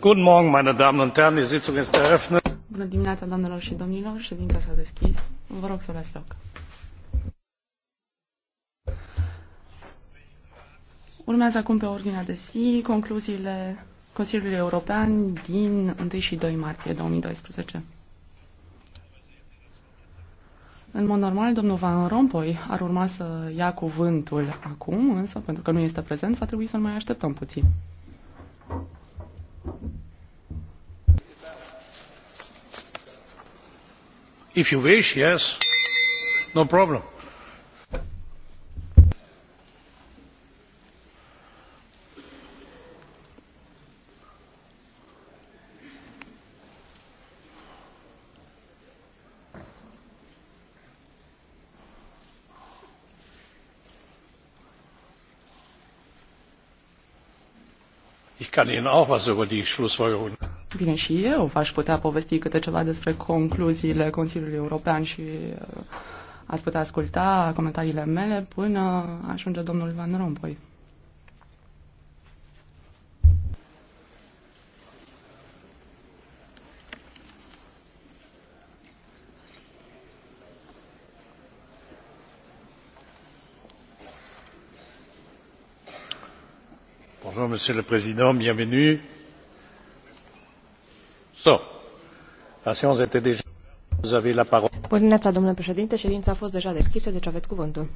Bună dimineața, doamnelor și domnilor, ședința s-a deschis. Vă rog să luați loc. Urmează acum pe ordinea de zi concluziile Consiliului European din 1 și 2 martie 2012. În mod normal, domnul Van Rompuy ar urma să ia cuvântul acum, însă pentru că nu este prezent, va trebui să-l mai așteptăm puțin. If you wish, yes. No problem. Bine, și eu v-aș putea povesti câte ceva despre concluziile Consiliului European și uh, ați putea asculta comentariile mele până ajunge domnul Van Rompuy. monsieur le président bienvenue. la séance était déjà ouverte. Bună dimineața, domnule președinte. Ședința a fost deja deschisă, deci aveți cuvântul.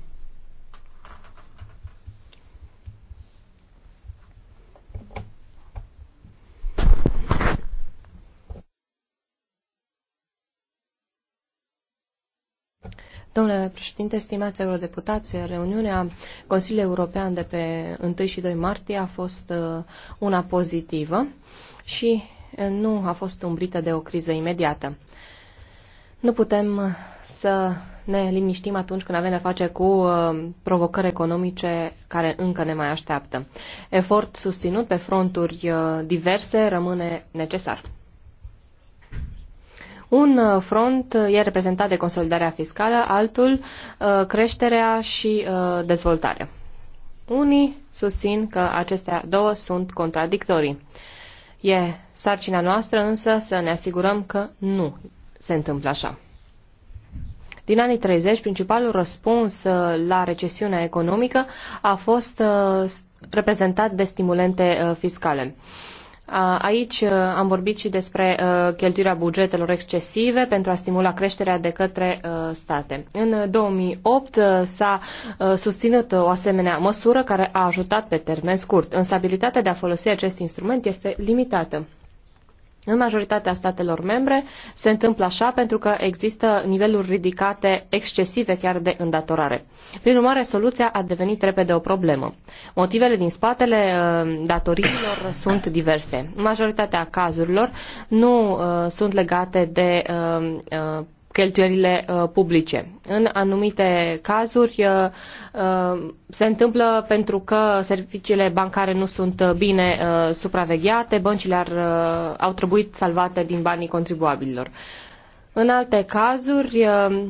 Domnule președinte, stimați eurodeputați, reuniunea Consiliului European de pe 1 și 2 martie a fost uh, una pozitivă și uh, nu a fost umbrită de o criză imediată. Nu putem uh, să ne liniștim atunci când avem de face cu uh, provocări economice care încă ne mai așteaptă. Efort susținut pe fronturi uh, diverse rămâne necesar. Un uh, front uh, e reprezentat de consolidarea fiscală, altul uh, creșterea și dezvoltarea. Unii susțin că acestea două sunt contradictorii. E sarcina noastră însă să ne asigurăm că nu se întâmplă așa. Din anii 30, principalul răspuns la recesiunea economică a fost reprezentat de stimulente fiscale. Aici uh, am vorbit și despre uh, cheltuirea bugetelor excesive pentru a stimula creșterea de către uh, state. În 2008 s-a susținut o asemenea măsură care a ajutat pe termen scurt, însă abilitatea de a folosi acest instrument este limitată. În majoritatea statelor membre se întâmplă așa pentru că există niveluri ridicate excesive chiar de îndatorare. Prin urmare, soluția a devenit repede o problemă. Motivele din spatele uh, datoriilor sunt diverse. În majoritatea cazurilor nu uh, sunt legate de uh, uh cheltuielile uh, publice. În anumite cazuri uh, uh, se întâmplă pentru că serviciile bancare nu sunt bine uh, supravegheate, băncile ar, uh, au trebuit salvate din banii contribuabililor. În alte cazuri, uh,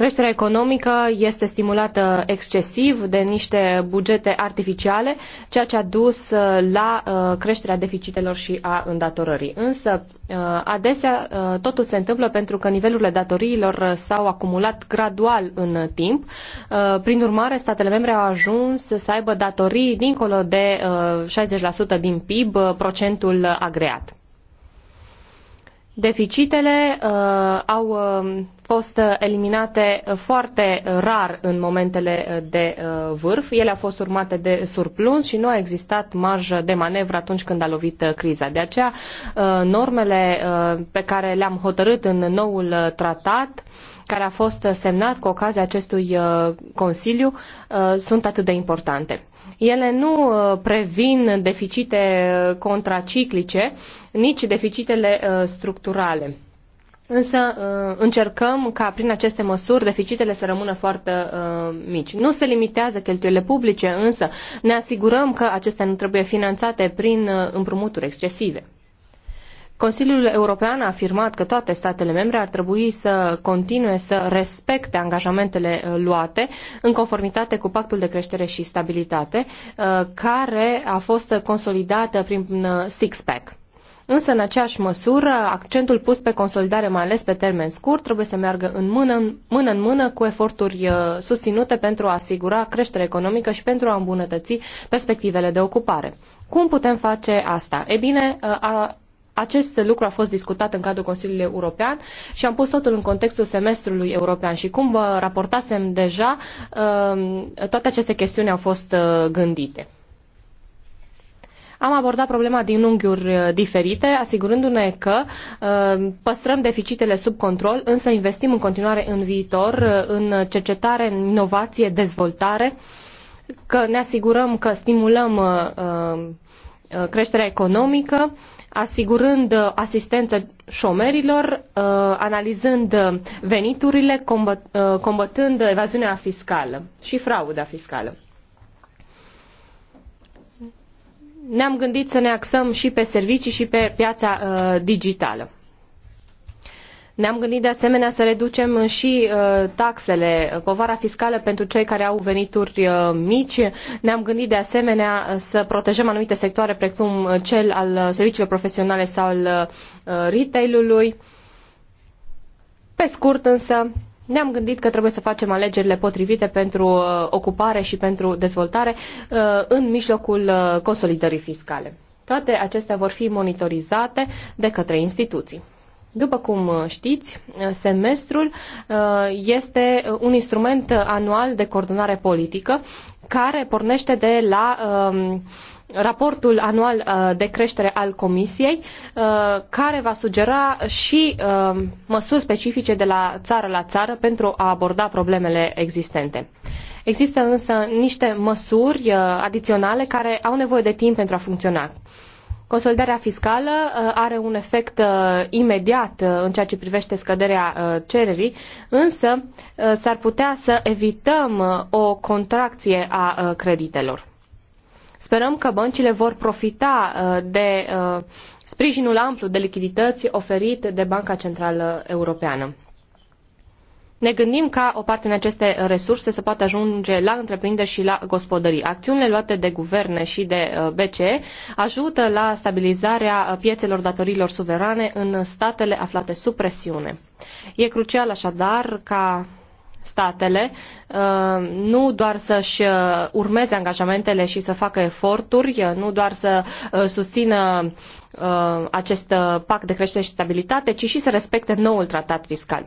Creșterea economică este stimulată excesiv de niște bugete artificiale, ceea ce a dus uh, la uh, creșterea deficitelor și a îndatorării. Însă, uh, adesea, totul se întâmplă pentru că nivelurile datoriilor s-au acumulat gradual în timp. Prin urmare, statele membre au ajuns să aibă datorii dincolo de 60% din PIB, procentul agreat. Deficitele uh, au uh, fost eliminate uh, foarte rar în momentele uh, de uh, vârf. Ele au fost urmate de surplus și nu a existat marjă de manevră atunci când a lovit criza. De aceea, uh, normele uh, pe care le-am hotărât în noul tratat care a fost semnat cu ocazia acestui Consiliu sunt atât de importante. Ele nu uh, previn deficite uh, contraciclice, nici deficitele uh, structurale. Însă încercăm ca prin aceste măsuri deficitele să rămână foarte uh, mici. Nu se limitează cheltuielile publice, însă ne asigurăm că acestea nu trebuie finanțate prin împrumuturi excesive. Consiliul European a afirmat că toate statele membre ar trebui să continue să respecte angajamentele uh, luate în conformitate cu Pactul de Creștere și Stabilitate, uh, care a fost consolidată prin uh, six-pack. Însă, în aceeași măsură, accentul pus pe consolidare, mai ales pe termen scurt, trebuie să meargă în mână, mână în mână cu eforturi susținute pentru a asigura creștere economică și pentru a îmbunătăți perspectivele de ocupare. Cum putem face asta? E bine, a, acest lucru a fost discutat în cadrul Consiliului European și am pus totul în contextul semestrului european și cum vă raportasem deja, um, toate aceste chestiuni au fost uh, gândite. Am abordat problema din unghiuri uh, diferite, asigurându-ne că um, păstrăm deficitele sub control, însă investim în continuare în viitor, uh, în cercetare, în inovație, dezvoltare, că ne asigurăm că stimulăm creșterea economică, asigurând uh, asistență șomerilor, uh, analizând veniturile, uh, combătând evaziunea fiscală și frauda fiscală. Ne-am gândit să ne axăm și pe servicii și pe piața digitală. Ne-am gândit de asemenea să reducem și uh, taxele, povara fiscală pentru cei care au venituri uh, mici. Ne-am gândit de asemenea să protejăm anumite sectoare precum uh, cel al serviciilor profesionale sau al retailului. Pe scurt însă, ne-am gândit că trebuie să facem alegerile potrivite pentru ocupare și pentru dezvoltare în mijlocul consolidării fiscale. Toate acestea vor fi monitorizate de către instituții. După cum uh, știți, uh, semestrul uh, este un instrument anual de coordonare politică care pornește de la um, raportul anual de creștere al Comisiei, care va sugera și um, măsuri specifice de la țară la țară pentru a aborda problemele existente. Există însă niște măsuri adiționale care au nevoie de timp pentru a funcționa. Consolidarea fiscală uh, are un efect uh, imediat uh, în ceea ce privește scăderea cererii, însă s-ar putea să evităm o contracție a creditelor. Sperăm că băncile vor profita de sprijinul amplu de lichidități oferit de Banca Centrală Europeană ne gândim ca o parte din aceste resurse să poată ajunge la întreprinderi și la gospodării. Acțiunile luate de guverne și de uh, BCE ajută la stabilizarea piețelor datorilor suverane în statele aflate sub presiune. E crucial așadar ca statele uh, nu doar să-și uh, urmeze angajamentele și să facă eforturi, nu doar să susțină acest pact de creștere și stabilitate, ci și să respecte noul tratat fiscal.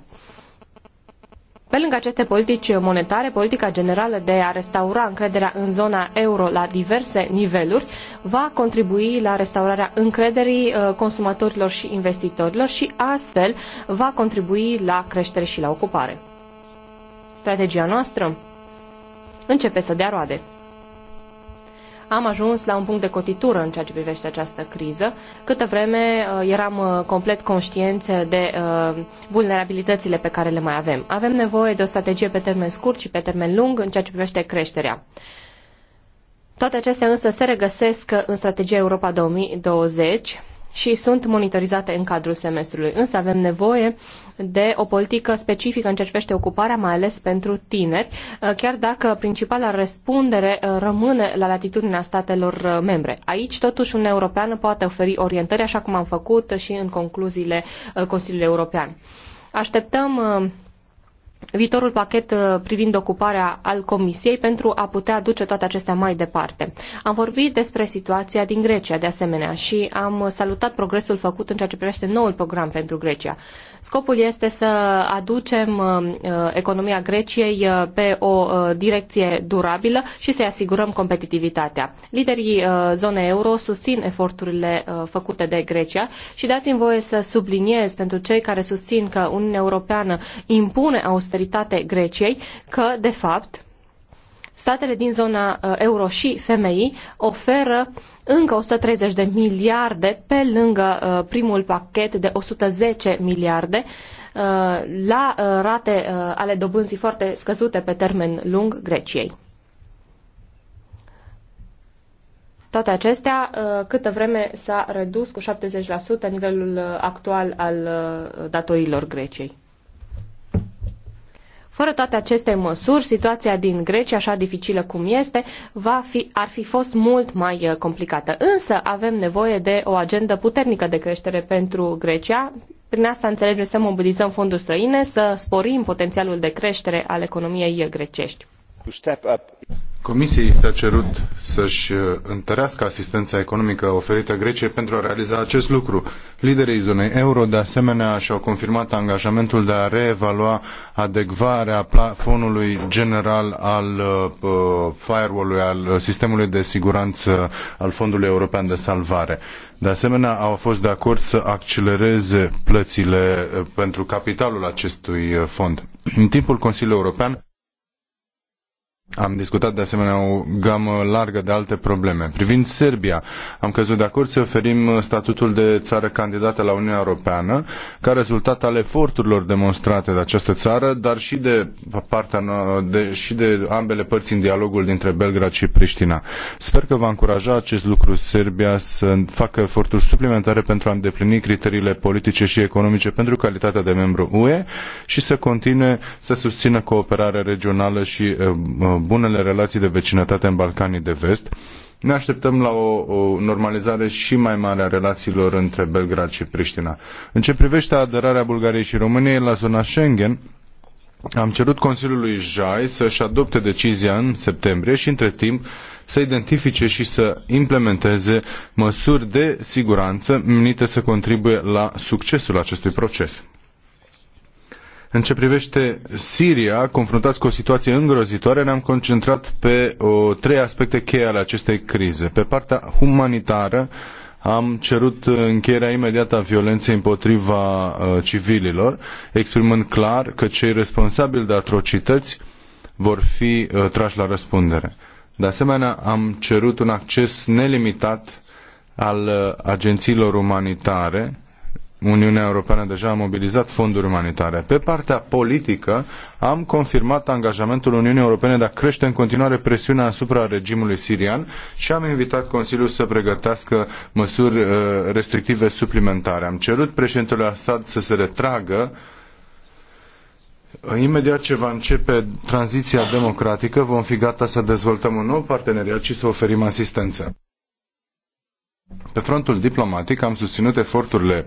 Pe lângă aceste politici monetare, politica generală de a restaura încrederea în zona euro la diverse niveluri va contribui la restaurarea încrederii uh, consumatorilor și investitorilor și astfel va contribui la creștere și la ocupare. Strategia noastră începe să dea roade am ajuns la un punct de cotitură în ceea ce privește această criză. Câtă vreme uh, eram uh, complet conștienți de uh, vulnerabilitățile pe care le mai avem. Avem nevoie de o strategie pe termen scurt și pe termen lung în ceea ce privește creșterea. Toate acestea însă se regăsesc în strategia Europa 2020 și sunt monitorizate în cadrul semestrului. Însă avem nevoie de o politică specifică în ce privește ocuparea, mai ales pentru tineri, uh, chiar dacă principala răspundere uh, rămâne la latitudinea statelor uh, membre. Aici, totuși, Uniunea Europeană poate oferi orientări, așa cum am făcut și în concluziile Consiliului European. Așteptăm viitorul pachet privind ocuparea al Comisiei pentru a putea duce toate acestea mai departe. Am vorbit despre situația din Grecia, de asemenea, și am salutat progresul făcut în ceea ce privește noul program pentru Grecia. Scopul este să aducem uh, uh, economia Greciei uh, pe o direcție durabilă și să-i asigurăm competitivitatea. Liderii zonei euro susțin eforturile făcute de Grecia și dați-mi voie să subliniez pentru cei care susțin că Uniunea Europeană impune austeritate Greciei că, de fapt, statele din zona euro și FMI oferă uh, încă 130 de miliarde pe lângă uh, primul pachet de 110 miliarde uh, la uh, rate ale dobânzii foarte scăzute pe termen lung Greciei. Toate acestea, câtă vreme s-a redus cu 70% nivelul actual al datorilor Greciei. Fără toate aceste măsuri, situația din Grecia, așa dificilă cum este, va fi, ar fi fost mult mai uh, complicată. Însă avem nevoie de o agendă puternică de creștere pentru Grecia. Prin asta înțelegem să mobilizăm fonduri străine, să sporim potențialul de creștere al economiei grecești. Comisiei s-a cerut să-și uh, întărească asistența economică oferită Greciei pentru a realiza acest lucru. Liderii zonei euro, de asemenea, și-au confirmat angajamentul de a reevalua adecvarea plafonului general al uh, uh firewall-ului, al uh, sistemului de siguranță al Fondului European de Salvare. De asemenea, au fost de acord să accelereze plățile pentru capitalul acestui fond. În timpul Consiliului European, am discutat de asemenea o gamă largă de alte probleme. Privind Serbia, am căzut de acord să oferim statutul de țară candidată la Uniunea Europeană, ca rezultat al eforturilor demonstrate de această țară, dar și de, partea, de, și de ambele părți în dialogul dintre Belgrad și Priștina. Sper că va încuraja acest lucru Serbia să facă eforturi suplimentare pentru a îndeplini criteriile politice și economice pentru calitatea de membru UE și să continue să susțină cooperarea regională și eh, bunele relații de vecinătate în Balcanii de Vest. Ne așteptăm la o, o normalizare și mai mare a relațiilor între Belgrad și Priștina. În ce privește aderarea Bulgariei și României la zona Schengen, am cerut Consiliului JAI să-și adopte decizia în septembrie și, între timp, să identifice și să implementeze măsuri de siguranță menite să contribuie la succesul acestui proces. În ce privește Siria, confruntați cu o situație îngrozitoare, ne-am concentrat pe o, trei aspecte cheie ale acestei crize. Pe partea humanitară, am cerut încheierea imediată a violenței împotriva uh, civililor, exprimând clar că cei responsabili de atrocități vor fi uh, trași la răspundere. De asemenea, am cerut un acces nelimitat al uh, agențiilor umanitare Uniunea Europeană deja a mobilizat fonduri umanitare. Pe partea politică, am confirmat angajamentul Uniunii Europene de a crește în continuare presiunea asupra regimului sirian și am invitat Consiliul să pregătească măsuri uh, restrictive suplimentare. Am cerut președintelui Assad să se retragă Imediat ce va începe tranziția democratică, vom fi gata să dezvoltăm un nou parteneriat și să oferim asistență. Pe frontul diplomatic am susținut eforturile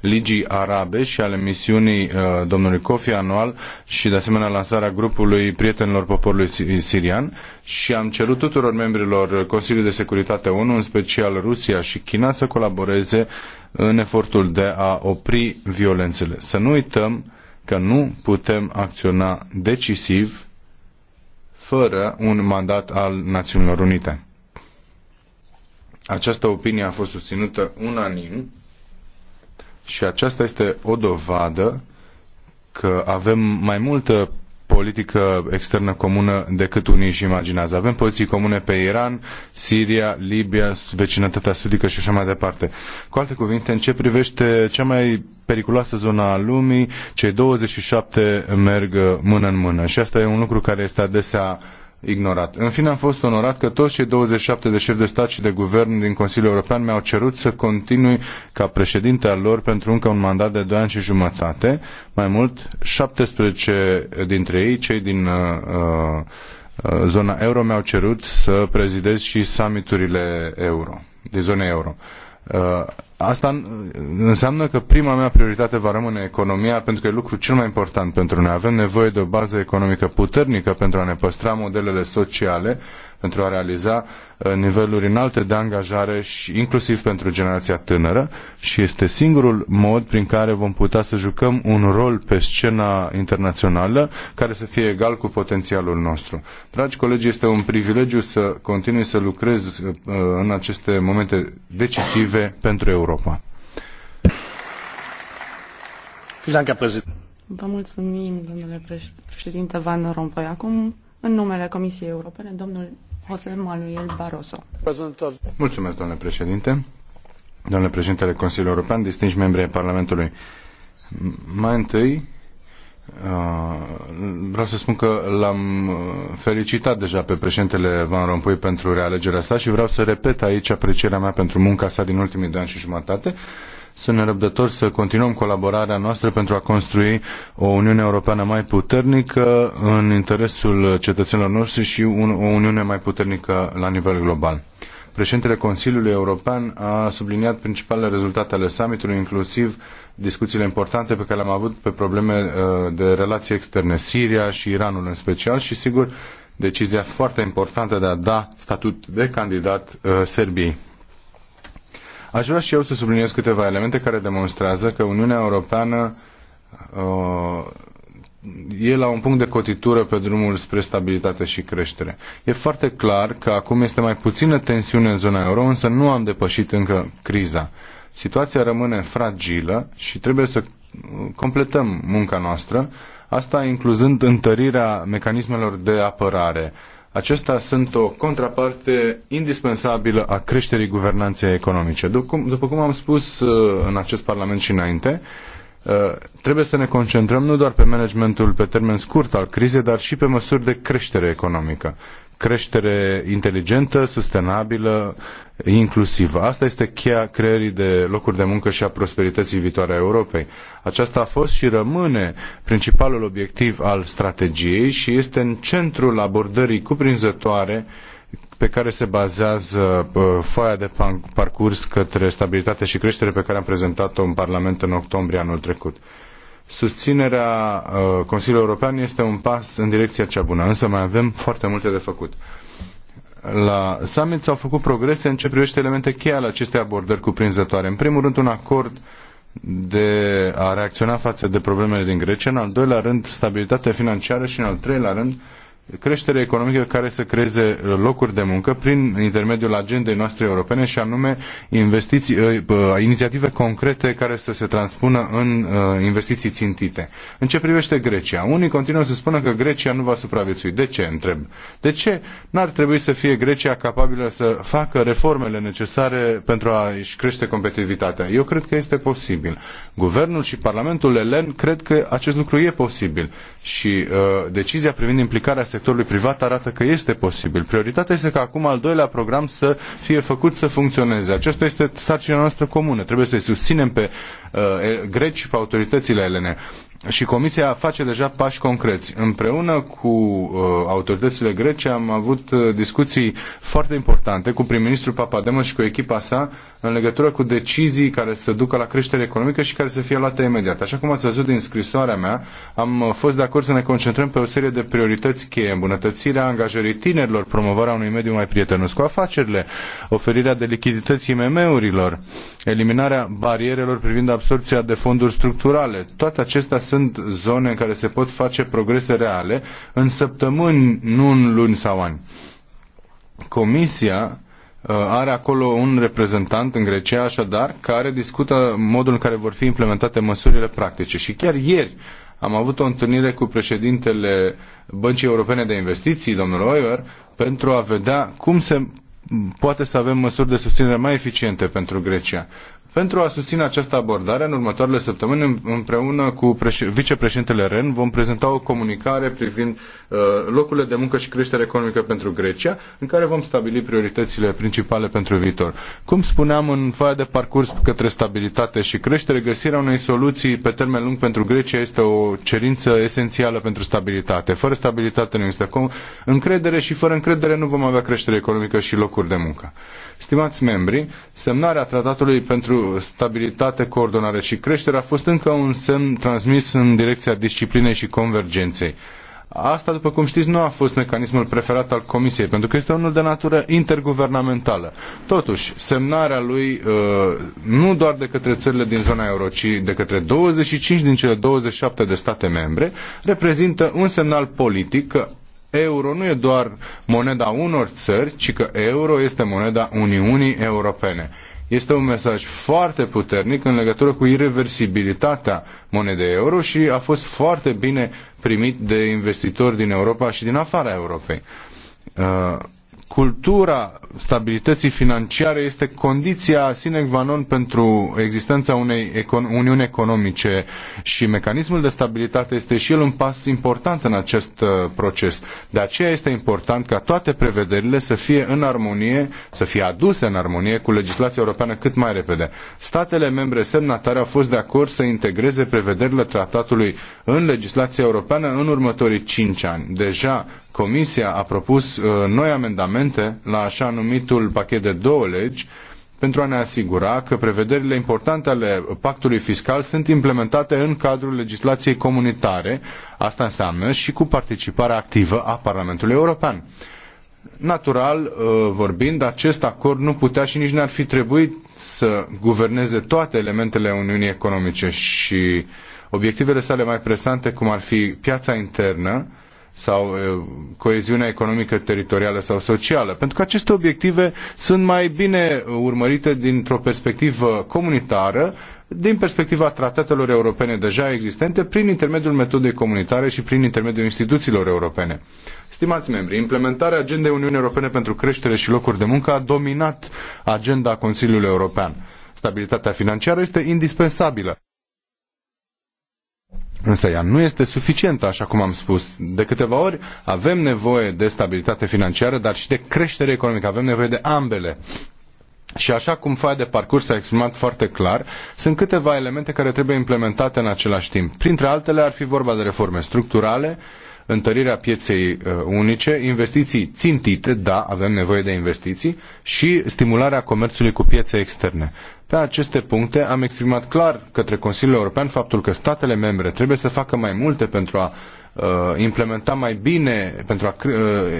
Ligii Arabe și ale misiunii uh, domnului Kofi anual și de asemenea lansarea grupului Prietenilor Poporului Sirian și am cerut tuturor membrilor Consiliului de Securitate ONU, în special Rusia și China, să colaboreze în efortul de a opri violențele. Să nu uităm că nu putem acționa decisiv fără un mandat al Națiunilor Unite. Această opinie a fost susținută unanim și aceasta este o dovadă că avem mai multă politică externă comună decât unii își imaginează. Avem poziții comune pe Iran, Siria, Libia, vecinătatea sudică și așa mai departe. Cu alte cuvinte, în ce privește cea mai periculoasă zona a lumii, cei 27 merg mână în mână. Și asta e un lucru care este adesea ignorat. În fine, am fost onorat că toți cei 27 de șefi de stat și de guvern din Consiliul European mi-au cerut să continui ca președinte al lor pentru încă un mandat de 2 ani și jumătate. Mai mult, 17 dintre ei, cei din uh, uh, zona euro, mi-au cerut să prezidez și summiturile euro, din zona euro. Uh, asta înseamnă că prima mea prioritate va rămâne economia, pentru că e lucrul cel mai important pentru noi. Avem nevoie de o bază economică puternică pentru a ne păstra modelele sociale pentru a realiza uh, niveluri înalte de angajare și inclusiv pentru generația tânără și este singurul mod prin care vom putea să jucăm un rol pe scena internațională care să fie egal cu potențialul nostru. Dragi colegi, este un privilegiu să continui să lucrez uh, în aceste momente decisive pentru Europa. Vă mulțumim, domnule președinte Van Rompuy. Acum, în numele Comisiei Europene, domnul José Manuel Barroso. Mulțumesc, domnule președinte. Domnule președintele Consiliului European, distinși membri ai Parlamentului, mai întâi uh, vreau să spun că l-am uh, felicitat deja pe președintele Van Rompuy pentru realegerea sa și vreau să repet aici aprecierea mea pentru munca sa din ultimii doi ani și jumătate sunt nerăbdător să continuăm colaborarea noastră pentru a construi o Uniune Europeană mai puternică în interesul cetățenilor noștri și un, o Uniune mai puternică la nivel global. Președintele Consiliului European a subliniat principalele rezultate ale summitului, inclusiv discuțiile importante pe care le-am avut pe probleme uh, de relații externe, Siria și Iranul în special și, sigur, decizia foarte importantă de a da statut de candidat uh, Serbiei. Aș vrea și eu să subliniez câteva elemente care demonstrează că Uniunea Europeană uh, e la un punct de cotitură pe drumul spre stabilitate și creștere. E foarte clar că acum este mai puțină tensiune în zona euro, însă nu am depășit încă criza. Situația rămâne fragilă și trebuie să uh, completăm munca noastră, asta incluzând întărirea mecanismelor de apărare Acestea sunt o contraparte indispensabilă a creșterii guvernanței economice. După cum am spus uh, în acest Parlament și înainte, uh, trebuie să ne concentrăm nu doar pe managementul pe termen scurt al crizei, dar și pe măsuri de creștere economică creștere inteligentă, sustenabilă, inclusivă. Asta este cheia creării de locuri de muncă și a prosperității viitoare a Europei. Aceasta a fost și rămâne principalul obiectiv al strategiei și este în centrul abordării cuprinzătoare pe care se bazează uh, foaia de parcurs către stabilitate și creștere pe care am prezentat-o în Parlament în octombrie anul trecut susținerea uh, Consiliului European este un pas în direcția cea bună, însă mai avem foarte multe de făcut. La summit s-au făcut progrese în ce privește elemente cheie ale acestei abordări cuprinzătoare. În primul rând, un acord de a reacționa față de problemele din Grecia, în al doilea rând, stabilitatea financiară și în al treilea rând, creștere economică care să creeze locuri de muncă prin intermediul agendei noastre europene și anume investiții, ă, ă, inițiative concrete care să se transpună în ă, investiții țintite. În ce privește Grecia? Unii continuă să spună că Grecia nu va supraviețui. De ce, întreb? De ce n-ar trebui să fie Grecia capabilă să facă reformele necesare pentru a-și crește competitivitatea? Eu cred că este posibil. Guvernul și Parlamentul elen cred că acest lucru e posibil și uh, decizia privind implicarea sectorului privat arată că este posibil. Prioritatea este ca acum al doilea program să fie făcut să funcționeze. Aceasta este sarcina noastră comună. Trebuie să-i susținem pe uh, greci și pe autoritățile elene și Comisia face deja pași concreți. Împreună cu uh, autoritățile grece am avut uh, discuții foarte importante cu prim-ministrul Papademos și cu echipa sa în legătură cu decizii care să ducă la creștere economică și care să fie luate imediat. Așa cum ați văzut din scrisoarea mea, am uh, fost de acord să ne concentrăm pe o serie de priorități cheie, îmbunătățirea angajării tinerilor, promovarea unui mediu mai prietenos cu afacerile, oferirea de lichidități IMM-urilor, eliminarea barierelor privind absorpția de fonduri structurale. Toate acestea sunt zone în care se pot face progrese reale în săptămâni, nu în luni sau ani. Comisia uh, are acolo un reprezentant în Grecia, așadar, care discută modul în care vor fi implementate măsurile practice. Și chiar ieri am avut o întâlnire cu președintele Băncii Europene de Investiții, domnul Oiver, pentru a vedea cum se poate să avem măsuri de susținere mai eficiente pentru Grecia. Pentru a susține această abordare, în următoarele săptămâni, împreună cu vicepreședintele REN, vom prezenta o comunicare privind uh, locurile de muncă și creștere economică pentru Grecia, în care vom stabili prioritățile principale pentru viitor. Cum spuneam în foaia de parcurs către stabilitate și creștere, găsirea unei soluții pe termen lung pentru Grecia este o cerință esențială pentru stabilitate. Fără stabilitate nu există încredere și fără încredere nu vom avea creștere economică și locuri de muncă. Stimați membri, semnarea tratatului pentru stabilitate, coordonare și creștere a fost încă un semn transmis în direcția disciplinei și convergenței. Asta, după cum știți, nu a fost mecanismul preferat al Comisiei, pentru că este unul de natură interguvernamentală. Totuși, semnarea lui uh, nu doar de către țările din zona euro, ci de către 25 din cele 27 de state membre, reprezintă un semnal politic că euro nu e doar moneda unor țări, ci că euro este moneda Uniunii Europene. Este un mesaj foarte puternic în legătură cu irreversibilitatea monedei euro și a fost foarte bine primit de investitori din Europa și din afara Europei. Uh, cultura stabilității financiare este condiția sine qua non pentru existența unei econ- uniuni economice și mecanismul de stabilitate este și el un pas important în acest uh, proces. De aceea este important ca toate prevederile să fie în armonie, să fie aduse în armonie cu legislația europeană cât mai repede. Statele membre semnatare au fost de acord să integreze prevederile tratatului în legislația europeană în următorii cinci ani. Deja Comisia a propus uh, noi amendamente la așa numitul pachet de două legi pentru a ne asigura că prevederile importante ale pactului fiscal sunt implementate în cadrul legislației comunitare. Asta înseamnă și cu participarea activă a Parlamentului European. Natural uh, vorbind, acest acord nu putea și nici n-ar fi trebuit să guverneze toate elementele Uniunii Economice și obiectivele sale mai presante, cum ar fi piața internă, sau coeziunea economică, teritorială sau socială. Pentru că aceste obiective sunt mai bine urmărite dintr-o perspectivă comunitară, din perspectiva tratatelor europene deja existente, prin intermediul metodei comunitare și prin intermediul instituțiilor europene. Stimați membri, implementarea agendei Uniunii Europene pentru creștere și locuri de muncă a dominat agenda Consiliului European. Stabilitatea financiară este indispensabilă Însă ea nu este suficientă, așa cum am spus. De câteva ori avem nevoie de stabilitate financiară, dar și de creștere economică. Avem nevoie de ambele. Și așa cum faia de parcurs a exprimat foarte clar, sunt câteva elemente care trebuie implementate în același timp. Printre altele ar fi vorba de reforme structurale, uh, întărirea pieței uh, unice, investiții țintite, da, avem nevoie de investiții, și stimularea comerțului cu piețe externe. Pe aceste puncte am exprimat clar către Consiliul European faptul că statele membre trebuie să facă mai multe pentru a Uh, implementa mai bine, pentru a uh,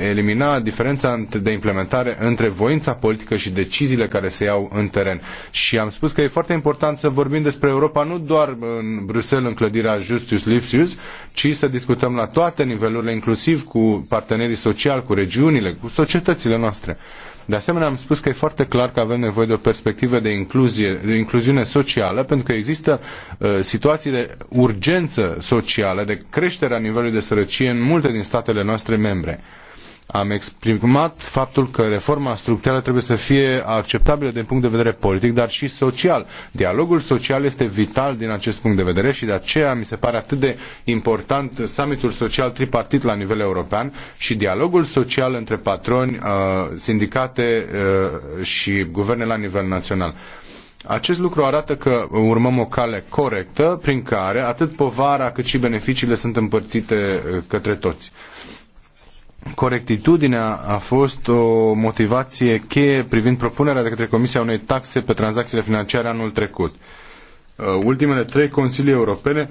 elimina diferența de implementare între voința politică și deciziile care se iau în teren. Și am spus că e foarte important să vorbim despre Europa nu doar în Bruxelles, în clădirea Justus Lipsius, ci să discutăm la toate nivelurile, inclusiv cu partenerii sociali, cu regiunile, cu societățile noastre. De asemenea, am spus că e foarte clar că avem nevoie de o perspectivă de, incluzie, de incluziune socială, pentru că există uh, situații de urgență socială, de creștere a nivelului de sărăcie în multe din statele noastre membre am exprimat faptul că reforma structurală trebuie să fie acceptabilă din punct de vedere politic, dar și social. Dialogul social este vital din acest punct de vedere și de aceea mi se pare atât de important summitul social tripartit la nivel european și dialogul social între patroni, uh, sindicate uh, și guverne la nivel național. Acest lucru arată că urmăm o cale corectă prin care atât povara cât și beneficiile sunt împărțite uh, către toți corectitudinea a fost o motivație cheie privind propunerea de către Comisia unei taxe pe tranzacțiile financiare anul trecut. Uh, ultimele trei Consilii Europene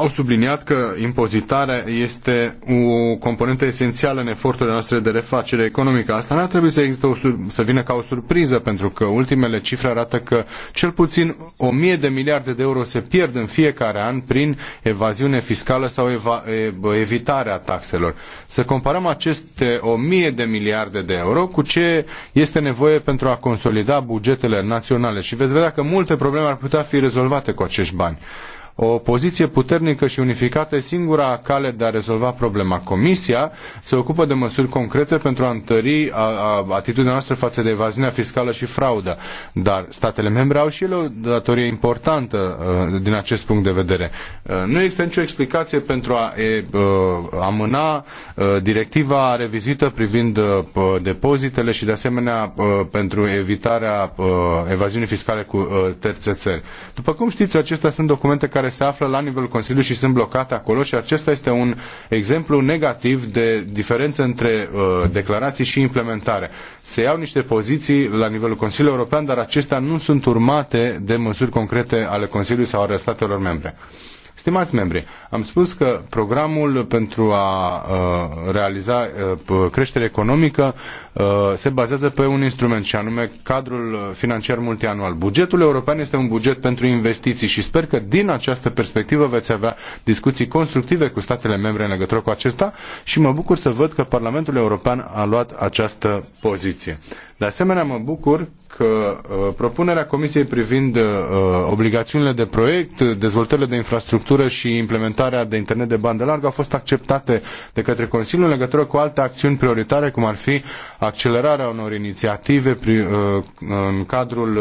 au subliniat că impozitarea este o componentă esențială în eforturile noastre de refacere economică. Asta nu ar trebui să, există o, să vină ca o surpriză, pentru că ultimele cifre arată că cel puțin o mie de miliarde de euro se pierd în fiecare an prin evaziune fiscală sau eva, evitarea taxelor. Să comparăm aceste o mie de miliarde de euro cu ce este nevoie pentru a consolida bugetele naționale și veți vedea că multe probleme ar putea fi rezolvate cu acești bani. O poziție puternică și unificată e singura cale de a rezolva problema. Comisia se ocupă de măsuri concrete pentru a întări a, a, atitudinea noastră față de evaziunea fiscală și fraudă. Dar statele membre au și ele o datorie importantă uh, din acest punct de vedere. Uh, nu există nicio explicație pentru a e, uh, amâna directiva revizuită privind depozitele și de asemenea pentru evitarea evaziunii fiscale cu terțe țări. După cum știți, acestea sunt documente care care se află la nivelul Consiliului și sunt blocate acolo și acesta este un exemplu negativ de diferență între uh, declarații și implementare. Se iau niște poziții la nivelul Consiliului European, dar acestea nu sunt urmate de măsuri concrete ale Consiliului sau ale statelor membre. Stimați membri, am spus că programul pentru a uh, realiza uh, creștere economică uh, se bazează pe un instrument și anume cadrul financiar multianual. Bugetul european este un buget pentru investiții și sper că din această perspectivă veți avea discuții constructive cu statele membre în legătură cu acesta și mă bucur să văd că Parlamentul European a luat această poziție. De asemenea, mă bucur că uh, propunerea Comisiei privind uh, obligațiunile de proiect, dezvoltările de infrastructură și implementarea de internet de bandă largă au fost acceptate de către Consiliu în legătură cu alte acțiuni prioritare, cum ar fi accelerarea unor inițiative uh, în cadrul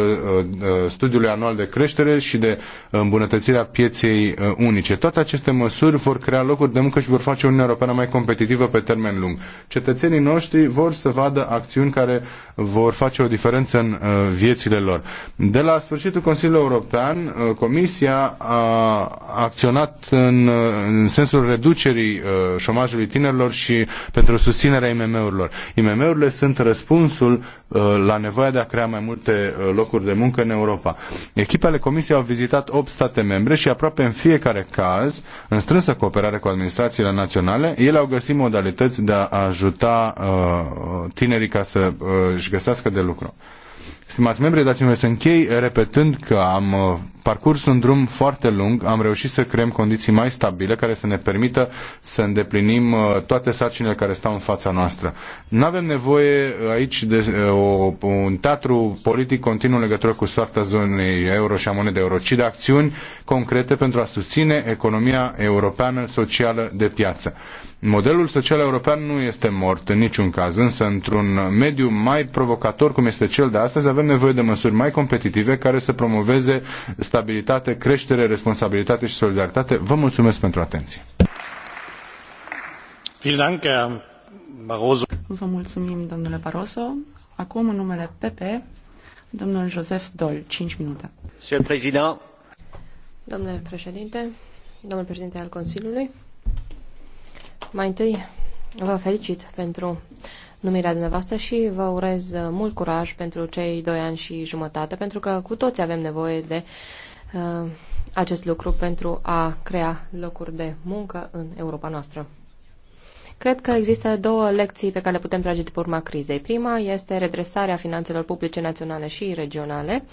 studiului anual de creștere și de îmbunătățirea pieței unice. Toate aceste măsuri vor crea locuri de muncă și vor face Uniunea Europeană mai competitivă pe termen lung. Cetățenii noștri vor să vadă acțiuni care vor face o diferență în uh, viețile lor. De la sfârșitul Consiliului European, uh, Comisia a acționat în, uh, în sensul reducerii șomajului tinerilor și pentru susținerea IMM-urilor. IMM-urile sunt răspunsul Uh, la nevoia de a crea mai multe uh, locuri de muncă în Europa. Echipele Comisiei au vizitat 8 state membre și aproape în fiecare caz, în strânsă cooperare cu administrațiile naționale, ele au găsit modalități de a ajuta uh, tinerii ca să își găsească de lucru. Stimați membri, dați-mi să închei repetând că am parcurs un drum foarte lung, am reușit să creăm condiții mai stabile care să ne permită să îndeplinim uh, toate sarcinile care stau în fața noastră. Nu avem nevoie uh, aici de uh, o, un teatru politic continuu în legătură cu soarta zonei euro și a monedei euro, ci de acțiuni concrete pentru a susține economia europeană socială de piață. Modelul social european nu este mort în niciun caz, însă într-un mediu mai provocator cum este cel de astăzi avem nevoie de măsuri mai competitive care să promoveze stabilitatea stabilitate, creștere, responsabilitate și solidaritate. Vă mulțumesc pentru atenție. Vă mulțumim, domnule Barroso. Acum, în numele PP, domnul Joseph Dol, 5 minute. Domnule președinte, domnule președinte al Consiliului, mai întâi vă felicit pentru numirea dumneavoastră și vă urez mult curaj pentru cei doi ani și jumătate, pentru că cu toți avem nevoie de uh, Uh, acest lucru pentru a crea locuri de muncă în Europa noastră. Cred că există două lecții pe care le putem trage după urma crizei. Prima este redresarea finanțelor publice naționale și regionale,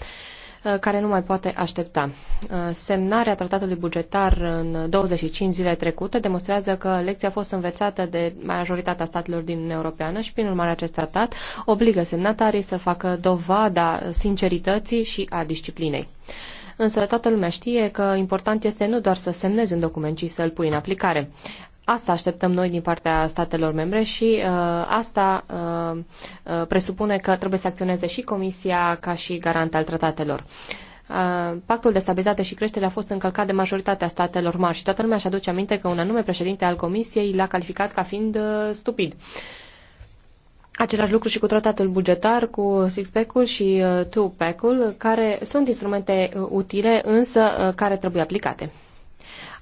uh, care nu mai poate aștepta. Uh, semnarea tratatului bugetar în 25 zile trecute demonstrează că lecția a fost învățată de majoritatea statelor din Uniunea Europeană și, prin urmare, acest tratat obligă semnatarii să facă dovada sincerității și a disciplinei. Însă toată lumea știe că important este nu doar să semnezi un document, ci să-l pui în aplicare. Asta așteptăm noi din partea statelor membre și uh, asta uh, uh presupune că trebuie să acționeze și Comisia ca și garant al tratatelor. Uh, pactul de stabilitate și creștere a fost încălcat de majoritatea statelor mari și toată lumea își aduce aminte că un anume președinte al Comisiei l-a calificat ca fiind uh, stupid. Uh, Același lucru și cu tratatul bugetar, cu six-pack-ul și uh, two-pack-ul, care sunt instrumente uh, utile, însă uh, care trebuie aplicate.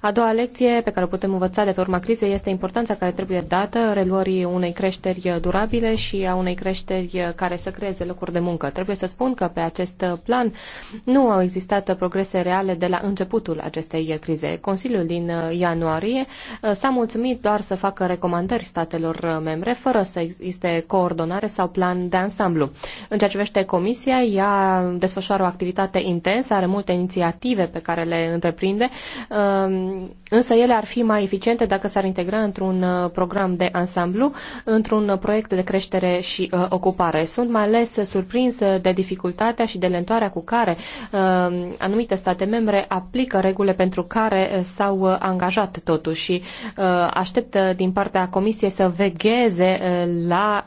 A doua lecție pe care o putem învăța de pe urma crizei este importanța care trebuie dată reluării unei creșteri durabile și a unei creșteri care să creeze locuri de muncă. Trebuie să spun că pe acest plan nu au existat progrese reale de la începutul acestei crize. Consiliul din ianuarie s-a mulțumit doar să facă recomandări statelor membre fără să existe coordonare sau plan de ansamblu. În ceea ce privește Comisia, ea desfășoară o activitate intensă, are multe inițiative pe care le întreprinde însă ele ar fi mai eficiente dacă s-ar integra într-un uh, program de ansamblu, într-un uh, proiect de creștere și uh, ocupare. Sunt mai ales surprins de dificultatea și de lentoarea cu care anumite state membre aplică regulile pentru care s-au angajat totuși și aștept din partea Comisiei să vegheze la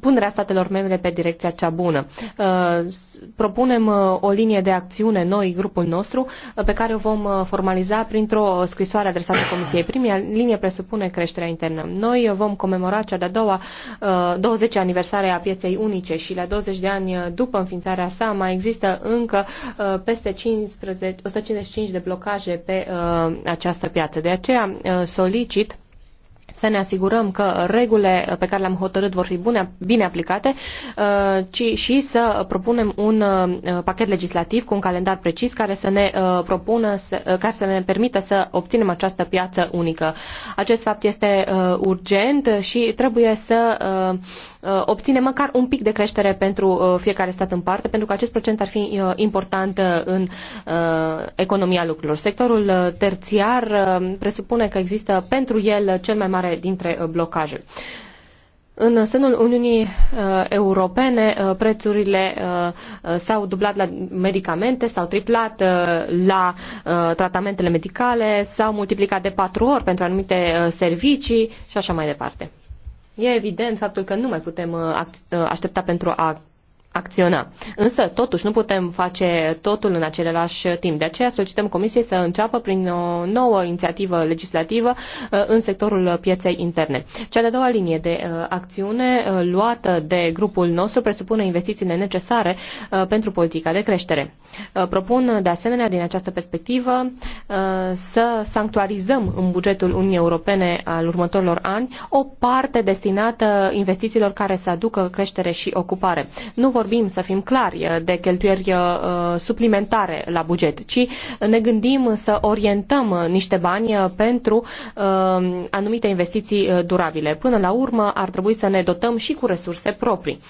punerea statelor membre pe direcția cea bună. Uh, propunem uh, o linie de acțiune noi, grupul nostru, uh, pe care o vom formaliza printr-o scrisoare adresată Comisiei. Prime. linie presupune creșterea internă. Noi vom comemora cea de-a doua 20 aniversare a pieței unice și la 20 de ani după înființarea sa mai există încă peste 15, 155 de blocaje pe această piață. De aceea solicit să ne asigurăm că regulile pe care le-am hotărât vor fi bune, bine aplicate, uh, ci și să propunem un uh, pachet legislativ cu un calendar precis care să ne uh, propună, ca să ne permită să obținem această piață unică. Acest fapt este urgent și trebuie să Uh, obține măcar un pic de creștere pentru uh, fiecare stat în parte, pentru că acest procent ar fi uh, important în economia lucrurilor. Sectorul terțiar presupune că există pentru el cel mai mare dintre blocaje. În sânul Uniunii Europene, prețurile s-au dublat la medicamente, s-au triplat la tratamentele medicale, s-au multiplicat de patru ori pentru anumite servicii și așa mai departe. E evident faptul că nu mai putem uh, uh, aștepta pentru a acționa. Însă, totuși, nu putem face totul în același timp. De aceea solicităm Comisiei să înceapă prin o nouă inițiativă legislativă uh, în sectorul pieței interne. Cea de-a doua linie de uh, acțiune uh, luată de grupul nostru presupune investițiile necesare pentru politica de creștere. Propun, de asemenea, din această perspectivă, să sanctuarizăm în bugetul Uniunii Europene al următorilor ani o parte destinată investițiilor care să aducă creștere și ocupare. Nu vorbim, să fim clari, eh, de cheltuieri eh, suplimentare la buget, ci ne gândim să orientăm eh, niște bani pentru anumite investiții durabile. Până la urmă, ar trebui să ne dotăm și cu resurse proprii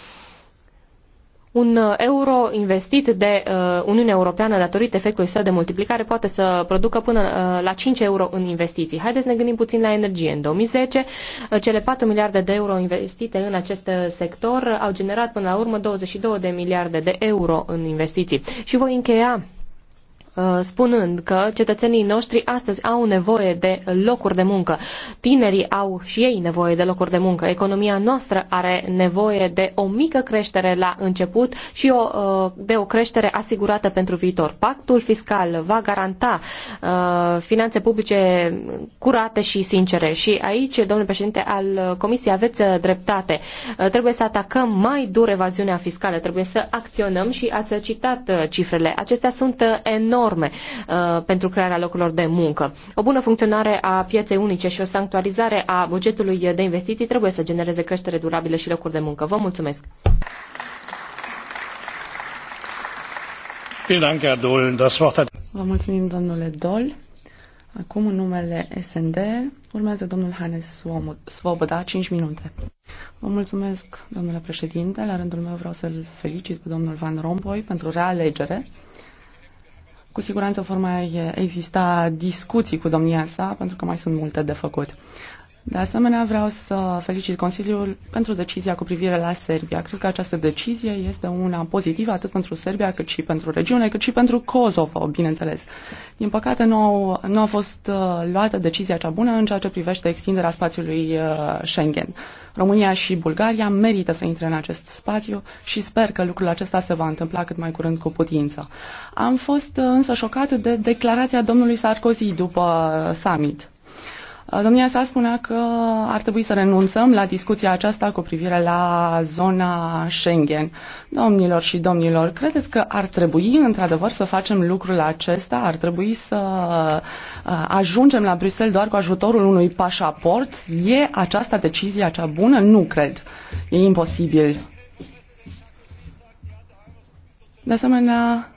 un uh, euro investit de uh, Uniunea Europeană datorită efectului său de multiplicare poate să producă până uh, la 5 euro în investiții. Haideți să ne gândim puțin la energie. În 2010, cele 4 miliarde de euro investite în acest sector au generat până la urmă 22 de miliarde de euro în investiții. Și voi încheia Uh, spunând că cetățenii noștri astăzi au nevoie de locuri de muncă. Tinerii au și ei nevoie de locuri de muncă. Economia noastră are nevoie de o mică creștere la început și o, uh, de o creștere asigurată pentru viitor. Pactul fiscal va garanta uh, finanțe publice curate și sincere. Și aici, domnule președinte al Comisiei, aveți dreptate. Trebuie să atacăm mai dur evaziunea fiscală, trebuie să acționăm și ați citat cifrele. Acestea sunt enorme enorme uh, pentru crearea locurilor de muncă. O bună funcționare a pieței unice și o sanctuarizare a bugetului de investiții trebuie să genereze creștere durabilă și locuri de muncă. Vă mulțumesc! Vă mulțumim, domnule Dol. Acum, în numele SND, urmează domnul Hannes Svoboda, 5 minute. Vă mulțumesc, domnule președinte. La rândul meu vreau să-l felicit pe domnul Van Rompuy pentru realegere. Cu siguranță vor mai exista discuții cu domnia sa, pentru că mai sunt multe de făcut. De asemenea, vreau să felicit Consiliul pentru decizia cu privire la Serbia. Cred că această decizie este una pozitivă atât pentru Serbia, cât și pentru regiune, cât și pentru Kosovo, bineînțeles. Din păcate, nu, au, nu a fost uh, luată decizia cea bună în ceea ce privește extinderea spațiului uh, Schengen. România și Bulgaria merită să intre în acest spațiu și sper că lucrul acesta se va întâmpla cât mai curând cu putință. Am fost însă șocat de declarația domnului Sarkozy după summit Uh, domnia sa spunea că ar trebui să renunțăm la discuția aceasta cu privire la zona Schengen. Domnilor și domnilor, credeți că ar trebui într-adevăr să facem lucrul acesta? Ar trebui să uh, ajungem la Bruxelles doar cu ajutorul unui pașaport? E aceasta decizia cea bună? Nu cred. E imposibil. De asemenea,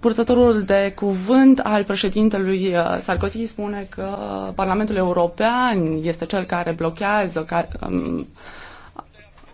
Purtătorul de cuvânt al președintelui uh, Sarkozy spune că Parlamentul European este cel care blochează care, um,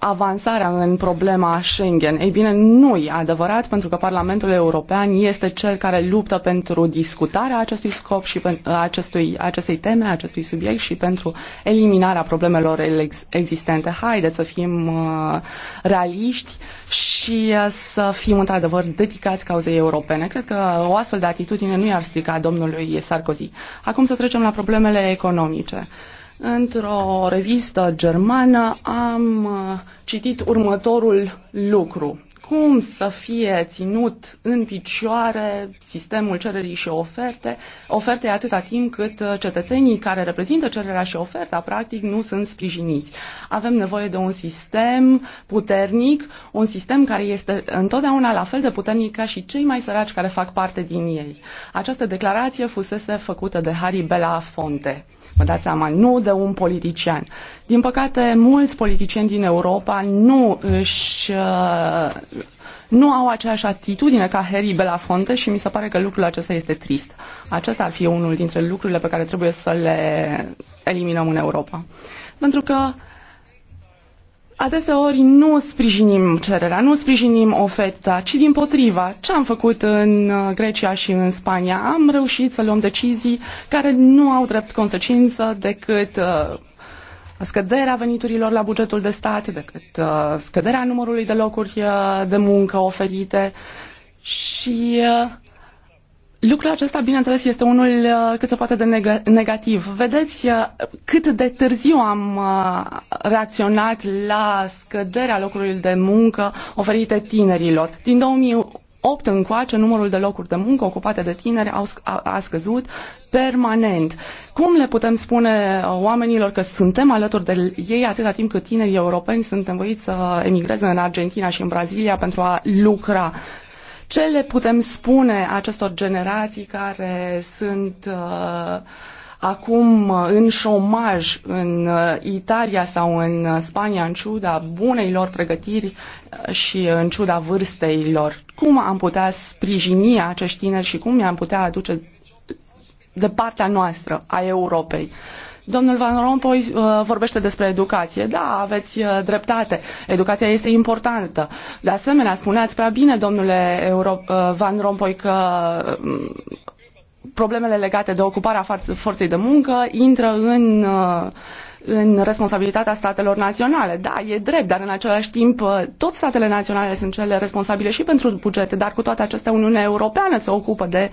avansarea în problema Schengen. Ei bine, nu e adevărat, pentru că Parlamentul European este cel care luptă pentru discutarea acestui scop și acestui, acestei teme, acestui subiect și pentru eliminarea problemelor existente. Haideți să fim uh, realiști și uh, să fim într-adevăr dedicați cauzei europene. Cred că o astfel de atitudine nu i-ar strica domnului Sarkozy. Acum să trecem la problemele economice. Uh, Într-o revistă germană am uh, citit următorul lucru. Cum să fie ținut în picioare sistemul cererii și oferte, oferte atâta timp cât uh, cetățenii care reprezintă cererea și oferta, practic, nu sunt sprijiniți. Avem nevoie de un sistem puternic, un sistem care este întotdeauna la fel de puternic ca și cei mai săraci care fac parte din ei. Această declarație fusese făcută de Harry Belafonte. Vă dați seama, nu de un politician. Din păcate, mulți politicieni din Europa nu își uh, nu au aceeași atitudine ca Harry Belafonte și mi se pare că lucrul acesta este trist. Acesta ar fi unul dintre lucrurile pe care trebuie să le eliminăm în Europa. Pentru că Adeseori nu sprijinim cererea, nu sprijinim oferta, ci din potriva. Ce am făcut în uh, Grecia și în Spania? Am reușit să luăm decizii care nu au drept consecință decât uh, scăderea veniturilor la bugetul de stat, decât uh, scăderea numărului de locuri de muncă oferite și uh, Lucrul acesta, bineînțeles, este unul uh, cât se poate de neg- negativ. Vedeți uh, cât de târziu am uh, reacționat la scăderea locurilor de muncă oferite tinerilor. Din 2008 încoace, numărul de locuri de muncă ocupate de tineri au a, a scăzut permanent. Cum le putem spune oamenilor că suntem alături de ei atâta timp cât tinerii europeni sunt învoiți să emigreze în Argentina și în Brazilia pentru a lucra? Ce le putem spune acestor generații care sunt uh, acum în șomaj în uh, Italia sau în uh, Spania, în ciuda bunei lor pregătiri uh, și în ciuda vârstei lor? Cum am putea sprijini acești tineri și cum i-am putea aduce de partea noastră a Europei? Uh, Domnul Van Rompuy uh, vorbește despre educație. Da, aveți uh, dreptate. Educația este importantă. De asemenea, spuneați prea bine, domnule Euro uh, Van Rompuy, că mm, problemele legate de ocuparea forței de muncă intră în în responsabilitatea statelor naționale. Da, e drept, dar în același timp toți statele naționale sunt cele responsabile și pentru bugete, dar cu toate acestea Uniunea Europeană se ocupă de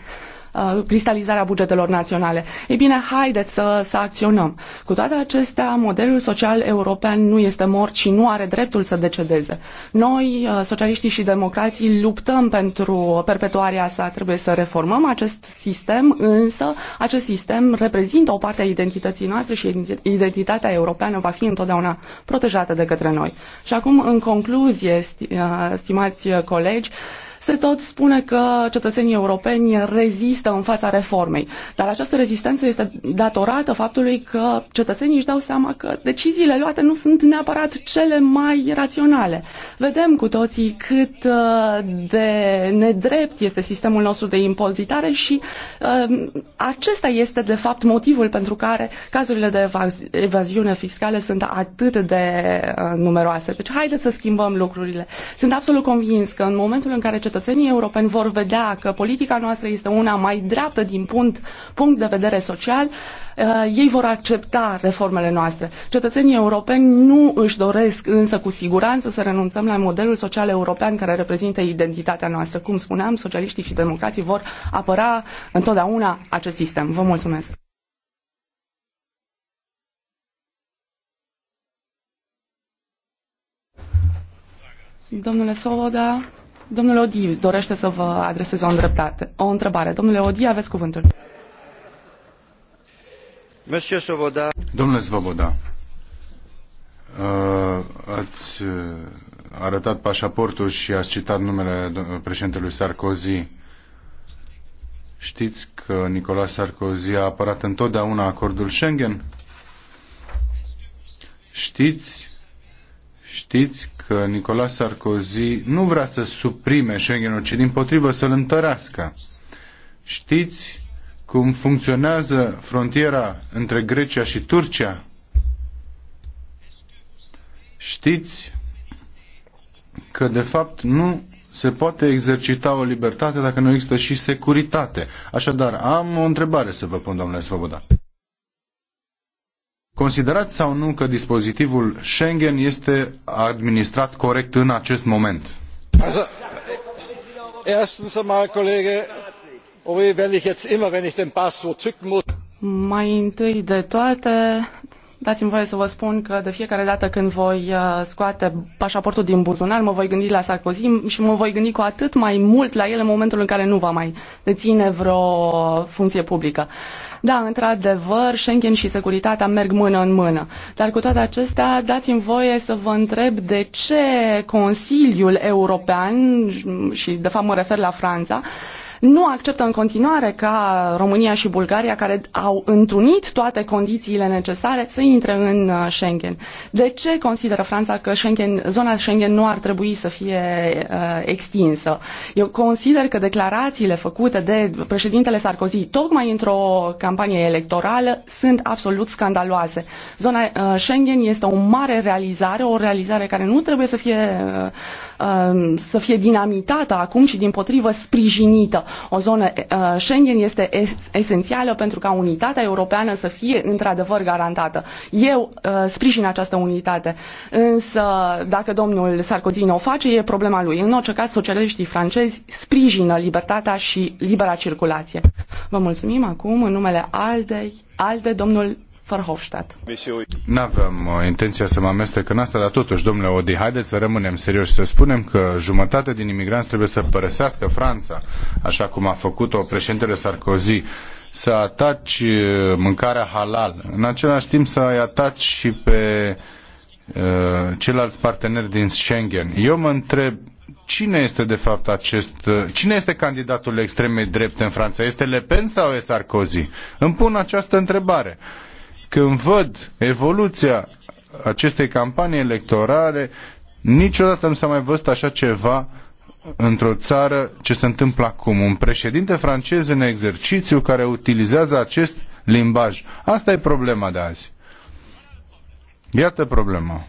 Uh, cristalizarea bugetelor naționale. Ei bine, haideți să, să acționăm. Cu toate acestea, modelul social european nu este mort și nu are dreptul să decedeze. Noi, uh, socialiștii și democrații, luptăm pentru perpetuarea sa. Trebuie să reformăm acest sistem, însă acest sistem reprezintă o parte a identității noastre și identitatea europeană va fi întotdeauna protejată de către noi. Și acum, în concluzie, uh, stimați colegi, se tot spune că cetățenii europeni rezistă în fața reformei, dar această rezistență este datorată faptului că cetățenii își dau seama că deciziile luate nu sunt neapărat cele mai raționale. Vedem cu toții cât uh, de nedrept este sistemul nostru de impozitare și uh, acesta este de fapt motivul pentru care cazurile de evaziune fiscală sunt atât de uh, numeroase. Deci haideți să schimbăm lucrurile. Sunt absolut convins că în momentul în care cetățenii europeni vor vedea că politica noastră este una mai dreaptă din punct, punct de vedere social, uh, ei vor accepta reformele noastre. Cetățenii europeni nu își doresc însă cu siguranță să renunțăm la modelul social european care reprezintă identitatea noastră. Cum spuneam, socialiștii și democrații vor apăra întotdeauna acest sistem. Vă mulțumesc! Domnule Sovoda, Domnule Odi dorește să vă adresez o, îndreptate, o întrebare. Domnule Odi, aveți cuvântul. Svoboda. Domnule Svoboda, uh, ați uh, arătat pașaportul și ați citat numele președintelui Sarkozy. Știți că Nicolas Sarkozy a apărat întotdeauna acordul Schengen? Știți Știți că Nicolas Sarkozy nu vrea să suprime Schengenul, ci din potrivă să-l întărească. Știți cum funcționează frontiera între Grecia și Turcia? Știți că de fapt nu se poate exercita o libertate dacă nu există și securitate. Așadar, am o întrebare să vă pun, domnule Svoboda. Considerați sau nu că dispozitivul Schengen este administrat corect în acest moment? Also, erstens einmal, Kollege, wenn ich jetzt immer, wenn ich den Pass zücken muss. Mai întâi de toate, Dați-mi voie să vă spun că de fiecare dată când voi uh, scoate pașaportul din buzunar, mă voi gândi la Sarkozy și mă voi gândi cu atât mai mult la el în momentul în care nu va mai deține vreo funcție publică. Da, într-adevăr, Schengen și securitatea merg mână în mână. Dar cu toate acestea, dați-mi voie să vă întreb de ce Consiliul European, și de fapt mă refer la Franța, nu acceptă în continuare ca România și Bulgaria, care au întrunit toate condițiile necesare, să intre în uh, Schengen. De ce consideră Franța că Schengen, zona Schengen nu ar trebui să fie uh, extinsă? Eu consider că declarațiile făcute de președintele Sarkozy, tocmai într-o campanie electorală, sunt absolut scandaloase. Zona uh, Schengen este o mare realizare, o realizare care nu trebuie să fie uh, Um, să fie dinamitată acum, ci din potrivă sprijinită. O zonă uh, Schengen este esențială pentru ca unitatea europeană să fie într-adevăr garantată. Eu uh, sprijin această unitate, însă dacă domnul Sarkozy nu o face, e problema lui. În orice caz, socialiștii francezi sprijină libertatea și libera circulație. Vă mulțumim acum în numele Aldei, Alde, domnul Verhofstadt. Nu avem uh, intenția să mă amestec în asta, dar totuși, domnule Odi, haideți să rămânem serioși și să spunem că jumătate din imigranți trebuie să părăsească Franța, așa cum a făcut-o președintele Sarkozy să ataci uh, mâncarea halal, în același timp să-i ataci și pe uh, ceilalți parteneri din Schengen. Eu mă întreb cine este de fapt acest, uh, cine este candidatul extremei drepte în Franța? Este Le Pen sau e Sarkozy? Îmi pun această întrebare. Când văd evoluția acestei campanii electorale, niciodată nu s-a mai văzut așa ceva într-o țară ce se întâmplă acum. Un președinte francez în exercițiu care utilizează acest limbaj. Asta e problema de azi. Iată problema.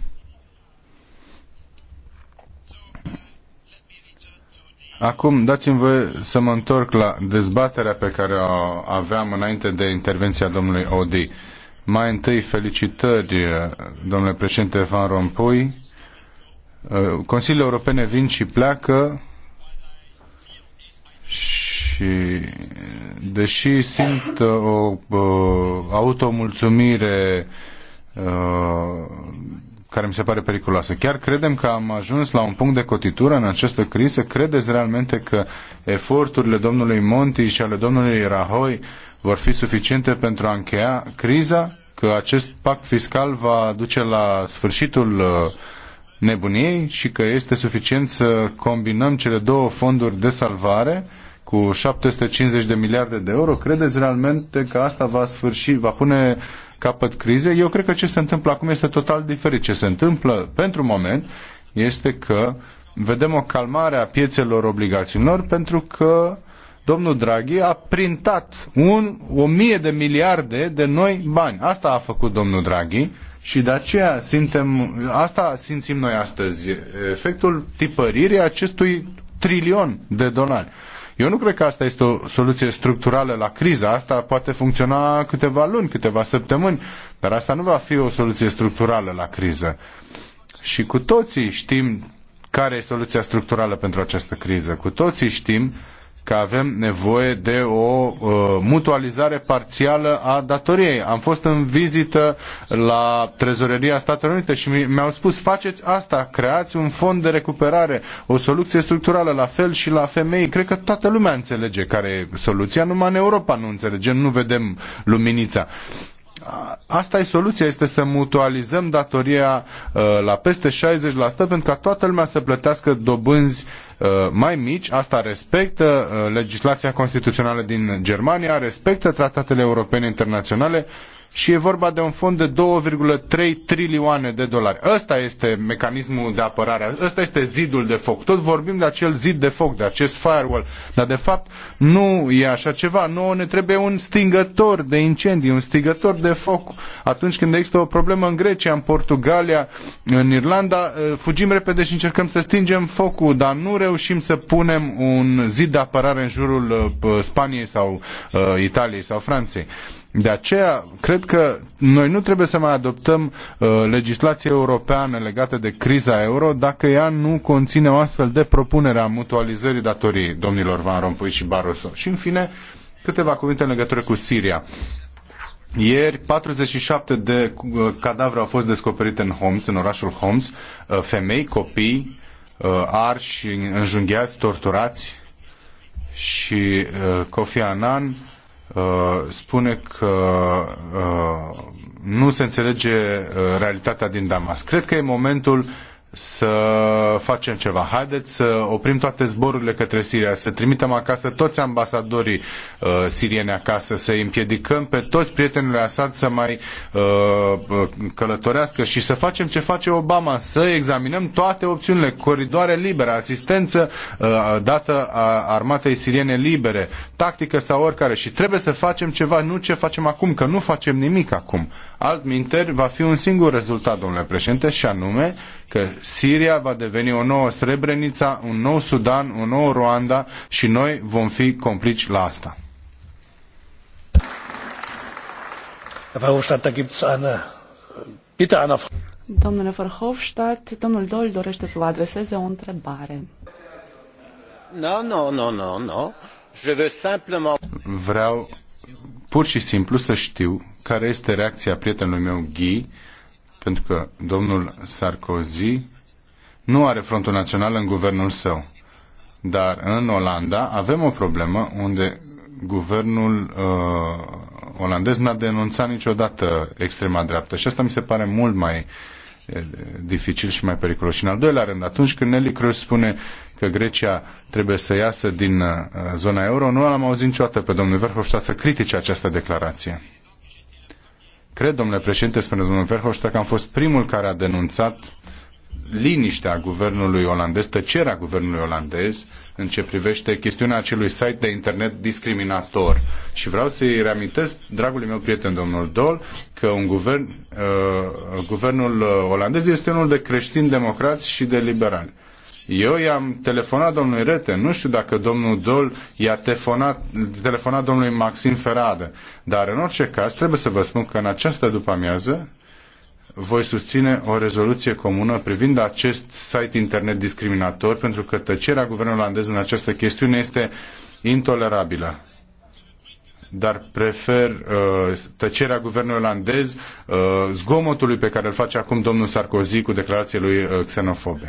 Acum, dați-mi voie să mă întorc la dezbaterea pe care o aveam înainte de intervenția domnului Odi. Mai întâi, felicitări, domnule președinte Van Rompuy. Consiliul European vin și pleacă și deși simt o o automulțumire uh, care mi se pare periculoasă. Chiar credem că am ajuns la un punct de cotitură în această criză? Credeți realmente că eforturile domnului Monti și ale domnului Rahoi vor fi suficiente pentru a încheia criza? Că acest pact fiscal va duce la sfârșitul uh, nebuniei și că este suficient să combinăm cele două fonduri de salvare cu 750 de miliarde de euro? Credeți realmente că asta va sfârși, va pune capăt crize. Eu cred că ce se întâmplă acum este total diferit. Ce se întâmplă pentru moment este că vedem o calmare a piețelor obligațiunilor pentru că domnul Draghi a printat un, o mie de miliarde de noi bani. Asta a făcut domnul Draghi și de aceea simtem, asta simțim noi astăzi, efectul tipăririi acestui trilion de dolari. Eu nu cred că asta este o soluție structurală la criză. Asta poate funcționa câteva luni, câteva săptămâni, dar asta nu va fi o soluție structurală la criză. Și cu toții știm care e soluția structurală pentru această criză. Cu toții știm că avem nevoie de o uh, mutualizare parțială a datoriei. Am fost în vizită la Trezoreria Statelor Unite și mi-au spus faceți asta, creați un fond de recuperare, o soluție structurală, la fel și la femei. Cred că toată lumea înțelege care e soluția, numai în Europa nu înțelegem, nu vedem luminița. Asta e soluția, este să mutualizăm datoria uh, la peste 60% pentru ca toată lumea să plătească dobânzi uh, Uh, mai mici. Asta respectă uh, legislația constituțională din Germania, respectă tratatele europene internaționale și e vorba de un fond de 2,3 trilioane de dolari. Ăsta este mecanismul de apărare, ăsta este zidul de foc. Tot vorbim de acel zid de foc, de acest firewall, dar de fapt nu e așa ceva. Nu ne trebuie un stingător de incendii, un stingător de foc. Atunci când există o problemă în Grecia, în Portugalia, în Irlanda, eh, fugim repede și încercăm să stingem focul, dar nu reușim să punem un zid de apărare în jurul eh, Spaniei sau eh, Italiei sau Franței. De aceea, cred că noi nu trebuie să mai adoptăm uh, legislație europeană legată de criza euro dacă ea nu conține o astfel de propunere a mutualizării datorii domnilor Van Rompuy și Barroso. Și, în fine, câteva cuvinte în legătură cu Siria. Ieri, 47 de uh, cadavre au fost descoperite în Homs, în orașul Homs, uh, femei, copii, uh, arși, înjunghiați, torturați și Kofi Annan Uh, spune că uh, nu se înțelege uh, realitatea din Damasc. Cred că e momentul să facem ceva. Haideți să oprim toate zborurile către Siria, să trimitem acasă toți ambasadorii uh, sirieni acasă, să împiedicăm pe toți prietenii Assad să mai uh, uh, călătorească și să facem ce face Obama, să examinăm toate opțiunile, coridoare libere, asistență uh, dată a armatei siriene libere, tactică sau oricare. Și trebuie să facem ceva, nu ce facem acum, că nu facem nimic acum. Altminteri va fi un singur rezultat, domnule președinte, și anume că Siria va deveni o nouă Srebrenica, un nou Sudan, o nouă Rwanda și noi vom fi complici la asta. Da Domnule Verhofstadt, domnul Dol dorește să vă adreseze o întrebare. No, no, nu, nu, nu. Vreau pur și simplu să știu care este reacția prietenului meu Guy pentru că domnul Sarkozy nu are frontul național în guvernul său. Dar în Olanda avem o problemă unde guvernul uh, olandez n-a denunțat niciodată extrema dreaptă și asta mi se pare mult mai eh, dificil și mai periculos. Și în al doilea rând, atunci când Nelly Cruz spune că Grecia trebuie să iasă din uh, zona euro, nu l-am auzit niciodată pe domnul Verhofstadt să critique această declarație. Cred, domnule președinte, spune domnul Verhofstadt, că am fost primul care a denunțat liniștea guvernului olandez, tăcerea guvernului olandez în ce privește chestiunea acelui site de internet discriminator. Și vreau să-i reamintesc, dragului meu prieten, domnul Dol, că un guvern, uh, guvernul uh, olandez este unul de creștini democrați și de liberali. Eu i-am telefonat domnului Rete, nu știu dacă domnul Dol i-a telefonat, telefonat domnului Maxim Ferade, dar în orice caz trebuie să vă spun că în această după-amiază voi susține o rezoluție comună privind acest site internet discriminator, pentru că tăcerea guvernului olandez în această chestiune este intolerabilă dar prefer uh, tăcerea guvernului olandez uh, zgomotului pe care îl face acum domnul Sarkozy cu declarațiile lui uh, xenofobe.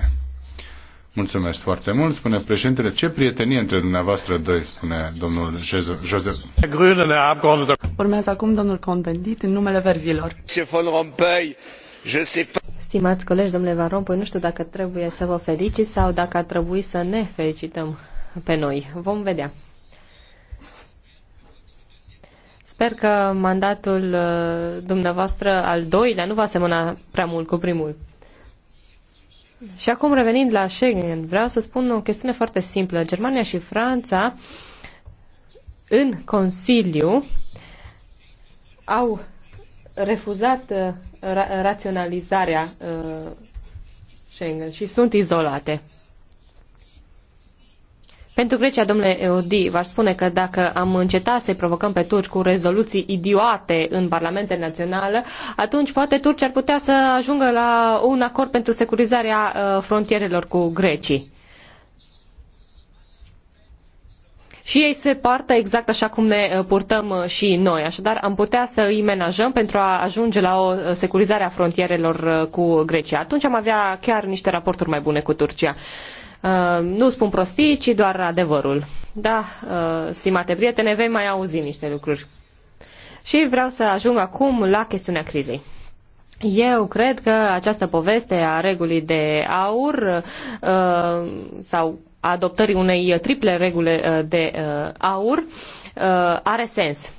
Mulțumesc foarte mult, spune președintele. Ce prietenie între dumneavoastră doi, spune domnul Joseph. Urmează acum domnul Convendit în numele verzilor. Stimați colegi, domnule Van Rompuy, nu știu dacă trebuie să vă felicit sau dacă ar trebui să ne felicităm pe noi. Vom vedea. Sper că mandatul uh, dumneavoastră al doilea nu va semăna prea mult cu primul. Și acum revenind la Schengen, vreau să spun o chestiune foarte simplă. Germania și Franța în Consiliu au refuzat uh, ra- raționalizarea uh, Schengen și sunt izolate. Pentru Grecia, domnule Eudi, v-aș spune că dacă am încetat să-i provocăm pe turci cu rezoluții idiote în Parlamentul Național, atunci poate turci ar putea să ajungă la un acord pentru securizarea uh, frontierelor cu grecii. Și ei se poartă exact așa cum ne uh, purtăm uh, și noi. Așadar, am putea să îi menajăm pentru a ajunge la o securizare a frontierelor cu Grecia. Atunci am avea chiar niște raporturi mai bune cu Turcia. Uh, nu spun prostii, ci doar adevărul. Da, uh, stimate prietene, vei mai auzi niște lucruri. Și vreau să ajung acum la chestiunea crizei. Eu cred că această poveste a regulii de aur uh, sau a adoptării unei triple regule de aur are sens.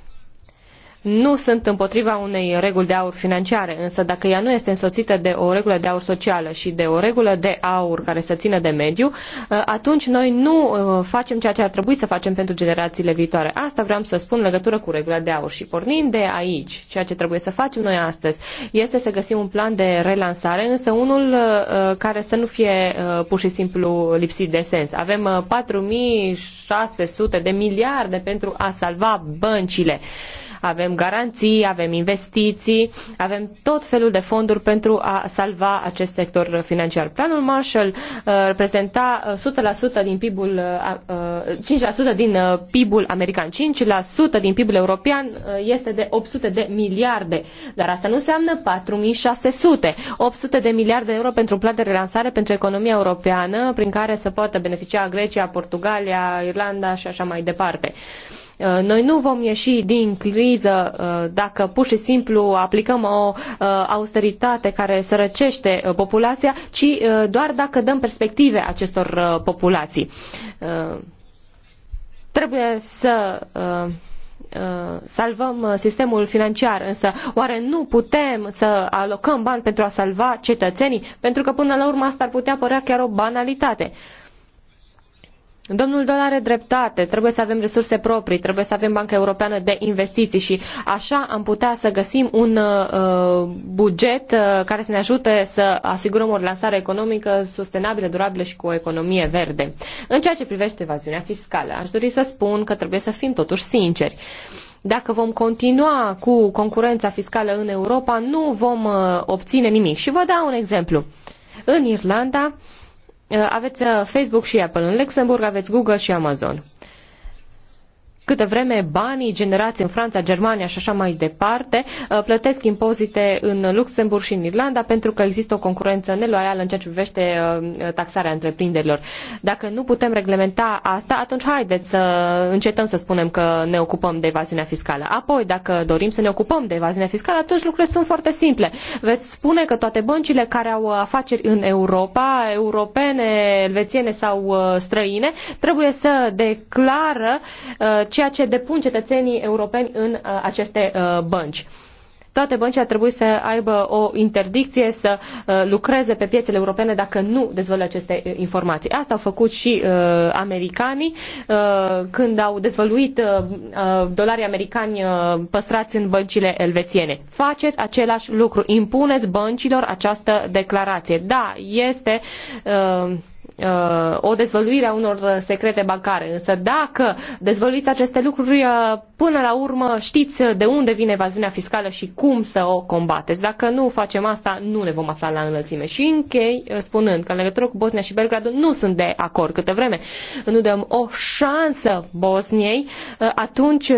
Nu sunt împotriva unei reguli de aur financiare, însă dacă ea nu este însoțită de o regulă de aur socială și de o regulă de aur care să țină de mediu, ă, atunci noi nu ă, facem ceea ce ar trebui să facem pentru generațiile viitoare. Asta vreau să spun în legătură cu regula de aur. Și pornind de aici, ceea ce trebuie să facem noi astăzi este să găsim un plan de relansare, însă unul ă, care să nu fie pur și simplu lipsit de sens. Avem 4600 de miliarde pentru a salva băncile avem garanții, avem investiții, avem tot felul de fonduri pentru a salva acest sector financiar. Planul Marshall uh, reprezenta uh, 100% din PIB-ul, uh, 5% din PIB-ul american, 5% din PIB-ul european este de 800 de miliarde, dar asta nu înseamnă 4600, 800 de miliarde de euro pentru un plan de relansare pentru economia europeană, prin care să poată beneficia Grecia, Portugalia, Irlanda și așa mai departe. Uh, noi nu vom ieși din criză uh, dacă pur și simplu aplicăm o uh, austeritate care sărăcește populația, ci doar dacă dăm perspective acestor populații. Trebuie să salvăm sistemul financiar, însă oare nu putem să alocăm bani pentru a salva cetățenii? Pentru că până la urmă asta ar putea părea chiar o banalitate. Domnul Don are dreptate, trebuie să avem resurse proprii, trebuie să avem Banca Europeană de Investiții și așa am putea să găsim un uh, buget uh, care să ne ajute să asigurăm o relansare economică sustenabilă, durabilă și cu o economie verde. În ceea ce privește evaziunea fiscală, aș dori să spun că trebuie să fim totuși sinceri dacă vom continua cu concurența fiscală în Europa, nu vom uh, obține nimic. Și vă dau un exemplu. În Irlanda, Uh, aveți uh, Facebook și Apple în Luxemburg, aveți Google și Amazon. Câtă vreme banii generați în Franța, Germania și așa mai departe uh, plătesc impozite în Luxemburg și în Irlanda pentru că există o concurență neloială în ceea ce privește uh, taxarea întreprinderilor. Dacă nu putem reglementa asta, atunci haideți să încetăm să spunem că ne ocupăm de evaziunea fiscală. Apoi, dacă dorim să ne ocupăm de evaziunea fiscală, atunci lucrurile sunt foarte simple. Veți spune că toate băncile care au uh, afaceri în Europa, europene, elvețiene sau străine, trebuie să declară ceea ce depun cetățenii europeni în uh, aceste uh, bănci toate băncile ar trebui să aibă o interdicție să uh, lucreze pe piețele europene dacă nu dezvăluie aceste informații. Asta au făcut și uh, americanii uh, când au dezvăluit uh, dolarii americani uh, păstrați în băncile elvețiene. Faceți același lucru, impuneți băncilor această declarație. Da, este. Uh, Uh, o dezvăluire a unor secrete bancare. Însă dacă dezvăluiți aceste lucruri, uh, până la urmă știți de unde vine evaziunea fiscală și cum să o combateți. Dacă nu facem asta, nu ne vom afla la înălțime. Și închei uh, spunând că în legătură cu Bosnia și Belgradul nu sunt de acord câte vreme. Nu dăm o șansă Bosniei, atunci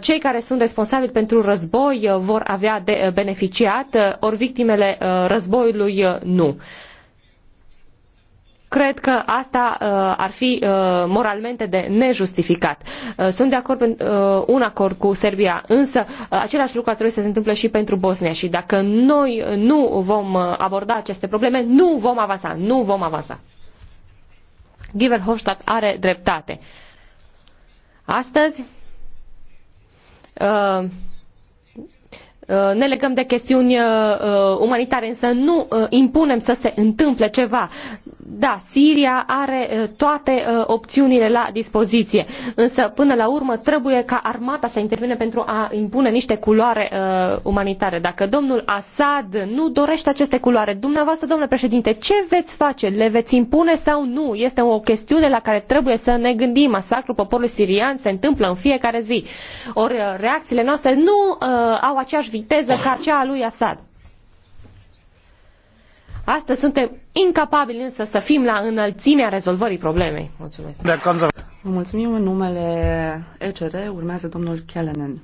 cei care sunt responsabili pentru război vor avea de beneficiat, ori victimele războiului nu cred că asta uh, ar fi uh, moralmente de nejustificat. Uh, sunt de acord în un acord cu Serbia, însă același lucru ar trebui să se întâmple și pentru Bosnia și dacă noi nu vom aborda aceste probleme, nu vom avansa, nu vom avansa. Giver Hofstadt are dreptate. Astăzi, Uh, ne legăm de chestiuni uh, uh, umanitare, însă nu impunem să se întâmple ceva. Da, Siria are toate opțiunile la dispoziție, însă până la urmă trebuie ca armata să intervine pentru a impune niște culoare umanitare. Dacă domnul Assad nu dorește aceste culoare, dumneavoastră, domnule președinte, ce veți face? Le veți impune sau nu? Este o chestiune la care trebuie să ne gândim. Masacrul poporului sirian se întâmplă în fiecare zi. Ori reacțiile noastre nu au aceeași viteză ca cea a lui Assad. Astăzi suntem incapabili însă să fim la înălțimea rezolvării problemei. Mulțumesc. Vă mulțumim în numele ECR. Urmează domnul Kellenen.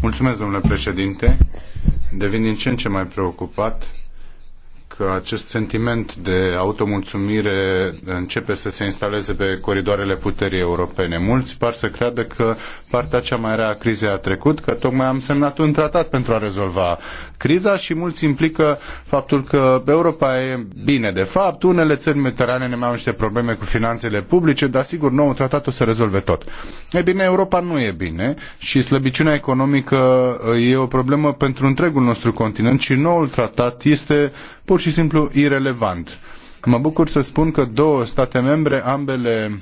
Mulțumesc, domnule președinte. Devin din ce în ce mai preocupat că acest sentiment de automulțumire începe să se instaleze pe coridoarele puterii europene. Mulți par să creadă că partea cea mai rea a crizei a trecut, că tocmai am semnat un tratat pentru a rezolva criza și mulți implică faptul că Europa e bine. De fapt, unele țări mediterane ne mai au niște probleme cu finanțele publice, dar sigur, nou tratat o să rezolve tot. E bine, Europa nu e bine și slăbiciunea economică e o problemă pentru întregul nostru continent și noul tratat este pur și simplu irelevant. Mă bucur să spun că două state membre, ambele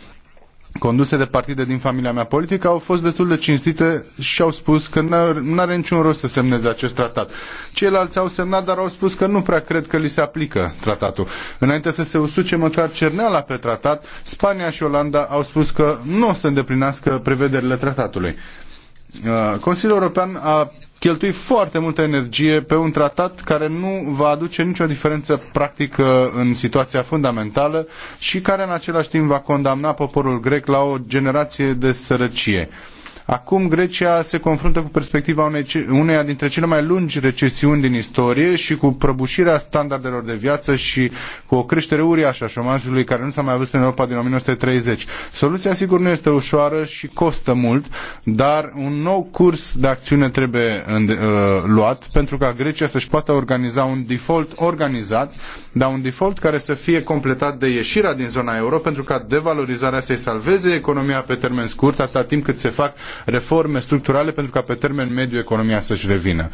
conduse de partide din familia mea politică au fost destul de cinstite și au spus că nu are niciun rost să semneze acest tratat. Ceilalți au semnat, dar au spus că nu prea cred că li se aplică tratatul. Înainte să se usuce măcar cerneala pe tratat, Spania și Olanda au spus că nu o să îndeplinească prevederile tratatului. Uh, Consiliul European a cheltui foarte multă energie pe un tratat care nu va aduce nicio diferență practică uh, în situația fundamentală și care în același timp va condamna poporul grec la o generație de sărăcie. Acum Grecia se confruntă cu perspectiva unei, uneia dintre cele mai lungi recesiuni din istorie și cu prăbușirea standardelor de viață și cu o creștere uriașă a șomajului care nu s-a mai văzut în Europa din 1930. Soluția sigur nu este ușoară și costă mult, dar un nou curs de acțiune trebuie uh, luat pentru ca Grecia să-și poată organiza un default organizat dar un default care să fie completat de ieșirea din zona euro pentru ca devalorizarea să-i salveze economia pe termen scurt, atâta timp cât se fac reforme structurale pentru ca pe termen mediu economia să-și revină.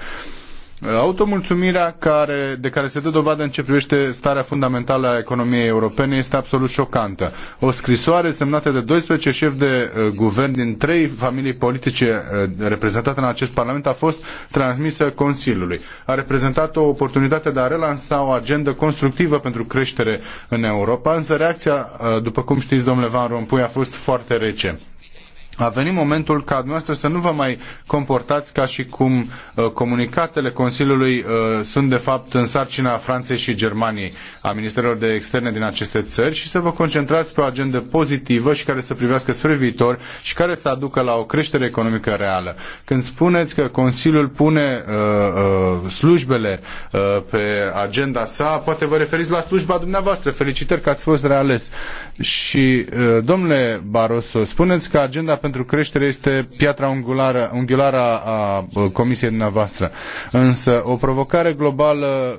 Automulțumirea care, de care se dă dovadă în ce privește starea fundamentală a economiei europene este absolut șocantă. O scrisoare semnată de 12 șefi de uh, guvern din trei familii politice uh, reprezentate în acest Parlament a fost transmisă Consiliului. A reprezentat o oportunitate de a relansa o agendă constructivă pentru creștere în Europa, însă reacția, uh, după cum știți, domnule Van Rompuy, a fost foarte rece a venit momentul ca dumneavoastră să nu vă mai comportați ca și cum uh, comunicatele Consiliului uh, sunt de fapt în sarcina Franței și Germaniei, a ministerilor de externe din aceste țări și să vă concentrați pe o agendă pozitivă și care să privească spre viitor și care să aducă la o creștere economică reală. Când spuneți că Consiliul pune uh, uh slujbele uh, pe agenda sa, poate vă referiți la slujba dumneavoastră. Felicitări că ați fost reales. Și, uh, domnule Barroso, spuneți că agenda pentru creștere este piatra ungulară, unghiulară a comisiei dumneavoastră. Însă o provocare globală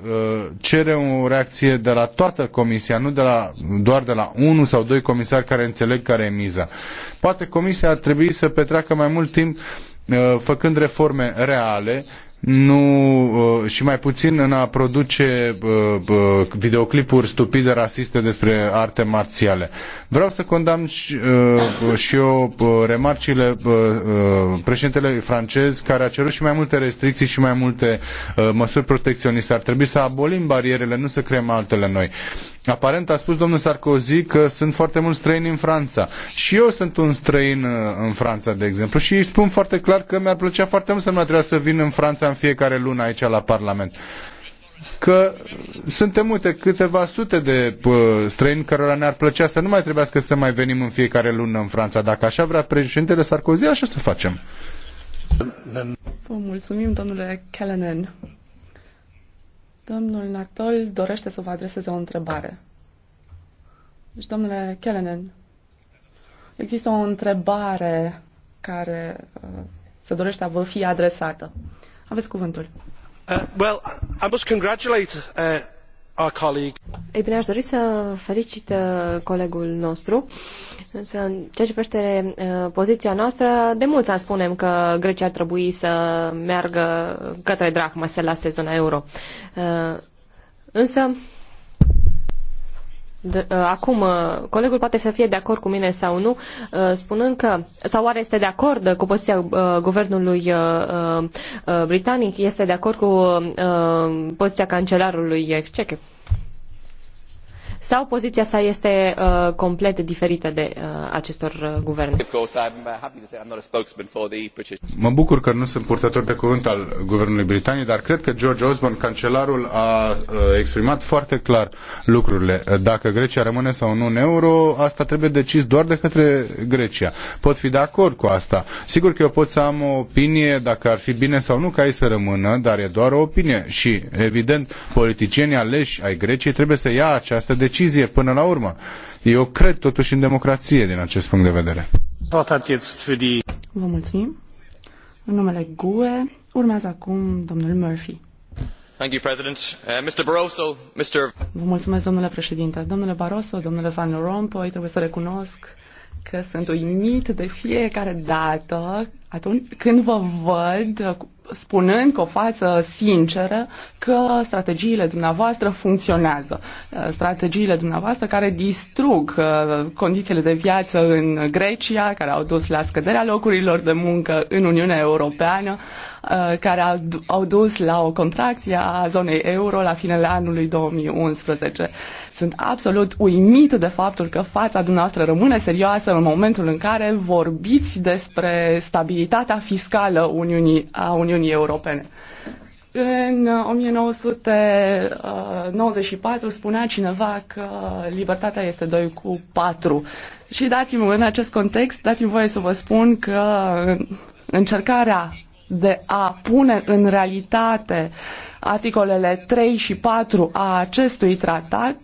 cere o reacție de la toată comisia, nu de la, doar de la unul sau doi comisari care înțeleg care e miza. Poate comisia ar trebui să petreacă mai mult timp făcând reforme reale nu, uh, și mai puțin în a produce uh, uh, videoclipuri stupide, rasiste despre arte marțiale. Vreau să condamn și, și eu remarcile președintele francez care a cerut și mai multe restricții și mai multe măsuri protecționiste. Ar trebui să abolim barierele, nu să creăm altele noi. Aparent a spus domnul Sarkozy că sunt foarte mulți străini în Franța. Și eu sunt un străin în Franța, de exemplu, și îi spun foarte clar că mi-ar plăcea foarte mult să nu trebuia să vin în Franța în fiecare lună aici la Parlament că suntem multe câteva sute de străini cărora ne-ar plăcea să nu mai trebuiască să mai venim în fiecare lună în Franța. Dacă așa vrea președintele Sarkozy, așa să facem. Vă mulțumim, domnule Kellenen. Domnul Natol dorește să vă adreseze o întrebare. Deci, domnule Kellenen, există o întrebare care uh, se dorește a vă fi adresată. Aveți cuvântul. Uh, well, I must congratulate uh, our colleague. Ei bine, aș dori să felicit uh, colegul nostru. Însă, în ceea ce privește uh, poziția noastră, de mulți ani spunem că Grecia ar trebui să meargă către drachmă, să lase zona euro. Uh, însă, Uh, acum, uh, colegul poate să fie de acord cu mine sau nu, uh, spunând că, sau oare este de acord cu poziția guvernului britanic, este de acord cu poziția cancelarului Exchequer sau poziția sa este uh, complet diferită de uh, acestor uh, guverne? Uh, mă bucur că nu sunt purtător de cuvânt al guvernului britanic, dar cred că George Osborne, cancelarul, a uh, exprimat foarte clar lucrurile. Dacă Grecia rămâne sau nu în euro, asta trebuie decis doar de către Grecia. Pot fi de acord cu asta. Sigur că eu pot să am o opinie dacă ar fi bine sau nu ca ei să rămână, dar e doar o opinie și, evident, politicienii aleși ai Greciei trebuie să ia această decizie decizie până la urmă. Eu cred totuși în democrație din acest punct de vedere. Vă mulțumim. În numele GUE urmează acum domnul Murphy. Thank you, President. Uh, Mr. Barroso, Mr. Vă mulțumesc, domnule președinte. Domnule Barroso, domnule Van Rompuy, trebuie să recunosc că sunt uimit de fiecare dată atunci când vă văd spunând cu o față sinceră că strategiile dumneavoastră funcționează. Uh, strategiile dumneavoastră care distrug uh, condițiile de viață în Grecia, care au dus la scăderea locurilor de muncă în Uniunea Europeană, uh, care au dus la o contracție a zonei euro la finele anului 2011. Sunt absolut uimit de faptul că fața dumneavoastră rămâne serioasă în momentul în care vorbiți despre stabilitatea fiscală Uniunii, a Uniunii Uniunii Europene. În 1994 uh, uh, spunea cineva că libertatea este 2 cu 4. Și dați-mi în acest context, dați-mi voie să vă spun că încercarea de a pune în realitate articolele 3 și 4 a acestui tratat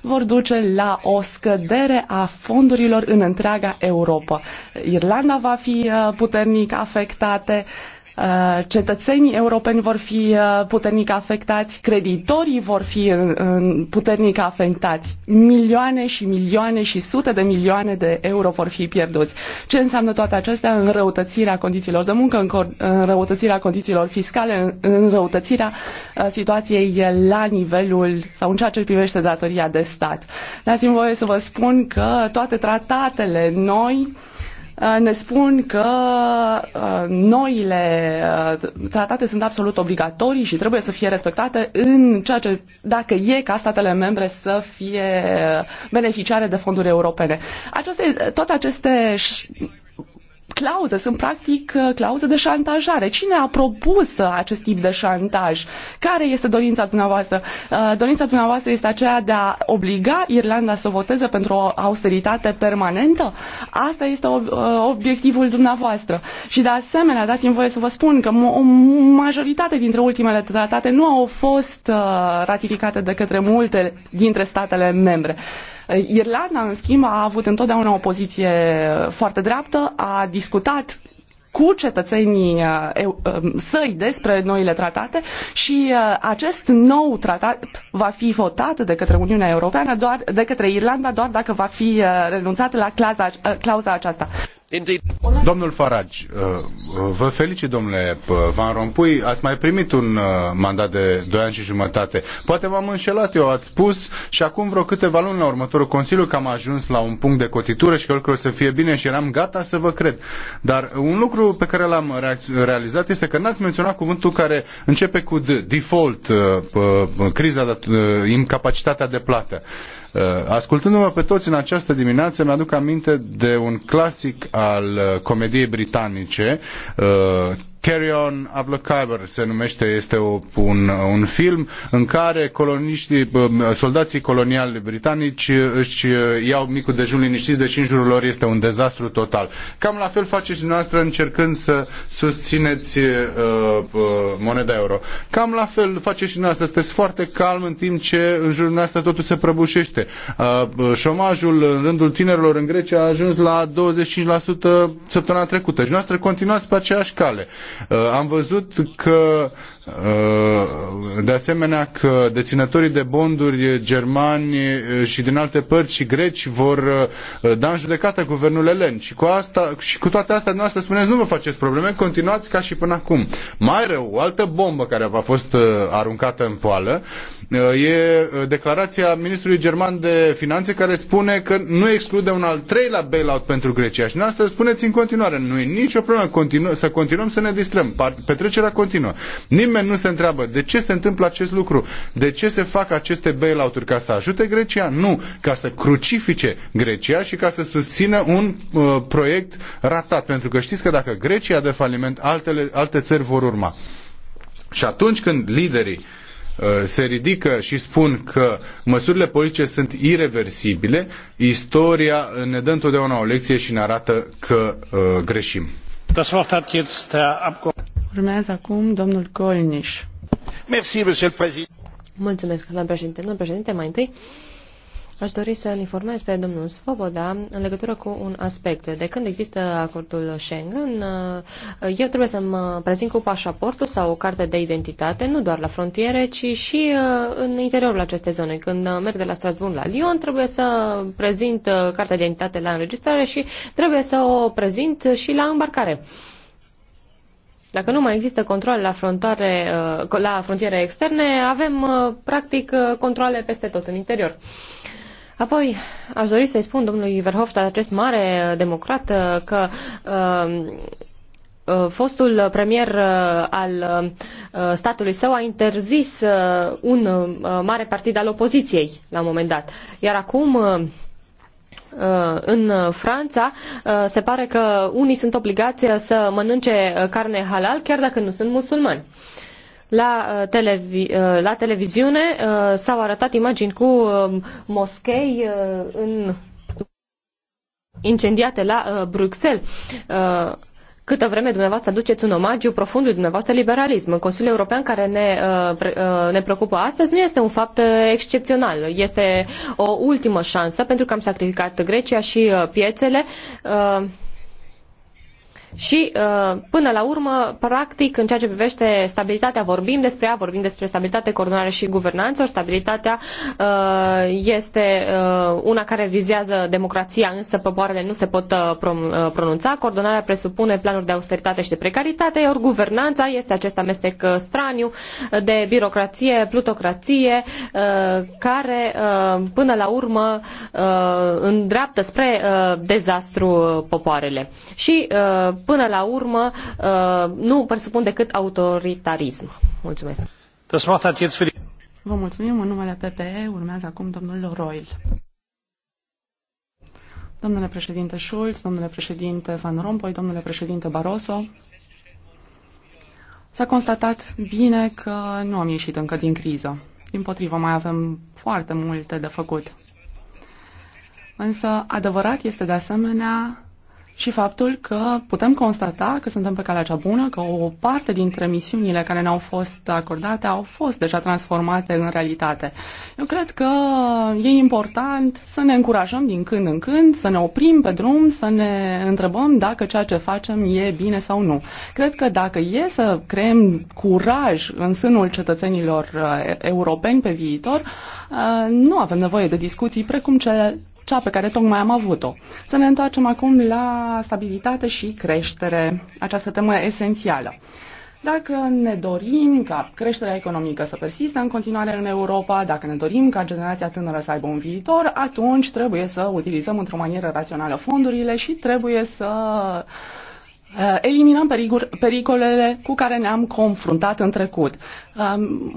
vor duce la o scădere a fondurilor în întreaga Europa. Irlanda va fi uh, puternic afectată, Uh, cetățenii europeni vor fi uh, puternic afectați, creditorii vor fi uh, puternic afectați, milioane și milioane și sute de milioane de euro vor fi pierduți. Ce înseamnă toate acestea? Înrăutățirea condițiilor de muncă, înrăutățirea condițiilor fiscale, înrăutățirea situației la nivelul sau în ceea ce privește datoria de stat. Dați-mi voie să vă spun că toate tratatele noi Uh, ne spun că uh, noile uh, tratate sunt absolut obligatorii și trebuie să fie respectate în ceea ce, dacă e ca statele membre să fie beneficiare de fonduri europene. Aceste, toate aceste clauze, sunt practic uh, clauze de șantajare. Cine a propus uh, acest tip de șantaj? Care este dorința dumneavoastră? Uh, dorința dumneavoastră este aceea de a obliga Irlanda să voteze pentru o austeritate permanentă? Asta este obiectivul dumneavoastră. Și de asemenea, dați-mi voie să vă spun că o majoritate dintre ultimele tratate nu au fost ratificate de către multe dintre statele membre. Eh, Irlanda, în schimb, a avut întotdeauna o poziție foarte dreaptă, a discutat cu cetățenii eh, eh, săi despre noile tratate și acest nou tratat va fi votat de către Uniunea Europeană, doar, de către Irlanda, doar dacă va fi renunțat la claza, clauza aceasta. Domnul Farage, uh, vă felicit, domnule uh, Van Rompuy, ați mai primit un uh, mandat de 2 ani și jumătate. Poate v-am înșelat eu, ați spus și acum vreo câteva luni la următorul Consiliu că am ajuns la un punct de cotitură și că lucrurile să fie bine și eram gata să vă cred. Dar un lucru pe care l-am realizat este că n-ați menționat cuvântul care începe cu default, criza, incapacitatea de plată. Uh, ascultându-mă pe toți în această dimineață, mi-aduc aminte de un clasic al uh, comediei britanice, uh, Carry On Ablokyber se numește, este o, un, un film în care coloniștii, soldații coloniali britanici își iau micul dejun liniștiți, deși în jurul lor este un dezastru total. Cam la fel faceți dumneavoastră încercând să susțineți uh, uh, moneda euro. Cam la fel faceți și dumneavoastră, sunteți foarte calm în timp ce în jurul dumneavoastră totul se prăbușește. Uh, șomajul în rândul tinerilor în Grecia a ajuns la 25% săptămâna trecută și dumneavoastră continuați pe aceeași cale. Uh, am văzut că Uh, de asemenea că deținătorii de bonduri germani uh, și din alte părți și greci vor uh, da în judecată guvernul elen. Și cu, asta, și cu toate astea dumneavoastră spuneți nu vă faceți probleme, continuați ca și până acum. Mai rău, o altă bombă care a fost aruncată în poală e declarația ministrului german de finanțe care spune că nu exclude un al treilea bailout pentru Grecia. Și dumneavoastră spuneți în continuare, nu e nicio problemă continu- să continuăm să ne distrăm. Petrecerea continuă. Nimeni Nimeni nu se întreabă de ce se întâmplă acest lucru, de ce se fac aceste bailout-uri, ca să ajute Grecia? Nu, ca să crucifice Grecia și ca să susțină un uh, proiect ratat. Pentru că știți că dacă Grecia dă faliment, altele, alte țări vor urma. Și atunci când liderii uh, se ridică și spun că măsurile politice sunt irreversibile, istoria ne dă întotdeauna o lecție și ne arată că uh, greșim. Urmează acum domnul Golniș. Mulțumesc, domnul președinte. Domnul președinte, mai întâi, Aș dori să-l informez pe domnul Svoboda în legătură cu un aspect. De când există acordul Schengen, eu trebuie să-mi prezint cu pașaportul sau o carte de identitate, nu doar la frontiere, ci și uh, în interiorul acestei zone. Când merg de la Strasbourg la Lyon, trebuie să prezint uh, cartea de identitate la înregistrare și trebuie să o prezint și la îmbarcare. Dacă nu mai există controle la, frontare, uh, la frontiere externe, avem uh, practic uh, controle peste tot în interior. Apoi, aș dori să-i spun domnului Verhofstadt, acest mare democrat, că fostul premier al statului său a interzis un mare partid al opoziției la un moment dat. Iar acum Uh, în Franța, uh, se pare că unii sunt obligați să mănânce uh, carne halal chiar dacă nu sunt musulmani. La, televi- la televiziune s-au arătat imagini cu moschei în incendiate la Bruxelles. Câtă vreme dumneavoastră duceți un omagiu profundului dumneavoastră liberalism. în Consiliul European care ne, uh, uh, ne preocupă astăzi nu este un fapt uh, excepțional. Este o ultimă șansă pentru că am sacrificat Grecia și piețele și uh, până la urmă, practic, în ceea ce privește stabilitatea, vorbim despre ea, vorbim despre stabilitate, coordonare și guvernanță. Stabilitatea uh, este uh, una care vizează democrația, însă popoarele nu se pot pronunța. Coordonarea presupune planuri de austeritate și de precaritate, iar guvernanța este acest amestec straniu de birocrație, plutocrație, care până la urmă îndreaptă spre dezastru popoarele. Și până la urmă uh, nu presupun decât autoritarism. Mulțumesc. Vă mulțumim. În numele PPE urmează acum domnul Roil. Domnule președinte Schulz, domnule președinte Van Rompuy, domnule președinte Barroso, s-a constatat bine că nu am ieșit încă din criză. Din potrivă, mai avem foarte multe de făcut. Însă, adevărat este de asemenea și faptul că putem constata că suntem pe calea cea bună, că o parte dintre misiunile care ne-au fost acordate au fost deja transformate în realitate. Eu cred că e important să ne încurajăm din când în când, să ne oprim pe drum, să ne întrebăm dacă ceea ce facem e bine sau nu. Cred că dacă e să creăm curaj în sânul cetățenilor eh, europeni pe viitor, eh, nu avem nevoie de discuții precum cele cea pe care tocmai am avut-o. Să ne întoarcem acum la stabilitate și creștere, această temă esențială. Dacă ne dorim ca creșterea economică să persiste în continuare în Europa, dacă ne dorim ca generația tânără să aibă un viitor, atunci trebuie să utilizăm într-o manieră rațională fondurile și trebuie să Eh, eliminăm pericol, pericolele cu care ne-am confruntat în trecut.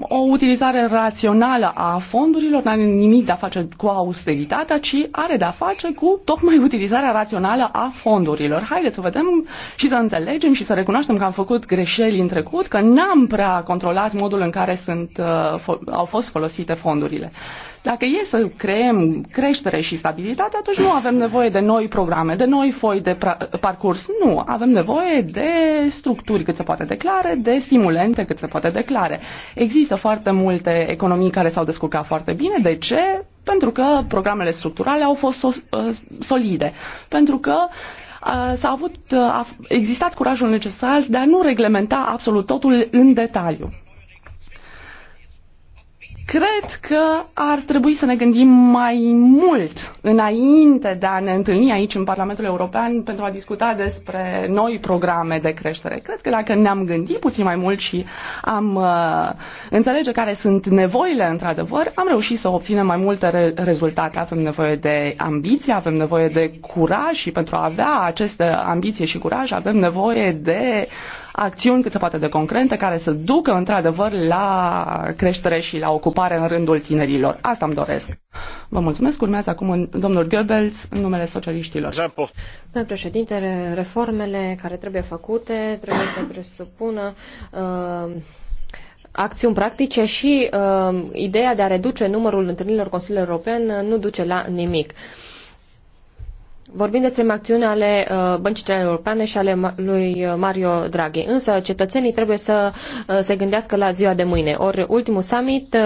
O utilizare rațională a fondurilor nu are nimic de a face cu austeritatea, ci are de a face cu tocmai utilizarea rațională a fondurilor. Haideți să vedem și să înțelegem și să recunoaștem că am făcut greșeli în trecut, că n-am prea controlat modul în care sunt, eh, au fost folosite fondurile. Dacă e să creăm creștere și stabilitate, atunci nu avem nevoie de noi programe, de noi foi de parcurs. Nu, avem nevoie de structuri cât se poate declare, de stimulente cât se poate declare. Există foarte multe economii care s-au descurcat foarte bine. De ce? Pentru că programele structurale au fost ă, solide. Pentru că ă, s-a avut, a existat curajul necesar de a nu reglementa absolut totul în detaliu. Cred că ar trebui să ne gândim mai mult înainte de a ne întâlni aici în Parlamentul European pentru a discuta despre noi programe de creștere. Cred că dacă ne-am gândit puțin mai mult și am uh, înțelege care sunt nevoile într-adevăr, am reușit să obținem mai multe re- rezultate. Avem nevoie de ambiție, avem nevoie de curaj și pentru a avea aceste ambiție și curaj avem nevoie de uh, acțiuni cât se poate de concrete care să ducă într-adevăr la creștere și la ocupare în rândul tinerilor. Asta îmi doresc. Vă mulțumesc. Urmează acum domnul Goebbels în numele socialiștilor. Domnul președinte, reformele care trebuie făcute trebuie să presupună uh, acțiuni practice și uh, ideea de a reduce numărul întâlnirilor Consiliului European nu duce la nimic. Uh, Vorbim despre acțiunea ale uh, Băncii Centrale Europene și ale lui uh, Mario Draghi. Însă cetățenii trebuie să uh, se gândească la ziua de mâine. Ori ultimul summit,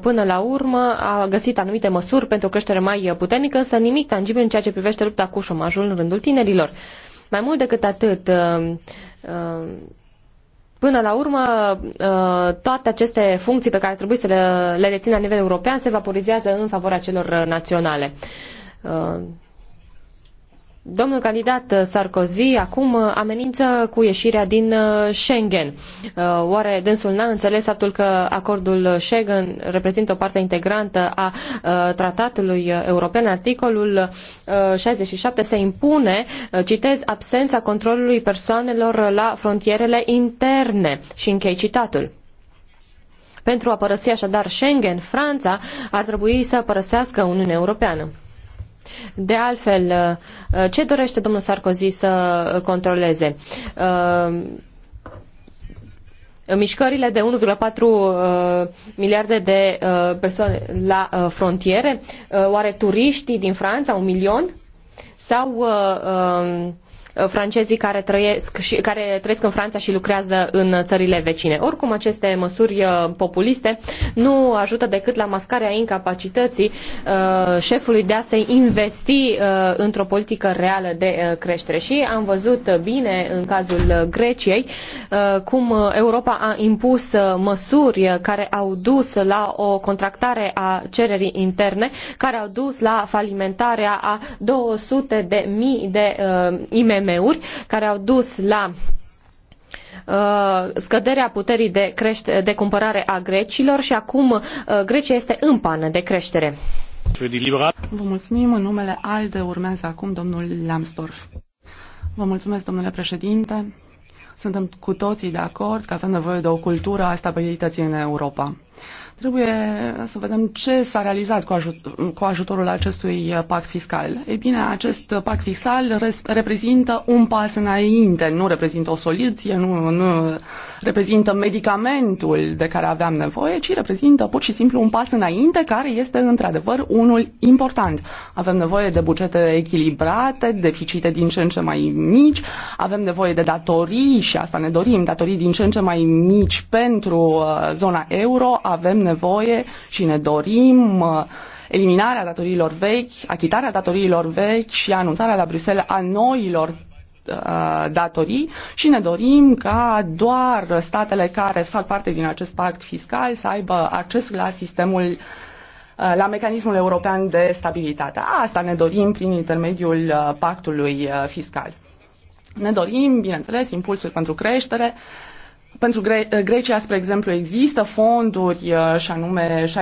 până la urmă, a găsit anumite măsuri pentru o creștere mai puternică, însă nimic tangibil în ceea ce privește lupta cu șomajul în rândul tinerilor. Mai mult decât atât, Până la urmă, toate aceste funcții pe care trebuie să le, le rețin la nivel european se vaporizează în favoarea celor naționale. Domnul candidat uh, Sarkozy acum uh, amenință cu ieșirea din uh, Schengen. Oare dânsul n-a înțeles faptul că acordul Schengen reprezintă o parte integrantă a tratatului european? Articolul 67 se impune, citez, absența controlului persoanelor la frontierele interne și închei citatul. Pentru a părăsi așadar Schengen, Franța ar trebui să părăsească Uniunea Europeană. De altfel, uh, ce dorește domnul Sarkozy să controleze? Uh, mișcările de 1,4 uh, miliarde de uh, persoane la uh, frontiere, uh, oare turiștii din Franța, un milion? Sau um, Uh, francezii care trăiesc, și, care trăiesc în Franța și lucrează în țările vecine. Oricum, aceste măsuri uh, populiste nu ajută decât la mascarea incapacității uh, șefului de a se investi într-o politică reală de creștere. Și am văzut bine în cazul Greciei cum Europa a impus măsuri care au dus la o contractare a cererii interne, care au dus la falimentarea a 200 de mii de IMM IMM-uri care au dus la uh, scăderea puterii de, crește, de cumpărare a grecilor și acum uh, Grecia este în pană de creștere. Vă mulțumim. În numele ALDE urmează acum domnul Lambsdorff. Vă mulțumesc, domnule președinte. Suntem cu toții de acord că avem nevoie de o cultură a stabilității în Europa. Trebuie să vedem ce s-a realizat cu, ajut- cu ajutorul acestui pact fiscal. Ei bine, acest pact fiscal reprezintă un pas înainte, nu reprezintă o soluție, nu, nu reprezintă medicamentul de care aveam nevoie, ci reprezintă pur și simplu un pas înainte care este într-adevăr unul important. Avem nevoie de bugete echilibrate, deficite din ce în ce mai mici, avem nevoie de datorii și asta ne dorim, datorii din ce în ce mai mici pentru uh, zona euro, avem nevoie nevoie și ne dorim uh, eliminarea datoriilor vechi, achitarea datoriilor vechi și anunțarea la Bruxelles a noilor uh, datorii și ne dorim ca doar statele care fac parte din acest pact fiscal să aibă acces la sistemul uh, la mecanismul european de stabilitate. Asta ne dorim prin intermediul pactului fiscal. Ne dorim, bineînțeles, impulsul pentru creștere, uh, pentru Gre- uh, Grecia, spre exemplu, există fonduri uh, și anume 60-80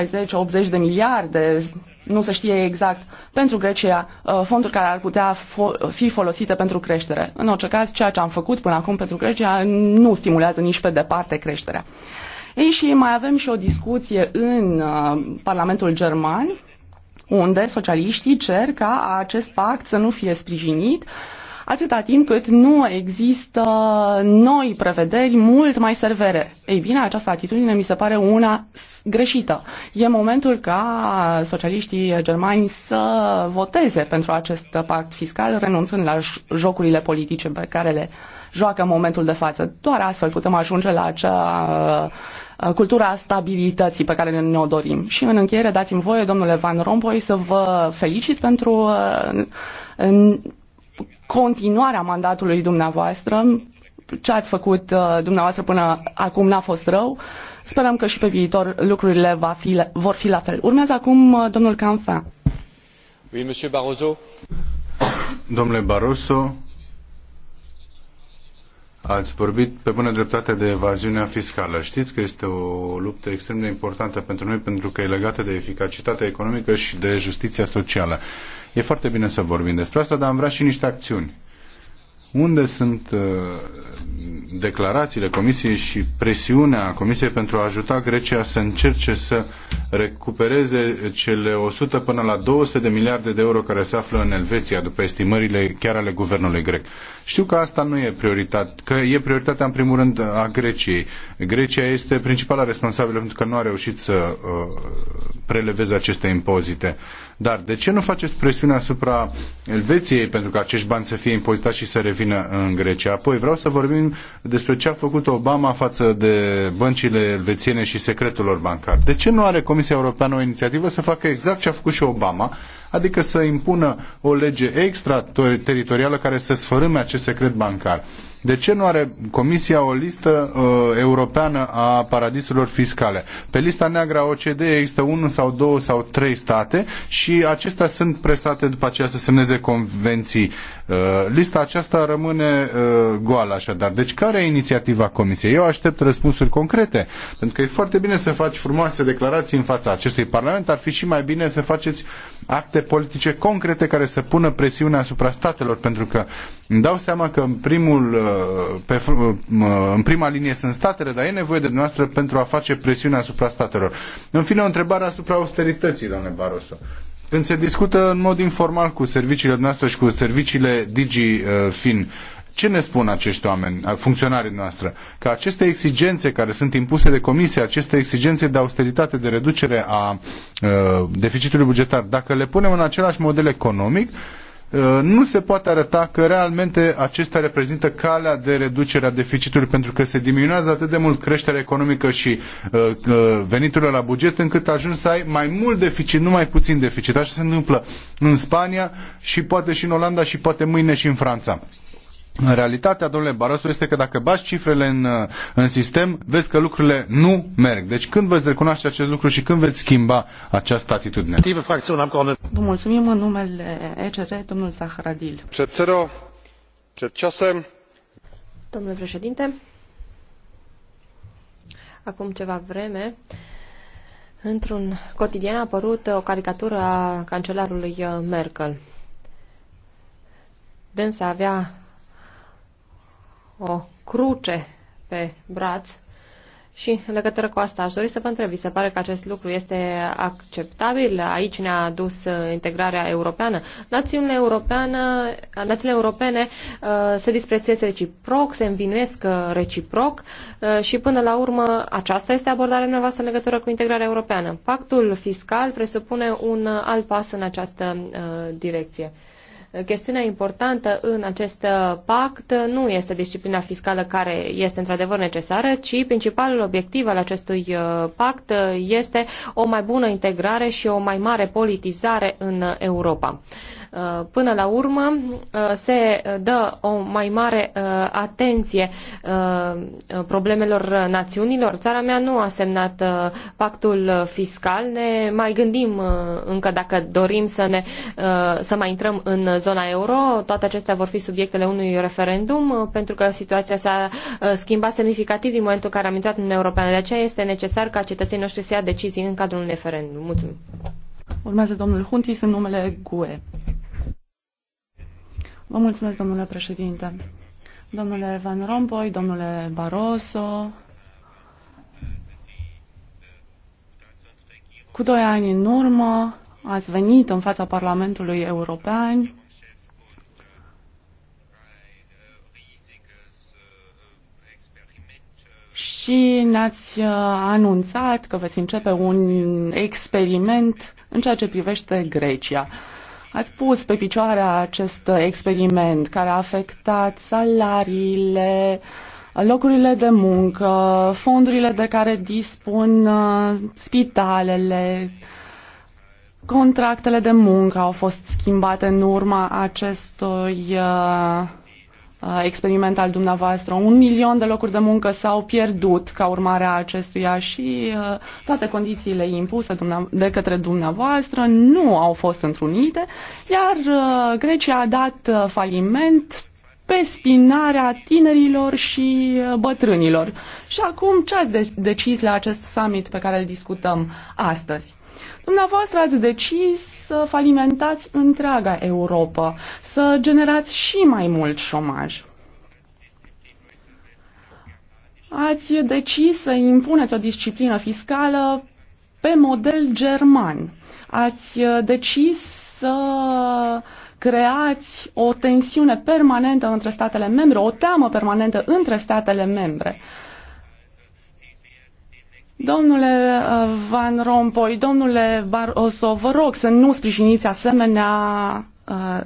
de miliarde, nu se știe exact, pentru Grecia, uh, fonduri care ar putea fi folosite pentru creștere. În orice caz, ceea ce am făcut până acum pentru Grecia nu stimulează nici pe departe creșterea. Ei și mai avem și o discuție în Parlamentul German, unde socialiștii cer ca acest pact să nu fie sprijinit uh, atâta timp cât nu există noi prevederi mult mai servere. Ei bine, această atitudine mi se pare una greșită. E momentul ca socialiștii germani să voteze pentru acest pact fiscal, renunțând la jocurile politice pe care le joacă în momentul de față. Doar astfel putem ajunge la acea uh, cultura stabilității pe care ne-o dorim. Și în încheiere dați-mi voie, domnule Van Rompuy, să vă felicit pentru uh, continuarea mandatului dumneavoastră. Ce ați făcut uh, dumneavoastră până acum n-a fost rău. Sperăm că și pe viitor lucrurile va fi, vor fi la fel. Urmează acum uh, domnul Canfa. Oui, monsieur Barroso. Domnule Barroso, Ați vorbit pe bună dreptate de evaziunea fiscală. Știți că este o luptă extrem de importantă pentru noi pentru că e legată de eficacitatea economică și de justiția socială. E foarte bine să vorbim despre asta, dar am vrea și niște acțiuni. Unde sunt uh, declarațiile Comisiei și presiunea Comisiei pentru a ajuta Grecia să încerce să recupereze cele 100 până la 200 de miliarde de euro care se află în Elveția, după estimările chiar ale guvernului grec? Știu că asta nu e prioritate, că e prioritatea în primul rând a Greciei. Grecia este principala responsabilă pentru că nu a reușit să uh, preleveze aceste impozite. Dar de ce nu faceți presiune asupra Elveției pentru că acești bani să fie impozitați și să revină în Grecia? Apoi vreau să vorbim despre ce a făcut Obama față de băncile elvețiene și secretul lor bancar. De ce nu are Comisia Europeană o inițiativă să facă exact ce a făcut și Obama, adică să impună o lege extrateritorială care să sfărâme acest secret bancar? De ce nu are Comisia o listă uh, europeană a paradisurilor fiscale? Pe lista neagră a OCDE există unul sau două sau trei state și acestea sunt presate după aceea să semneze convenții. Uh, lista aceasta rămâne uh, goală așadar. Deci care e inițiativa Comisiei? Eu aștept răspunsuri concrete, pentru că e foarte bine să faci frumoase declarații în fața acestui Parlament, ar fi și mai bine să faceți acte politice concrete care să pună presiune asupra statelor, pentru că îmi dau seama că în primul uh, pe, în prima linie sunt statele, dar e nevoie de noastră pentru a face presiune asupra statelor. În fine, o întrebare asupra austerității, domnule Barroso. Când se discută în mod informal cu serviciile noastre și cu serviciile DigiFin, uh, ce ne spun acești oameni, uh, funcționarii noastre? Că aceste exigențe care sunt impuse de comisie, aceste exigențe de austeritate, de reducere a uh, deficitului bugetar, dacă le punem în același model economic, uh, Uh, nu se poate arăta că realmente acesta reprezintă calea de reducere a deficitului pentru că se diminuează atât de mult creșterea economică și uh, uh, veniturile la buget încât ajungi să ai mai mult deficit, nu mai puțin deficit. Așa se întâmplă în Spania și poate și în Olanda și poate mâine și în Franța. În realitatea, domnule Barroso, este că dacă bați cifrele în, uh, în sistem, vezi că lucrurile nu merg. Deci când veți recunoaște acest lucru și când veți schimba această atitudine? Vă mulțumim în numele ECR, domnul Zahradil. Předsedo, před Domnule președinte, acum ceva vreme, într-un cotidian a apărut o caricatură a cancelarului uh, Merkel. Dânsa avea o cruce pe braț și în legătură cu asta aș dori să vă întreb, se pare că acest lucru este acceptabil? Aici ne-a adus uh, integrarea europeană. Națiunile, europeană, uh, națiunile europene uh, se disprețuiesc reciproc, se învinuiesc reciproc și până la urmă aceasta este abordarea noastră în legătură cu integrarea europeană. Pactul fiscal presupune un alt pas în această direcție chestiunea importantă în acest uh, pact nu este disciplina fiscală care este într-adevăr necesară, ci principalul obiectiv al acestui uh, pact uh, este o mai bună integrare și o mai mare politizare în Europa. Uh, până la urmă uh, se dă o mai mare uh, atenție problemelor națiunilor. Țara mea nu a semnat pactul fiscal. Ne mai gândim încă dacă dorim să, ne, să mai intrăm în zona euro. Toate acestea vor fi subiectele unui referendum pentru că situația s-a schimbat semnificativ din momentul în care am intrat în Europeană. De aceea este necesar ca cetățenii noștri să ia decizii în cadrul unui referendum. Mulțumim. Urmează domnul Huntis în numele GUE. Vă mulțumesc, domnule președinte. Domnule Van Rompuy, domnule Barroso, cu doi ani în urmă ați venit în fața Parlamentului European și ne-ați uh, anunțat că veți începe un experiment în ceea ce privește Grecia. Ați pus pe picioare acest experiment care a afectat salariile, locurile de muncă, fondurile de care dispun uh, spitalele, contractele de muncă au fost schimbate în urma acestui uh, Uh, experiment al dumneavoastră. Un milion de locuri de muncă s-au pierdut ca urmare a acestuia și uh, toate condițiile impuse de către dumneavoastră nu au fost întrunite, iar uh, Grecia a dat faliment pe spinarea tinerilor și bătrânilor. Și acum ce ați decis la acest summit pe care îl discutăm astăzi? Dumneavoastră ați decis să falimentați întreaga Europa, să generați și mai mult șomaj. Ați decis să impuneți o disciplină fiscală pe model german. Ați decis să creați o tensiune permanentă între statele membre, o teamă permanentă între statele membre. Domnule uh, Van Rompuy, domnule Barroso, vă rog să nu sprijiniți asemenea uh,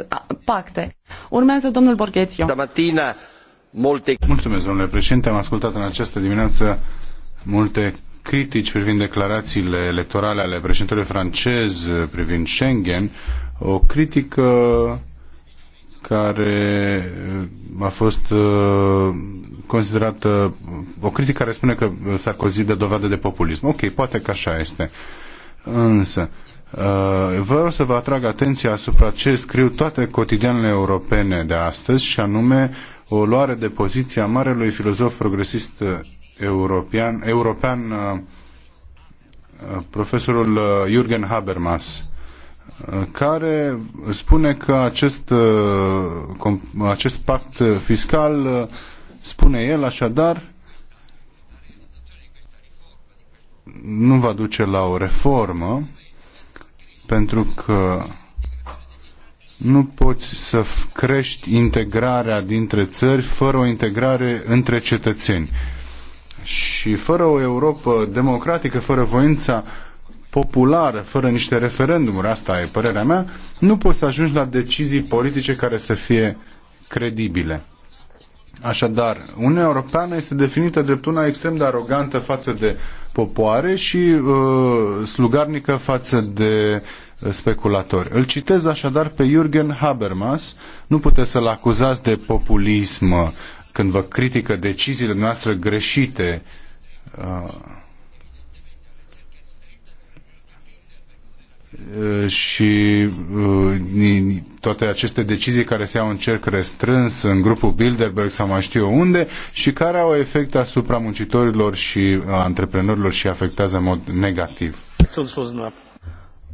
pacte. Urmează domnul Borghețiu. Multe... Mulțumesc, domnule președinte. Am ascultat în această dimineață multe critici privind declarațiile electorale ale președintelui francez privind Schengen, o critică care uh, a fost uh, considerată o critică care spune că Sarkozy dă dovadă de populism. Ok, poate că așa este. Însă, uh, vreau să vă atrag atenția asupra ce scriu toate cotidianele europene de astăzi și anume o luare de poziție a marelui filozof progresist european, european profesorul Jürgen Habermas care spune că acest, uh, acest pact fiscal, uh, spune el așadar, nu va duce la o reformă, pentru că nu poți să crești integrarea dintre țări fără o integrare între cetățeni. Și fără o Europă democratică, fără voința populară, fără niște referendumuri, asta e părerea mea, nu poți să ajungi la decizii politice care să fie credibile. Așadar, Uniunea Europeană este definită drept una extrem de arogantă față de popoare și uh, slugarnică față de uh, speculatori. Îl citez așadar pe Jürgen Habermas, nu puteți să-l acuzați de populism uh, când vă critică deciziile noastre greșite. Uh, Uh, și uh, toate aceste decizii care se iau în cerc restrâns, în grupul Bilderberg sau mai știu eu unde, și care au efect asupra muncitorilor și antreprenorilor și afectează în mod negativ.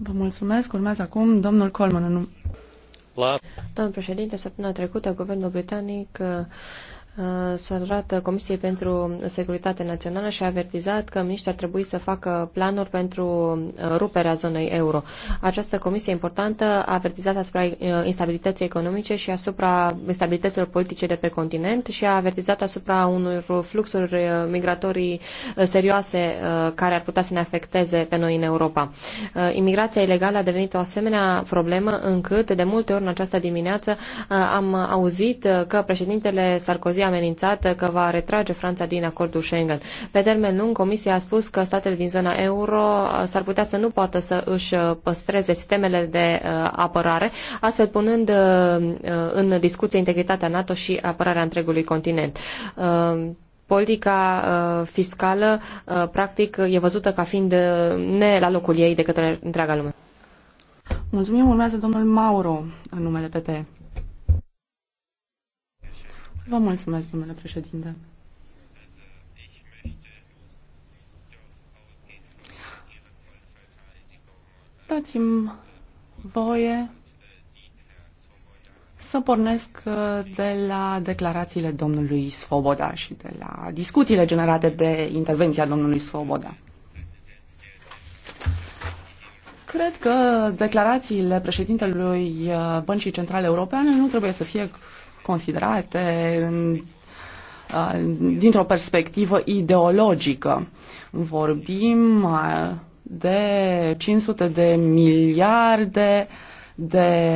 Vă mulțumesc. Urmează acum domnul Colman. Domnul președinte, săptămâna trecută, guvernul britanic uh, sărată Comisiei pentru Securitate Națională și a avertizat că miniștrii ar trebui să facă planuri pentru uh, ruperea zonei euro. Această comisie importantă a avertizat asupra uh, instabilității economice și asupra instabilităților politice de pe continent și a avertizat asupra unor fluxuri uh, migratorii serioase care ar putea să ne afecteze pe noi în Europa. Imigrația ilegală a devenit o asemenea problemă încât de multe ori în această dimineață am auzit că președintele Sarkozy a amenințată că va retrage Franța din acordul Schengen. Pe termen lung, Comisia a spus că statele din zona euro uh, s-ar putea să nu poată să își uh, păstreze sistemele de uh, apărare, astfel punând în discuție integritatea NATO și apărarea întregului continent politica uh, fiscală, uh, practic, e văzută ca fiind uh, ne la locul ei de către întreaga lume. Mulțumim, urmează domnul Mauro în numele PP. Vă mulțumesc, domnule președinte. Dați-mi voie să pornesc uh, de la declarațiile domnului Svoboda și de la discuțiile generate de intervenția domnului Svoboda. Cred că declarațiile președintelui uh, Băncii Centrale Europeane nu trebuie să fie considerate în, uh, dintr-o perspectivă ideologică. Vorbim uh, de 500 de miliarde de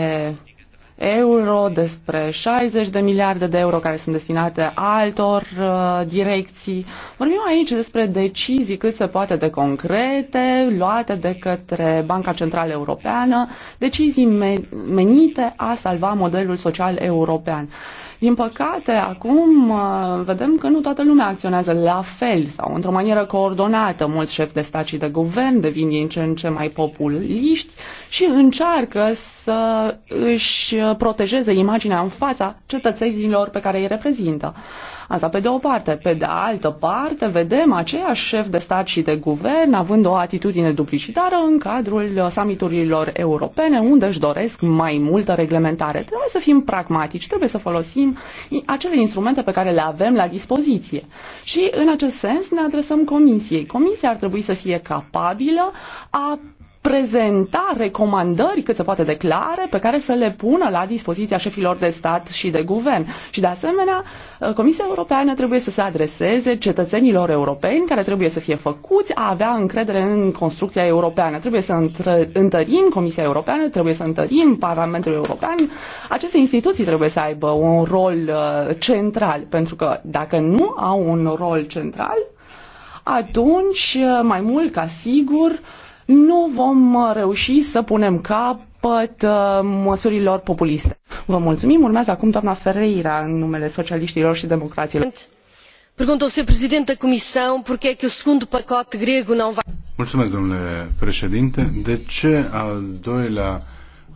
euro, despre 60 de miliarde de euro care sunt destinate altor uh, direcții. Vorbim aici despre decizii cât se poate de concrete, luate de către Banca Centrală Europeană, decizii menite a salva modelul social european. Din păcate, acum uh, vedem că nu toată lumea acționează la fel sau într-o manieră coordonată. Mulți șefi de stat și de guvern devin din ce în ce mai populiști și încearcă să își protejeze imaginea în fața cetățenilor pe care îi reprezintă. Asta pe de o parte. Pe de altă parte, vedem aceiași șef de stat și de guvern având o atitudine duplicitară în cadrul summiturilor europene, unde își doresc mai multă reglementare. Trebuie să fim pragmatici, trebuie să folosim acele instrumente pe care le avem la dispoziție. Și în acest sens ne adresăm Comisiei. Comisia ar trebui să fie capabilă a prezenta recomandări cât se poate declare pe care să le pună la dispoziția șefilor de stat și de guvern. Și de asemenea, uh, Comisia Europeană trebuie să se adreseze cetățenilor europeni care trebuie să fie făcuți a avea încredere în construcția europeană. Trebuie să întărim Comisia Europeană, trebuie să întărim Parlamentul European. Aceste instituții trebuie să aibă un rol uh, central, pentru că dacă nu au un rol central, atunci, uh, mai mult ca sigur, uh, nu vom uh, reuși să punem capăt uh, măsurilor populiste. Vă mulțumim. Urmează acum doamna Ferreira în numele socialiștilor și democraților. Pergunta ao Sr. Presidente da Comissão é que o segundo pacote grego não vai... Mulțumesc, domnule președinte. De ce al doilea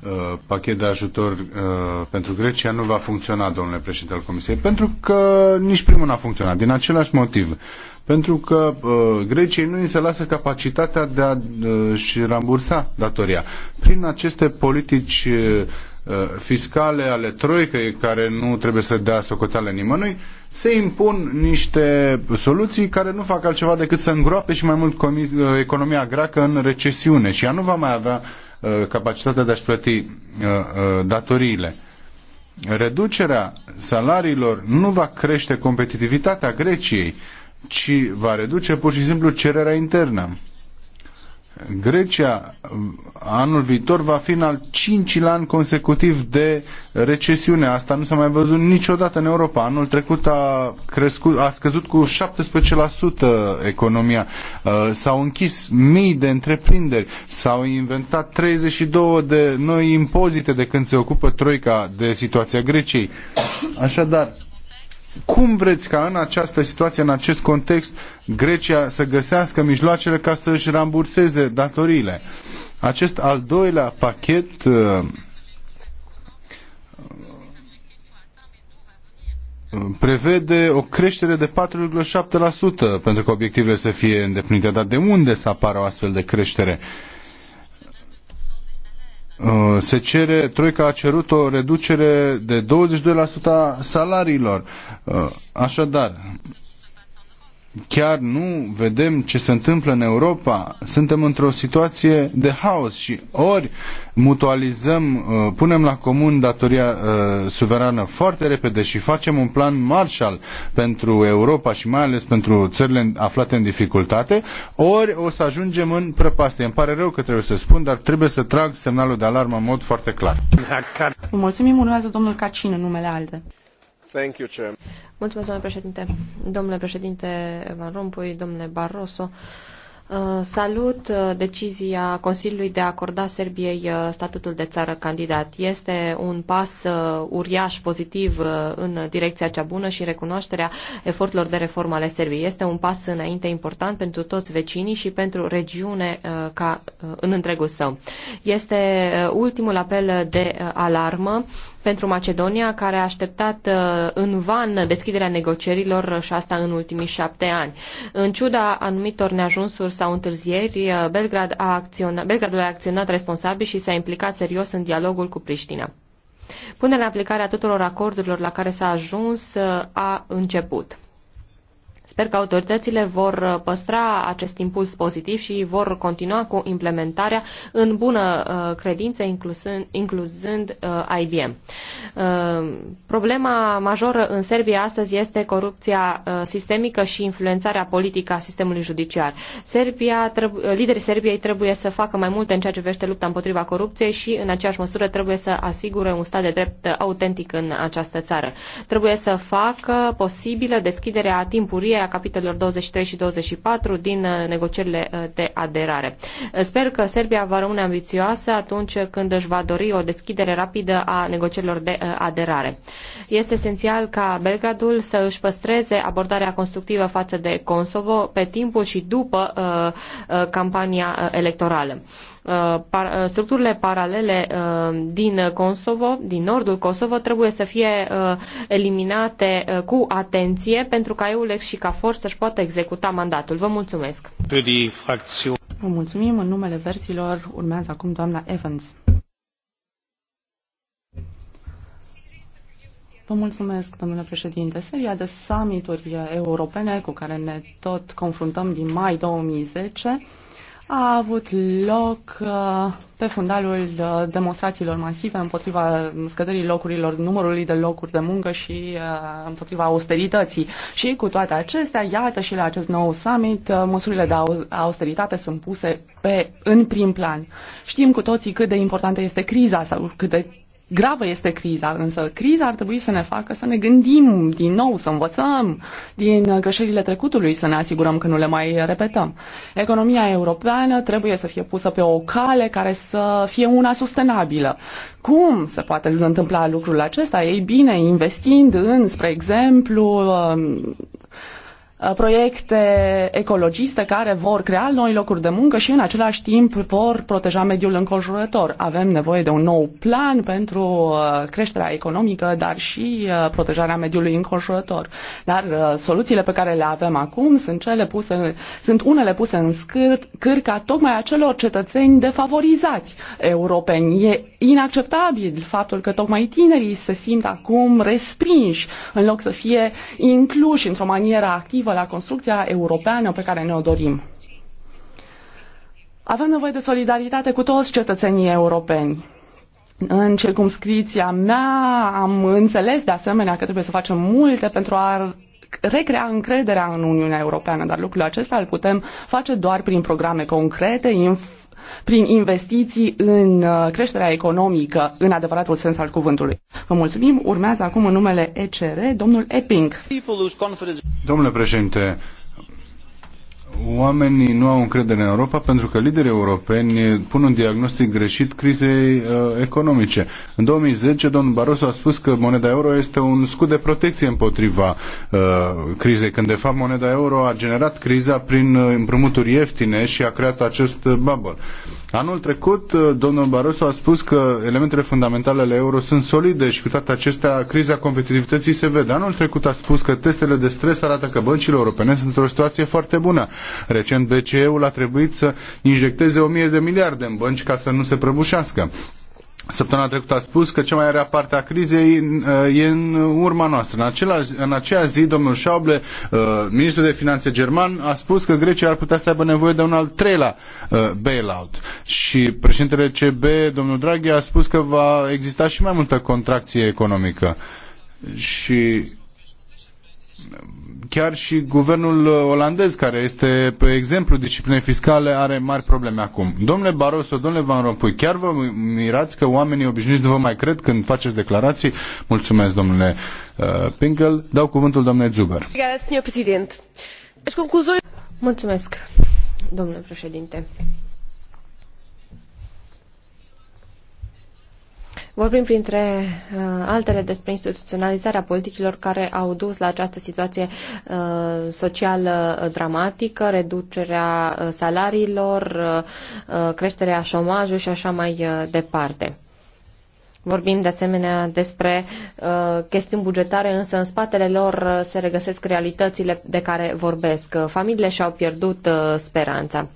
Uh, pachet de ajutor uh, pentru Grecia nu va funcționa, domnule președinte al Comisiei, pentru că nici primul n-a funcționat, din același motiv. Pentru că uh, Greciei nu îi se lasă capacitatea de a-și uh, rambursa datoria. Prin aceste politici fiscale ale troicăi, care nu trebuie să dea socoteală nimănui, se impun niște soluții care nu fac altceva decât să îngroape și mai mult economia greacă în recesiune și ea nu va mai avea uh, Uh, capacitatea de a-și plăti uh, uh, datoriile. Reducerea salariilor nu va crește competitivitatea Greciei, ci va reduce pur și simplu cererea internă. Grecia anul viitor va fi în al cincilea an consecutiv de recesiune. Asta nu s-a mai văzut niciodată în Europa. Anul trecut a, crescut, a scăzut cu 17% economia. Uh, s-au închis mii de întreprinderi. S-au inventat 32 de noi impozite de când se ocupă Troica de situația Greciei. Așadar, cum vreți ca în această situație, în acest context, Grecia să găsească mijloacele ca să își ramburseze datoriile? Acest al doilea pachet uh, prevede o creștere de 4,7% pentru că obiectivele să fie îndeplinite. Dar de unde să apară o astfel de creștere? Uh, Uh, se cere, Troica a cerut o reducere de 22% a salariilor. Uh, așadar, chiar nu vedem ce se întâmplă în Europa, suntem într-o situație de haos și ori mutualizăm, uh, punem la comun datoria uh, suverană foarte repede și facem un plan Marshall pentru Europa și mai ales pentru țările aflate în dificultate, ori o să ajungem în prăpastie. Îmi pare rău că trebuie să spun, dar trebuie să trag semnalul de alarmă în mod foarte clar. Mulțumim, urmează domnul Cacin în numele alte. Thank you, Chair. Mulțumesc, domnule președinte. Domnule președinte Van Rompuy, domnule Barroso, uh, Salut uh, decizia Consiliului de a acorda Serbiei uh, statutul de țară candidat. Este un pas uriaș pozitiv în direcția cea bună și în recunoașterea eforturilor de reformă ale Serbiei. Este un pas înainte important pentru toți vecinii și pentru regiune ca în întregul său. Este ultimul apel de alarmă pentru Macedonia, care a așteptat uh, în van deschiderea negocierilor și asta în ultimii șapte ani. În ciuda anumitor neajunsuri sau întârzieri, uh, Belgrad a acționat, Belgradul a acționat responsabil și s-a implicat serios în dialogul cu Priștina. Punerea în aplicare a tuturor acordurilor la care s-a ajuns uh, a început. Sper că autoritățile vor uh, păstra acest impuls pozitiv și vor continua cu implementarea în bună uh, credință, incluzând, uh, IBM. Problema majoră în Serbia astăzi este corupția sistemică și influențarea politică a sistemului judiciar. Serbia, liderii Serbiei trebuie să facă mai multe în ceea ce privește lupta împotriva corupției și, în aceeași măsură, trebuie să asigure un stat de drept autentic în această țară. Trebuie să facă posibilă deschiderea timpurie încheierea capitolelor 23 și 24 din uh, negocierile uh, de aderare. Uh, sper că Serbia va rămâne ambițioasă atunci când își va dori o deschidere rapidă a negocierilor de aderare. Este esențial ca Belgradul să își păstreze abordarea constructivă față de Kosovo pe timpul și după campania electorală. Uh, uh, structurile paralele uh, din Kosovo, din nordul Kosovo, trebuie să fie eliminate cu atenție pentru ca EULEX și ca forță să-și poată executa mandatul. Vă mulțumesc! Vă mulțumim. În numele versilor urmează acum doamna Evans. Vă mulțumesc, domnule președinte. Seria de summituri europene cu care ne tot confruntăm din mai 2010 a avut loc uh, pe fundalul uh, demonstrațiilor masive împotriva scăderii locurilor, numărului de locuri de muncă și uh, împotriva austerității. Și cu toate acestea, iată și la acest nou summit, măsurile de austeritate sunt puse pe, în prim plan. Știm cu toții cât de importantă este criza sau cât de Gravă este criza, însă criza ar trebui să ne facă să ne gândim din nou, să învățăm din greșelile trecutului, să ne asigurăm că nu le mai repetăm. Economia europeană trebuie să fie pusă pe o cale care să fie una sustenabilă. Cum se poate întâmpla lucrul acesta? Ei bine, investind în, spre exemplu, Uh, proiecte ecologiste care vor crea noi locuri de muncă și în același timp vor proteja mediul înconjurător. Avem nevoie de un nou plan pentru uh, creșterea economică, dar și uh, protejarea mediului înconjurător. Dar soluțiile pe care le avem acum sunt cele puse, sunt unele puse în scârt, cârca tocmai acelor cetățeni defavorizați europeni. E inacceptabil faptul că tocmai tinerii se simt acum respinși în loc să fie incluși într-o manieră activă alternativă la construcția europeană pe care ne-o dorim. Avem nevoie de solidaritate cu toți cetățenii europeni. În circumscripția mea am înțeles de asemenea că trebuie să facem multe pentru a recrea încrederea în Uniunea Europeană, dar lucrul acesta îl putem face doar prin programe concrete, inf- prin investiții în uh, creșterea economică în adevăratul sens al cuvântului. Vă mulțumim. Urmează acum în numele ECR domnul Epping. Domnule președinte, oamenii nu au încredere în Europa pentru că liderii europeni pun un diagnostic greșit crizei uh, economice. În 2010, domnul Barroso a spus că moneda euro este un scut de protecție împotriva uh, crizei, când de fapt moneda euro a generat criza prin uh, împrumuturi ieftine și a creat acest uh, bubble. Uh, Anul trecut, uh, domnul Barroso a spus că elementele fundamentale ale euro sunt solide și cu toate acestea criza competitivității se vede. Anul trecut a spus că testele de stres arată că băncile europene sunt într-o situație foarte bună. Recent BCE-ul a trebuit să injecteze 1000 de miliarde în bănci ca să nu se prăbușească săptămâna trecută a spus că cea mai rea parte a crizei uh, e în urma noastră. În, același, în aceea zi, domnul Schauble, uh, ministrul de finanțe german, a spus că Grecia ar putea să aibă nevoie de un al treilea uh, bailout. Și președintele CB, domnul Draghi, a spus că va exista și mai multă contracție economică. Și chiar și guvernul uh, olandez, care este pe exemplu disciplinei fiscale, are mari probleme acum. Domnule Barroso, domnule Van Rompuy, chiar vă mirați că oamenii obișnuiți nu vă mai cred când faceți declarații? Mulțumesc, domnule uh, Pinkel. Dau cuvântul domnule Zuber. Mulțumesc, domnule președinte. Vorbim printre uh, altele despre instituționalizarea politicilor care au dus la această situație uh, socială uh, dramatică, reducerea uh, salariilor, uh, uh, creșterea șomajului și așa mai uh, departe. Vorbim de asemenea despre uh, chestiuni bugetare, însă în spatele lor uh, se regăsesc realitățile de care vorbesc. Familiile și-au pierdut uh, speranța. Uh,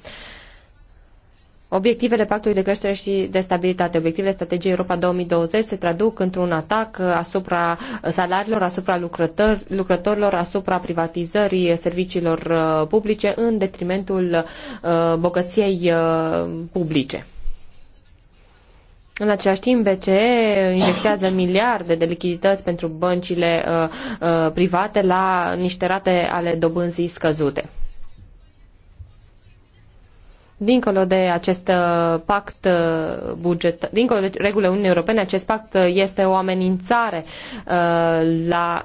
Obiectivele Pactului de Creștere și de Stabilitate, obiectivele strategiei Europa 2020 se traduc într-un atac asupra salariilor, asupra lucrător, lucrătorilor, asupra privatizării serviciilor uh, publice în detrimentul uh, bogăției uh, publice. În același timp, BCE injectează miliarde de lichidități pentru băncile private la niște rate ale dobânzii scăzute. Dincolo de acest uh, pact uh, buget, dincolo de regulile Uniunii Europene, acest pact uh, este o amenințare la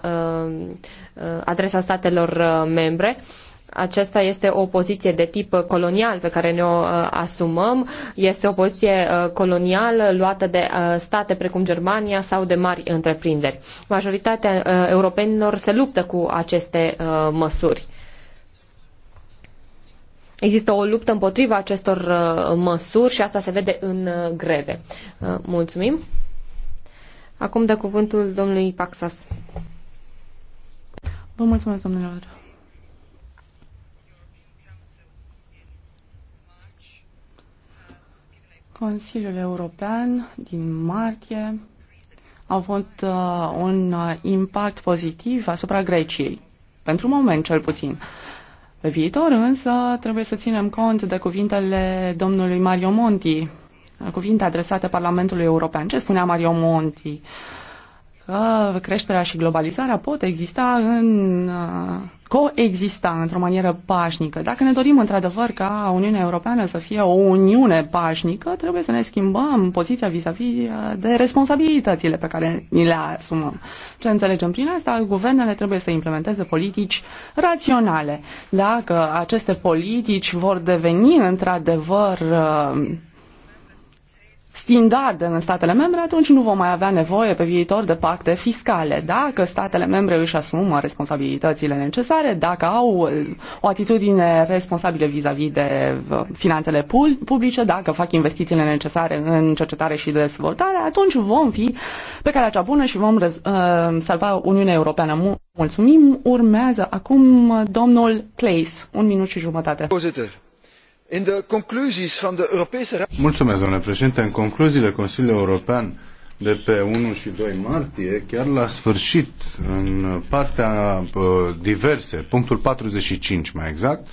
adresa statelor membre aceasta este o poziție de tip colonial pe care ne-o asumăm. Este o poziție colonială luată de state precum Germania sau de mari întreprinderi. Majoritatea europenilor se luptă cu aceste măsuri. Există o luptă împotriva acestor uh, măsuri și asta se vede în uh, greve. Uh, mulțumim. Acum de cuvântul domnului Paxas. Vă mulțumesc, domnilor. Consiliul European din martie a avut uh, un impact pozitiv asupra Greciei, pentru moment cel puțin. Uh, pe viitor însă trebuie să ținem cont de cuvintele domnului Mario Monti, cuvinte adresate Parlamentului European. Ce spunea Mario Monti? Uh, că creșterea și globalizarea pot exista în uh, coexista într-o manieră pașnică. Dacă ne dorim într-adevăr ca Uniunea Europeană să fie o uniune pașnică, trebuie să ne schimbăm poziția vis-a-vis -vis uh, de responsabilitățile pe care ni le asumăm. Ce înțelegem prin asta? Guvernele trebuie să implementeze politici raționale. Dacă aceste politici vor deveni într-adevăr uh, standard în statele membre, atunci nu vom mai avea nevoie pe viitor de pacte fiscale. Dacă statele membre își asumă responsabilitățile necesare, dacă au uh, o atitudine responsabilă vis-a-vis -vis de uh, finanțele publice, dacă fac investițiile necesare în cercetare și dezvoltare, atunci vom fi pe calea cea bună și vom uh, salva Uniunea Europeană. Mulțumim. Urmează acum domnul Clays. Un minut și jumătate. Pozitiv. Mulțumesc, domnule președinte. În concluziile Consiliului European de pe 1 și 2 martie, chiar la sfârșit, în partea uh, diverse, punctul 45 mai exact,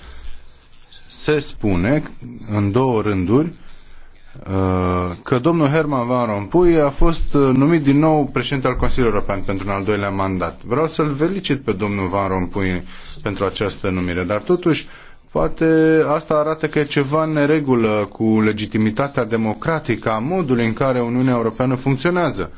se spune în două rânduri uh, că domnul Herman Van Rompuy a fost uh, numit din nou președinte al Consiliului European pentru un al doilea mandat. Vreau să-l felicit pe domnul Van Rompuy pentru această numire, dar totuși Poate asta arată că e ceva în neregulă cu legitimitatea democratică a modului în care Uniunea Europeană funcționează.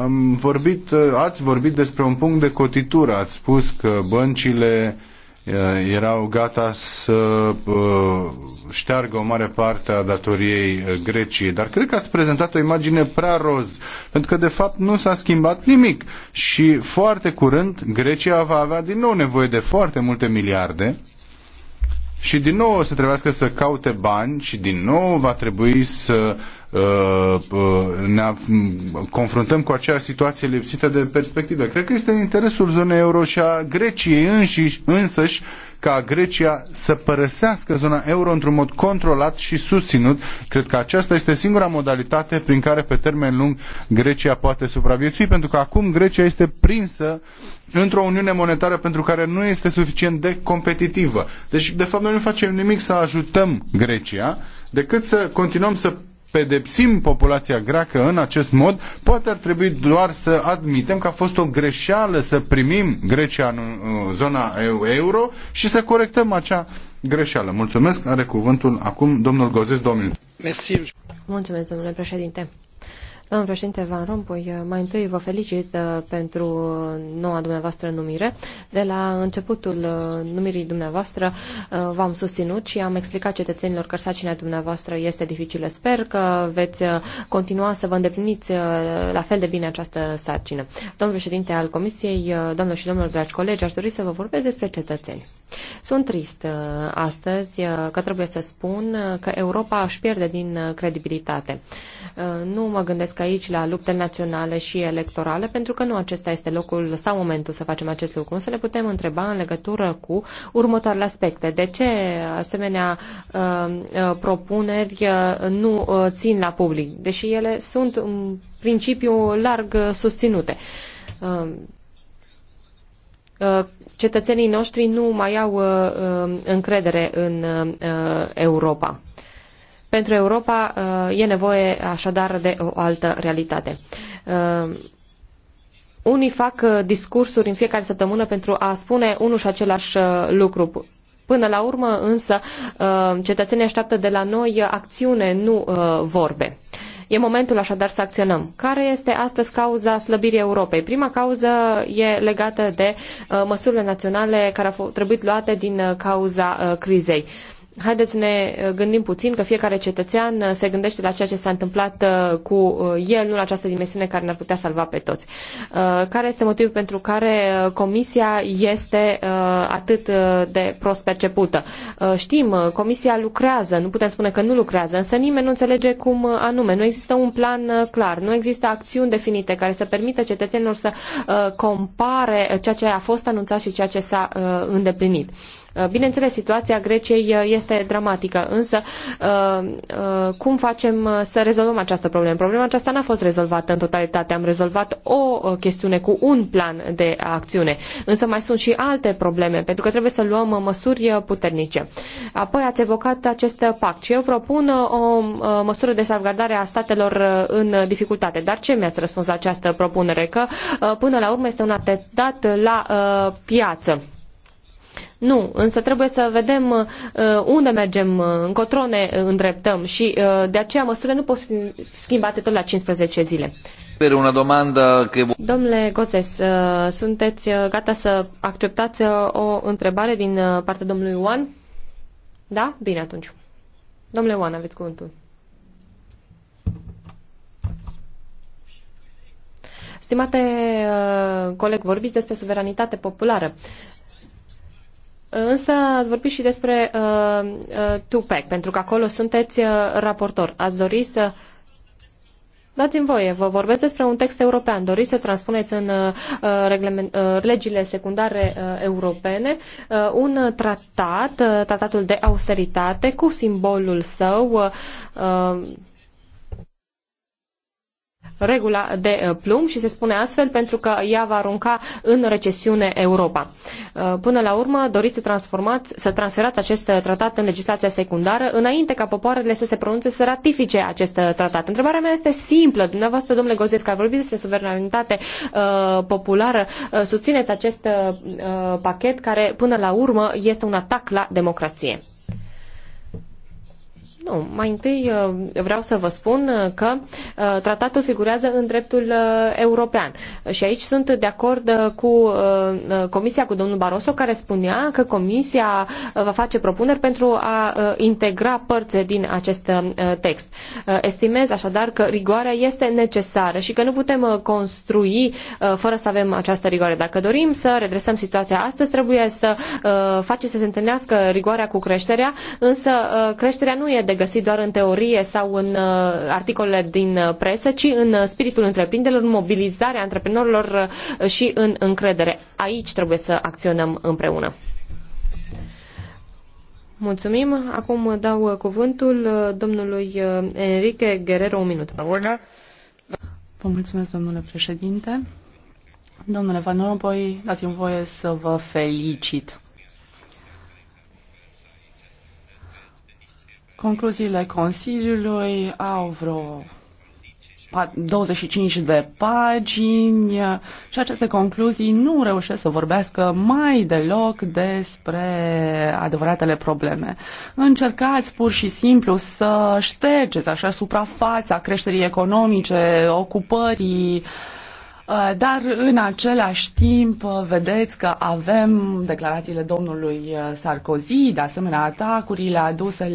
Am vorbit, ați vorbit despre un punct de cotitură. Ați spus că băncile eh, erau gata să eh, șteargă o mare parte a datoriei eh, Greciei, dar cred că ați prezentat o imagine prea roz, pentru că de fapt nu s-a schimbat nimic și foarte curând Grecia va avea din nou nevoie de foarte multe miliarde și din nou o să trebuiască să caute bani și din nou va trebui să Uh, ne confruntăm cu acea situație lipsită de perspectivă. Cred că este în interesul zonei euro și a Greciei înșiși, însăși ca Grecia să părăsească zona euro într-un mod controlat și susținut. Cred că aceasta este singura modalitate prin care pe termen lung Grecia poate supraviețui, pentru că acum Grecia este prinsă într-o uniune monetară pentru care nu este suficient de competitivă. Deci, de fapt, noi nu facem nimic să ajutăm Grecia, decât să continuăm să pedepsim populația greacă în acest mod, poate ar trebui doar să admitem că a fost o greșeală să primim Grecia în uh, zona euro și să corectăm acea greșeală. Mulțumesc. Are cuvântul acum domnul Gozes, două minute. Mulțumesc, domnule președinte. Domnul președinte Van Rompuy, uh, mai întâi vă felicit uh, pentru noua dumneavoastră numire. De la începutul uh, numirii dumneavoastră v-am susținut și am explicat cetățenilor că sarcina dumneavoastră este dificilă. Sper că veți continua să vă îndepliniți la fel de bine această sarcină. Domnul președinte al Comisiei, domnul și domnilor dragi colegi, aș dori să vă vorbesc despre cetățeni. Sunt trist astăzi că trebuie să spun că Europa își pierde din credibilitate. Uh, nu mă gândesc aici la lupte naționale și electorale, pentru că nu acesta este locul sau momentul să facem acest lucru. Să ne putem întreba în legătură cu următoarele aspecte. De ce asemenea uh, uh, propuneri nu țin la public, deși ele sunt în principiu larg susținute? Cetățenii noștri nu mai au încredere în Europa. Pentru Europa uh, e nevoie așadar de o altă realitate. Uh, unii fac uh, discursuri în fiecare săptămână pentru a spune unul și același lucru. Până la urmă, însă, cetățenii așteaptă de la noi acțiune, nu vorbe. E momentul așadar să acționăm. Care este astăzi cauza slăbirii Europei? Prima cauză e legată de măsurile naționale care au trebuit luate din cauza crizei haideți să ne uh, gândim puțin că fiecare cetățean uh, se gândește la ceea ce s-a întâmplat uh, cu el, nu la această dimensiune care ne-ar putea salva pe toți. Care este motivul pentru care Comisia este atât de prost percepută? Știm, Comisia lucrează, nu putem spune că nu lucrează, însă nimeni nu înțelege cum anume. Nu există un plan clar, nu există acțiuni definite care să permită cetățenilor să compare ceea ce a fost anunțat și ceea ce s-a îndeplinit. Uh, bineînțeles, situația Greciei uh, este dramatică, însă uh, cum facem să rezolvăm această problemă? Problema aceasta n-a fost rezolvată în totalitate. Am rezolvat o chestiune cu un plan de acțiune, însă mai sunt și alte probleme, pentru că trebuie să luăm măsuri puternice. Apoi ați evocat acest pact și eu propun o măsură de salvgardare a statelor în dificultate. Dar ce mi-ați răspuns la această propunere? Că până la urmă este un atentat la piață nu, însă trebuie să vedem uh, uh, unde mergem, uh, încotro ne îndreptăm și de aceea măsurile nu pot fi schimbate tot la 15 zile. Una domanda, Domnule Gozes, sunteți gata să acceptați o întrebare din partea domnului Ioan? Da? Bine atunci. Domnule Ioan, aveți cuvântul. Stimate coleg, vorbiți despre suveranitate populară. Însă ați vorbit și despre uh, uh Tupac, pentru că acolo sunteți uh, raportor. Ați dori să Dați-mi voie, vă vorbesc despre un text european. Doriți să transpuneți în uh, uh legile secundare uh, europene uh, un tratat, tratatul de austeritate, cu simbolul său regula de uh, plumb și se spune astfel pentru că ea va arunca în recesiune Europa. Uh, până la urmă, doriți să, transformați, să transferați acest uh, tratat în legislația secundară înainte ca popoarele să se pronunțe să ratifice acest tratat. Întrebarea mea este simplă. Dumneavoastră, domnule Gozesc, a vorbit despre suveranitate uh, populară. Susțineți acest uh, pachet care, până la urmă, este un atac la democrație. Nu, mai întâi uh, vreau să vă spun uh, că uh, tratatul figurează în dreptul european. Și aici sunt de acord cu Comisia, cu domnul Barroso, care spunea că Comisia va face propuneri pentru a integra părți din acest text. Estimez așadar că rigoarea este necesară și că nu putem construi fără să avem această rigoare. Dacă dorim să redresăm situația astăzi, trebuie să facem să se întâlnească rigoarea cu creșterea, însă creșterea nu e de de găsit doar în teorie sau în uh, articolele din uh, presă, ci în uh, spiritul întreprinderilor, în mobilizarea antreprenorilor și în încredere. Aici trebuie să acționăm împreună. Mulțumim. Acum dau cuvântul domnului Enrique Guerrero, un minut. Vă mulțumesc, domnule președinte. Domnule Van Rompuy, dați-mi voie să vă felicit Concluziile Consiliului au vreo 25 de pagini și aceste concluzii nu reușesc să vorbească mai deloc despre adevăratele probleme. Încercați pur și simplu să ștergeți așa suprafața creșterii economice, ocupării uh, Uh, dar în același timp uh, vedeți că avem declarațiile domnului uh, Sarkozy, de asemenea atacurile aduse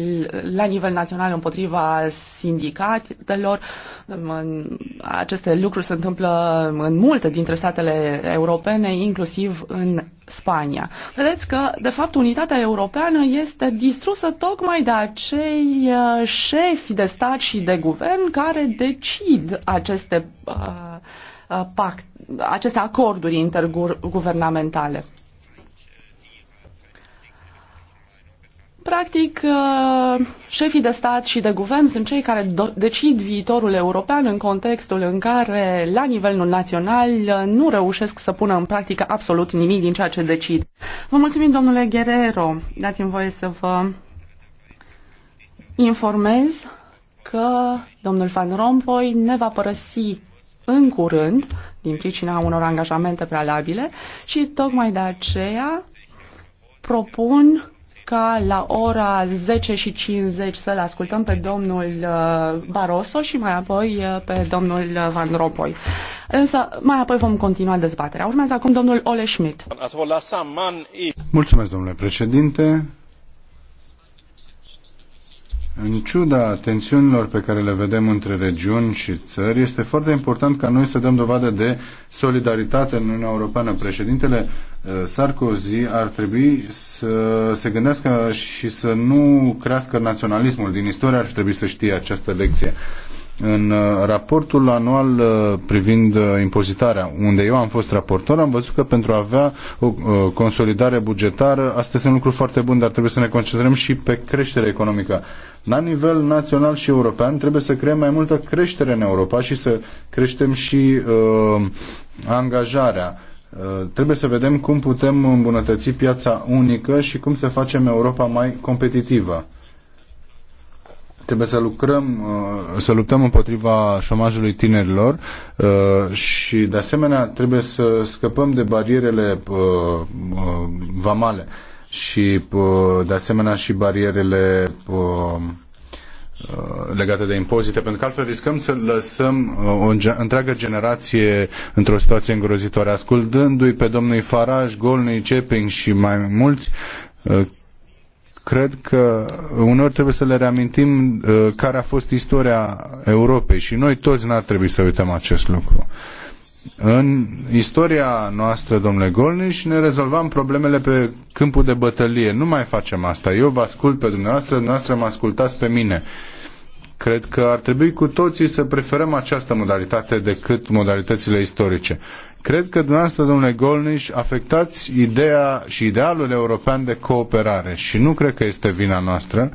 la nivel național împotriva sindicatelor. Um, aceste lucruri se întâmplă în multe dintre statele europene, inclusiv în Spania. Vedeți că, de fapt, unitatea europeană este distrusă tocmai de acei șefi de stat și de guvern care decid aceste uh, Uh, pact, aceste acorduri interguvernamentale. Practic, uh, șefii de stat și de guvern sunt cei care decid viitorul european în contextul în care, la nivelul național, uh, nu reușesc să pună în practică absolut nimic din ceea ce decid. Vă mulțumim, domnule Guerrero. Dați-mi voie să vă informez că domnul Van Rompuy ne va părăsi în curând, din pricina unor angajamente prealabile, și tocmai de aceea propun ca la ora 10 și 50 să-l ascultăm pe domnul uh, Barroso și mai apoi uh, pe domnul uh, Van Rompuy. Însă mai apoi vom continua dezbaterea. Urmează acum domnul Ole Schmidt. Mulțumesc, domnule președinte. În ciuda tensiunilor pe care le vedem între regiuni și țări, este foarte important ca noi să dăm dovadă de solidaritate în Uniunea Europeană. Președintele eh, Sarkozy ar trebui să se gândească și să nu crească naționalismul din istorie, ar trebui să știe această lecție. În uh, raportul anual uh, privind uh, impozitarea, unde eu am fost raportor, am văzut că pentru a avea o consolidare bugetară, asta este un lucru foarte bun, dar trebuie să ne concentrăm și pe creșterea economică. La nivel național și european trebuie să creăm mai multă creștere în Europa și să creștem și uh, angajarea trebuie să vedem cum putem îmbunătăți piața unică și cum să facem Europa mai competitivă. Trebuie să lucrăm, uh, să luptăm împotriva șomajului tinerilor uh, și, de asemenea, trebuie să scăpăm de barierele uh, vamale și, de asemenea, și barierele legate de impozite, pentru că altfel riscăm să lăsăm o întreagă generație într-o situație îngrozitoare. Ascultându-i pe domnii Faraj, Golney, Ceping și mai mulți, cred că uneori trebuie să le reamintim uh, care a fost istoria Europei și noi toți n-ar trebui să uităm acest lucru. În istoria noastră, domnule Golniș, ne rezolvam problemele pe câmpul de bătălie. Nu mai facem asta. Eu vă ascult pe dumneavoastră, dumneavoastră mă ascultați pe mine. Cred că ar trebui cu toții să preferăm această modalitate decât modalitățile istorice. Cred că dumneavoastră, domnule Golniș, afectați ideea și idealul european de cooperare și nu cred că este vina noastră.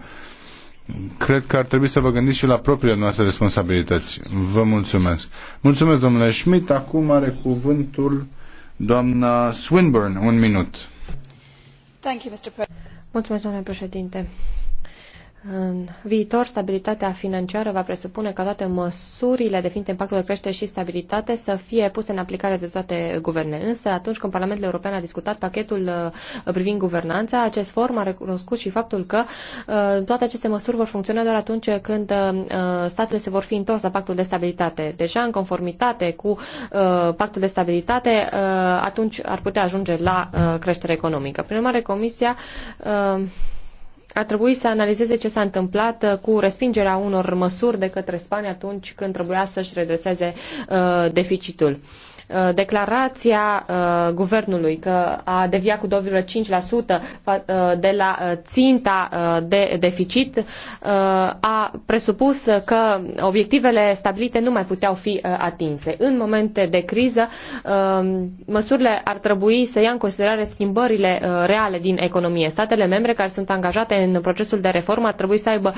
Cred că ar trebui să vă gândiți și la propriile noastre responsabilități. Vă mulțumesc. Mulțumesc, domnule Schmidt. Acum are cuvântul doamna Swinburne. Un minut. Mulțumesc, domnule președinte. În viitor, stabilitatea financiară va presupune ca toate măsurile de definind impactul de creștere și stabilitate să fie puse în aplicare de toate guverne. Însă, atunci când Parlamentul European a discutat pachetul uh, privind guvernanța, acest form a recunoscut și faptul că uh, toate aceste măsuri vor funcționa doar atunci când uh, statele se vor fi întors la pactul de stabilitate. Deja, în conformitate cu pactul de stabilitate, atunci ar putea ajunge la creștere economică. Prin urmare, Comisia a trebuit să analizeze ce s-a întâmplat uh, cu respingerea unor măsuri de către Spania atunci când trebuia să-și redreseze uh, deficitul. Uh, declarația uh, guvernului că a deviat cu 2,5% uh, de la ținta de deficit a presupus că obiectivele stabilite nu mai puteau fi atinse. În momente de criză, măsurile ar trebui să ia în considerare schimbările reale din economie. Statele membre care sunt angajate în procesul de reformă ar trebui să aibă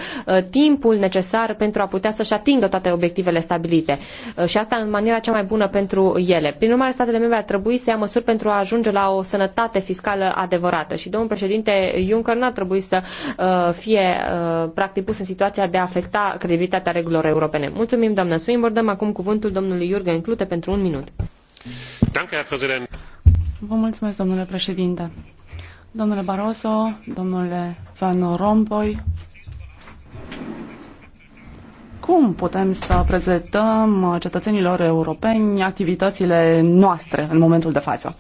timpul necesar pentru a putea să-și atingă toate obiectivele stabilite. Și asta în maniera cea mai bună pentru ele ele. Prin urmare, statele membre ar trebui să ia măsuri pentru a ajunge la o sănătate fiscală adevărată și domnul președinte Juncker nu ar trebui să uh, fie uh, practic pus în situația de a afecta credibilitatea regulilor europene. Mulțumim, doamnă Swinburne. Dăm acum cuvântul domnului Jurgen Clute pentru un minut. Vă mulțumesc, domnule președinte. Domnule Barroso, domnule Van Rompuy, cum putem să prezentăm cetățenilor europeni activitățile noastre în momentul de față.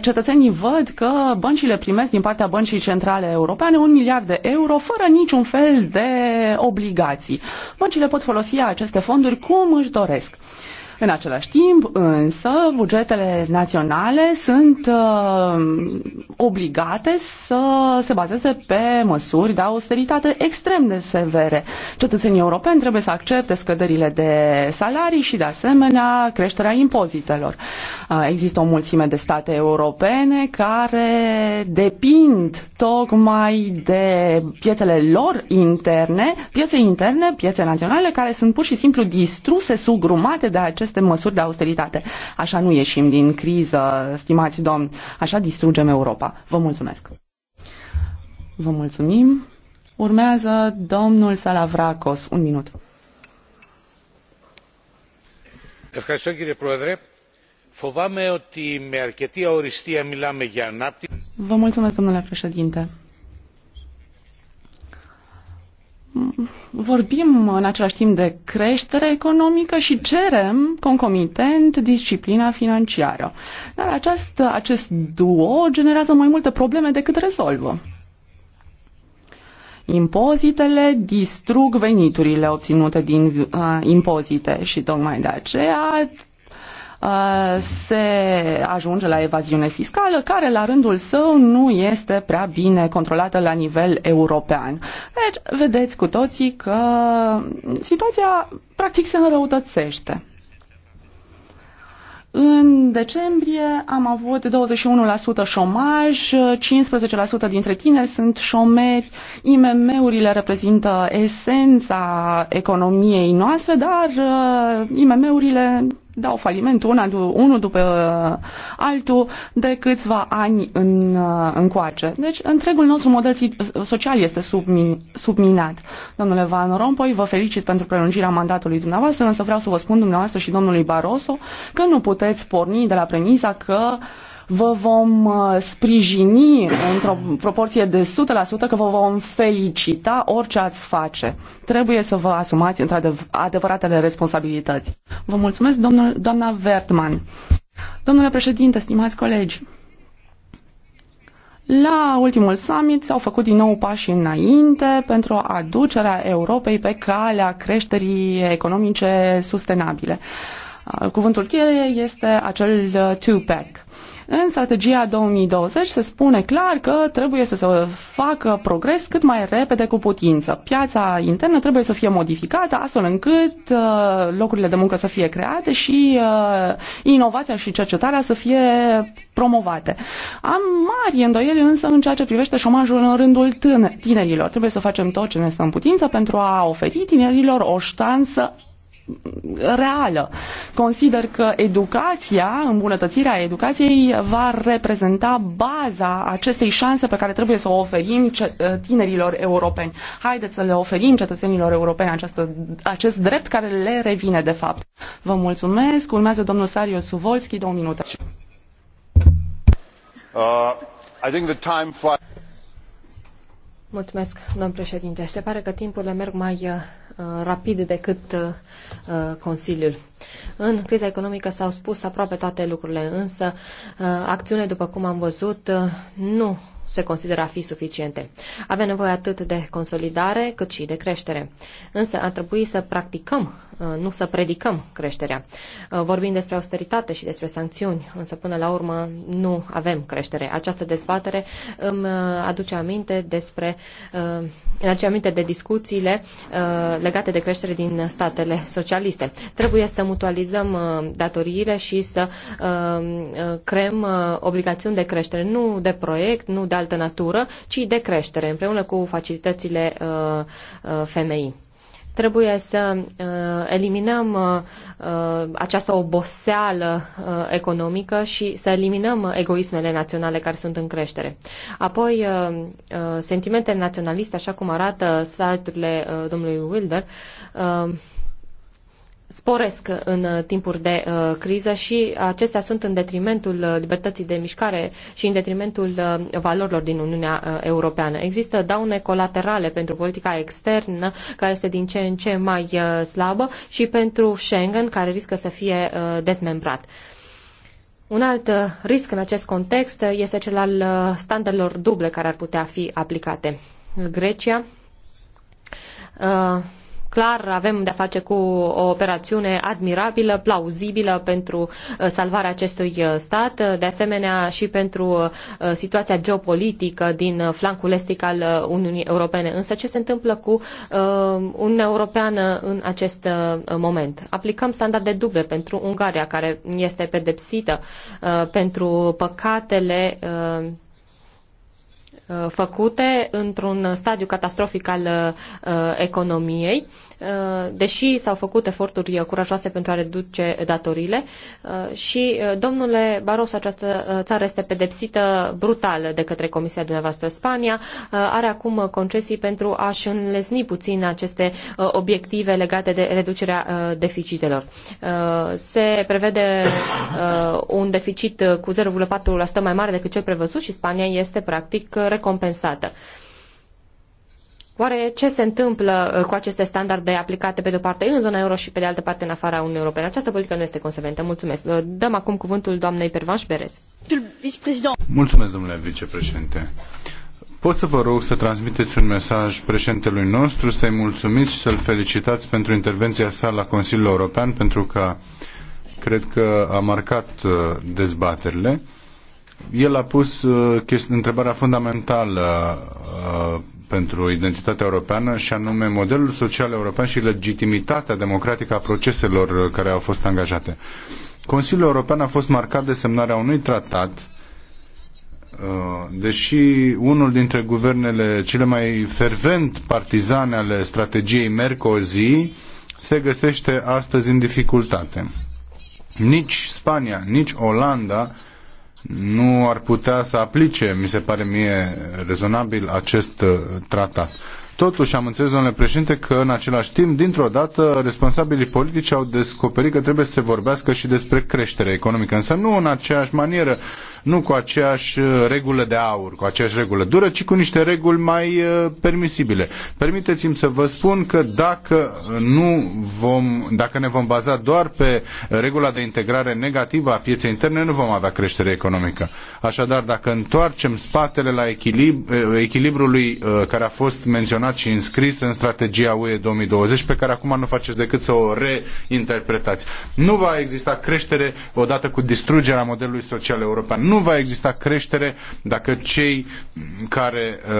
Cetățenii văd că băncile primesc din partea Băncii Centrale Europene un miliard de euro fără niciun fel de obligații. Băncile pot folosi aceste fonduri cum își doresc. În același timp, însă, bugetele naționale sunt uh, obligate să se bazeze pe măsuri de austeritate extrem de severe. Cetățenii europeni trebuie să accepte scăderile de salarii și, de asemenea, creșterea impozitelor. Uh, există o mulțime de state europene care depind tocmai de piețele lor interne, piețe interne, piețe naționale, care sunt pur și simplu distruse, sugrumate de acest aceste măsuri de austeritate. Așa nu ieșim din criză, stimați domni, așa distrugem Europa. Vă mulțumesc! Vă mulțumim! Urmează domnul Salavracos. Un minut. Vă mulțumesc, domnule președinte. vorbim în același timp de creștere economică și cerem concomitent disciplina financiară. Dar acest, acest duo generează mai multe probleme decât rezolvă. Impozitele distrug veniturile obținute din uh, impozite și tocmai de aceea Uh, se ajunge la evaziune fiscală, care la rândul său nu este prea bine controlată la nivel european. Deci, vedeți cu toții că situația practic se înrăutățește. În decembrie am avut 21% șomaj, 15% dintre tineri sunt șomeri, IMM-urile reprezintă esența economiei noastre, dar uh, IMM-urile dau faliment una, unul după uh, altul de câțiva ani în, uh, încoace. Deci întregul nostru model uh, social este submin, subminat. Domnule Van Rompuy, vă felicit pentru prelungirea mandatului dumneavoastră, însă vreau să vă spun dumneavoastră și domnului Barroso că nu puteți porni de la premisa că uh, vă vom uh, sprijini într-o proporție de 100%, că vă vom felicita orice ați face. Trebuie să vă asumați într-adevăratele responsabilități. Vă mulțumesc, domnul, doamna Vertman. Domnule președinte, stimați colegi, la ultimul summit s-au făcut din nou pași înainte pentru aducerea Europei pe calea creșterii economice sustenabile. Uh, cuvântul cheie este acel two-pack. În strategia 2020 se spune clar că trebuie să se facă progres cât mai repede cu putință. Piața internă trebuie să fie modificată astfel încât uh, locurile de muncă să fie create și uh, inovația și cercetarea să fie promovate. Am mari îndoieli însă în ceea ce privește șomajul în rândul tinerilor. Trebuie să facem tot ce ne stă în putință pentru a oferi tinerilor o șansă reală. Consider că educația, îmbunătățirea educației va reprezenta baza acestei șanse pe care trebuie să o oferim ă, tinerilor europeni. Haideți să le oferim cetățenilor europeni această, acest drept care le revine de fapt. Vă mulțumesc. Urmează domnul Sario Suvolski, două minute. Uh, I think the time for... Mulțumesc, domn președinte. Se pare că timpurile merg mai ă, Uh, rapid decât uh, uh, Consiliul. În criza economică s-au spus aproape toate lucrurile, însă acțiune, după cum am văzut, nu se consideră a fi suficiente. Avem nevoie atât de consolidare cât și de creștere. Însă ar trebui să practicăm Uh, nu să predicăm creșterea. Uh, vorbim despre austeritate și despre sancțiuni, însă până la urmă nu avem creștere. Această dezbatere îmi uh, aduce aminte despre în acea aminte de discuțiile legate de creștere din statele socialiste. Trebuie să mutualizăm datoriile și să creăm obligațiuni de creștere, nu de proiect, nu de altă natură, ci de creștere, împreună cu facilitățile femeii. Trebuie să uh, eliminăm uh, uh, această oboseală economică și să eliminăm egoismele naționale care sunt în creștere. Apoi, sentimente naționaliste, așa cum arată site-urile domnului Wilder, sporesc în uh, timpuri de uh, criză și acestea sunt în detrimentul uh, libertății de mișcare și în detrimentul uh, valorilor din Uniunea uh, Europeană. Există daune colaterale pentru politica externă, care este din ce în ce mai uh, slabă, și pentru Schengen, care riscă să fie uh, dezmembrat. Un alt uh, risc în acest context este cel al standardelor duble care ar putea fi aplicate. Grecia Clar, avem de-a face cu o operațiune admirabilă, plauzibilă pentru uh, salvarea acestui uh, stat, uh, de asemenea și pentru situația geopolitică din flancul estic al Uniunii Europene. Însă ce se întâmplă cu Uniunea Europeană în acest moment? Aplicăm standarde duble pentru Ungaria, care este pedepsită pentru păcatele făcute într-un stadiu catastrofic al uh, economiei Uh, deși s-au făcut eforturi curajoase pentru a reduce datorile uh, și, uh, domnule Barroso, această țară este pedepsită brutal de către Comisia dumneavoastră. Spania are acum concesii pentru a-și înlesni puțin aceste obiective legate de reducerea deficitelor. Se prevede un deficit cu 0,4% mai mare decât cel prevăzut și Spania este practic recompensată. Oare ce se întâmplă uh, cu aceste standarde aplicate pe de-o parte în zona euro și pe de altă parte în afara Uniunii Europene? Această politică nu este consecventă. Mulțumesc. Uh, dăm acum cuvântul doamnei Pervanș Berez. Mulțumesc, domnule vicepreședinte. Pot să vă rog să transmiteți un mesaj președintelui nostru, să-i mulțumiți și să-l felicitați pentru intervenția sa la Consiliul European, pentru că cred că a marcat uh, dezbaterile. El a pus întrebarea fundamentală pentru identitatea europeană și anume modelul social european și legitimitatea democratică a proceselor care au fost angajate. Consiliul European a fost marcat de semnarea unui tratat uh, deși unul dintre guvernele cele mai fervent partizane ale strategiei Mercosi se găsește astăzi în dificultate. Nici Spania, nici Olanda nu ar putea să aplice, mi se pare mie rezonabil, acest uh, tratat. Totuși am înțeles, domnule președinte, că în același timp, dintr-o dată, responsabilii politici au descoperit că trebuie să se vorbească și despre creștere economică, însă nu în aceeași manieră nu cu aceeași uh, regulă de aur, cu aceeași regulă dură, ci cu niște reguli mai uh, permisibile. Permiteți-mi să vă spun că dacă, nu vom, dacă ne vom baza doar pe regula de integrare negativă a pieței interne, nu vom avea creștere economică. Așadar, dacă întoarcem spatele la echilibru, uh, echilibrului care a fost menționat și înscris în strategia UE 2020, pe care acum nu faceți decât să o reinterpretați, nu va exista creștere odată cu distrugerea modelului social european. Nu nu va exista creștere dacă cei care uh,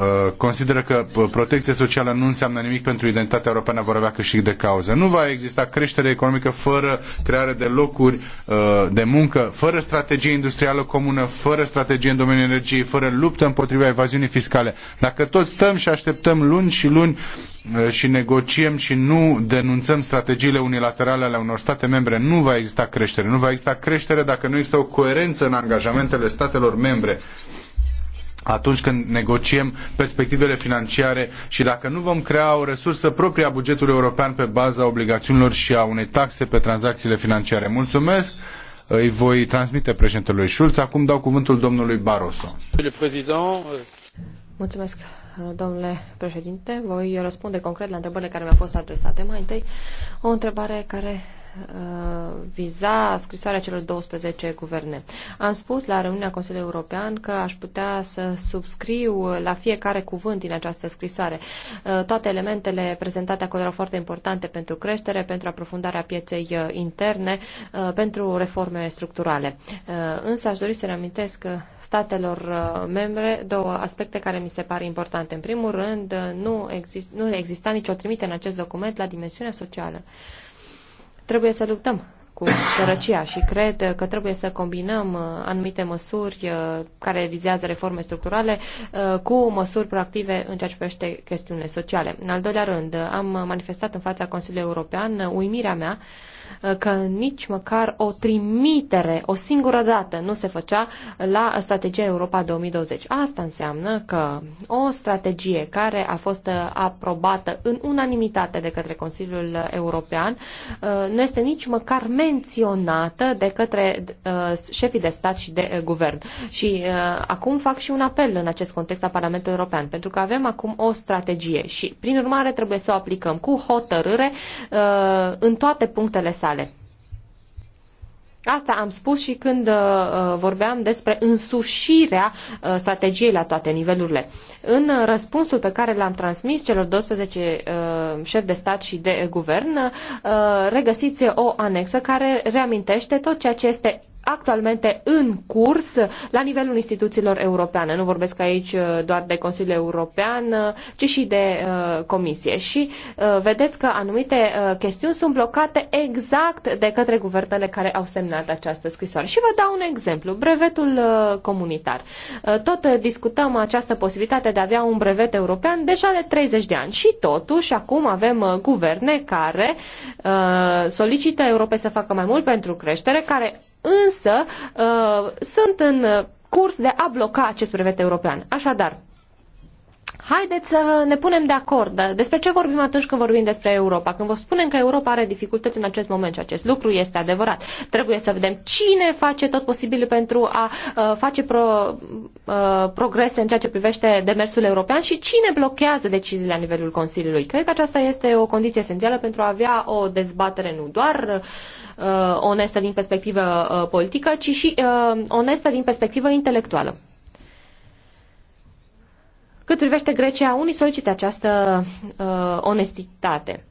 uh consideră că protecția socială nu înseamnă nimic pentru identitatea europeană vor avea câștig de cauză. Nu va exista creștere economică fără creare de locuri uh, de muncă, fără strategie industrială comună, fără strategie în domeniul energiei, fără luptă împotriva evaziunii fiscale. Dacă toți stăm și așteptăm luni și luni uh, și negociem și nu denunțăm strategiile unilaterale ale unor state membre, nu va exista creștere. Nu va exista creștere dacă nu există o coerență în angajamentele statelor membre atunci când negociem perspectivele financiare și dacă nu vom crea o resursă proprie a bugetului european pe baza obligațiunilor și a unei taxe pe tranzacțiile financiare. Mulțumesc! Îi voi transmite președintelui Schulz. Acum dau cuvântul domnului Barroso. Mulțumesc, domnule președinte. Voi răspunde concret la întrebările care mi-au fost adresate. Mai întâi, o întrebare care viza scrisoarea celor 12 guverne. Am spus la reuniunea Consiliului European că aș putea să subscriu la fiecare cuvânt din această scrisoare. Uh, toate elementele prezentate acolo erau foarte importante pentru creștere, pentru aprofundarea pieței uh, interne, uh, pentru reforme structurale. Însă aș dori să reamintesc statelor membre două aspecte care mi se par importante. În primul rând, nu, exist, nu exista nicio trimitere în acest document la dimensiunea socială. Trebuie să luptăm cu sărăcia și cred că trebuie să combinăm uh, anumite măsuri uh, care vizează reforme structurale uh, cu măsuri proactive în ceea ce privește chestiunile sociale. În al doilea rând, am manifestat în fața Consiliului European uimirea mea Uh, că nici măcar o trimitere, o singură dată, nu se făcea la strategia Europa 2020. Asta înseamnă că o strategie care a fost uh, aprobată în unanimitate de către Consiliul European uh, nu este nici măcar menționată de către șefii de stat și de guvern. Și acum fac și un apel în acest context a Parlamentului European, pentru că avem acum o strategie și, prin urmare, trebuie să o aplicăm cu hotărâre în toate punctele sale. Asta am spus și când uh, uh, vorbeam despre însușirea uh, strategiei la toate nivelurile. În răspunsul pe care l-am transmis celor 12 uh, șefi de stat și de guvern, regăsiți o anexă care reamintește tot ceea ce este actualmente în curs la nivelul instituțiilor europene. Nu vorbesc aici uh, doar de Consiliul European, uh, ci și de uh, Comisie. Și uh, vedeți că anumite uh, chestiuni sunt blocate exact de către guvernele care au semnat această scrisoare. Și vă dau un exemplu, brevetul uh, comunitar. Tot discutăm această posibilitate de a avea un brevet european deja de 30 de ani și totuși acum avem guverne care solicită Europei să facă mai mult pentru creștere, care însă uh, sunt în uh, curs de a bloca acest brevet european. Așadar, Haideți să ne punem de acord. Despre ce vorbim atunci când vorbim despre Europa? Când vă spunem că Europa are dificultăți în acest moment și acest lucru este adevărat, trebuie să vedem cine face tot posibilul pentru a uh, face pro, uh, progrese în ceea ce privește demersul european și cine blochează deciziile la nivelul Consiliului. Cred că aceasta este o condiție esențială pentru a avea o dezbatere nu doar uh, onestă din perspectivă uh, politică, ci și uh, onestă din perspectivă intelectuală. Cât privește Grecia, unii solicită această uh, onestitate.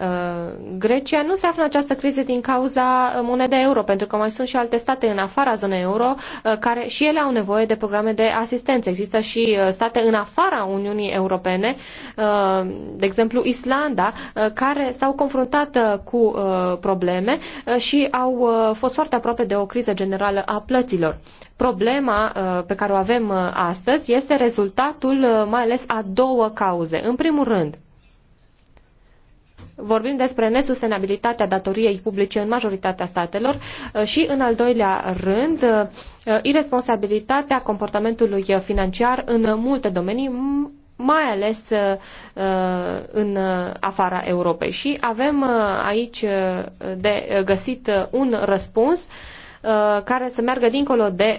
Uh, Grecia nu se află în această criză din cauza uh, monedei euro, pentru că mai sunt și alte state în afara zonei euro uh, care și ele au nevoie de programe de asistență. Există și state în afara Uniunii Europene, de exemplu Islanda, care s-au confruntat cu probleme și au fost foarte aproape de o criză generală a plăților. Problema pe care o avem astăzi este rezultatul mai ales a două cauze. În primul rând, vorbim despre nesustenabilitatea datoriei publice în majoritatea statelor uh, și, în al doilea rând, uh, irresponsabilitatea comportamentului financiar în multe domenii, mai ales uh, în afara Europei. Și avem aici de găsit un răspuns care să meargă dincolo de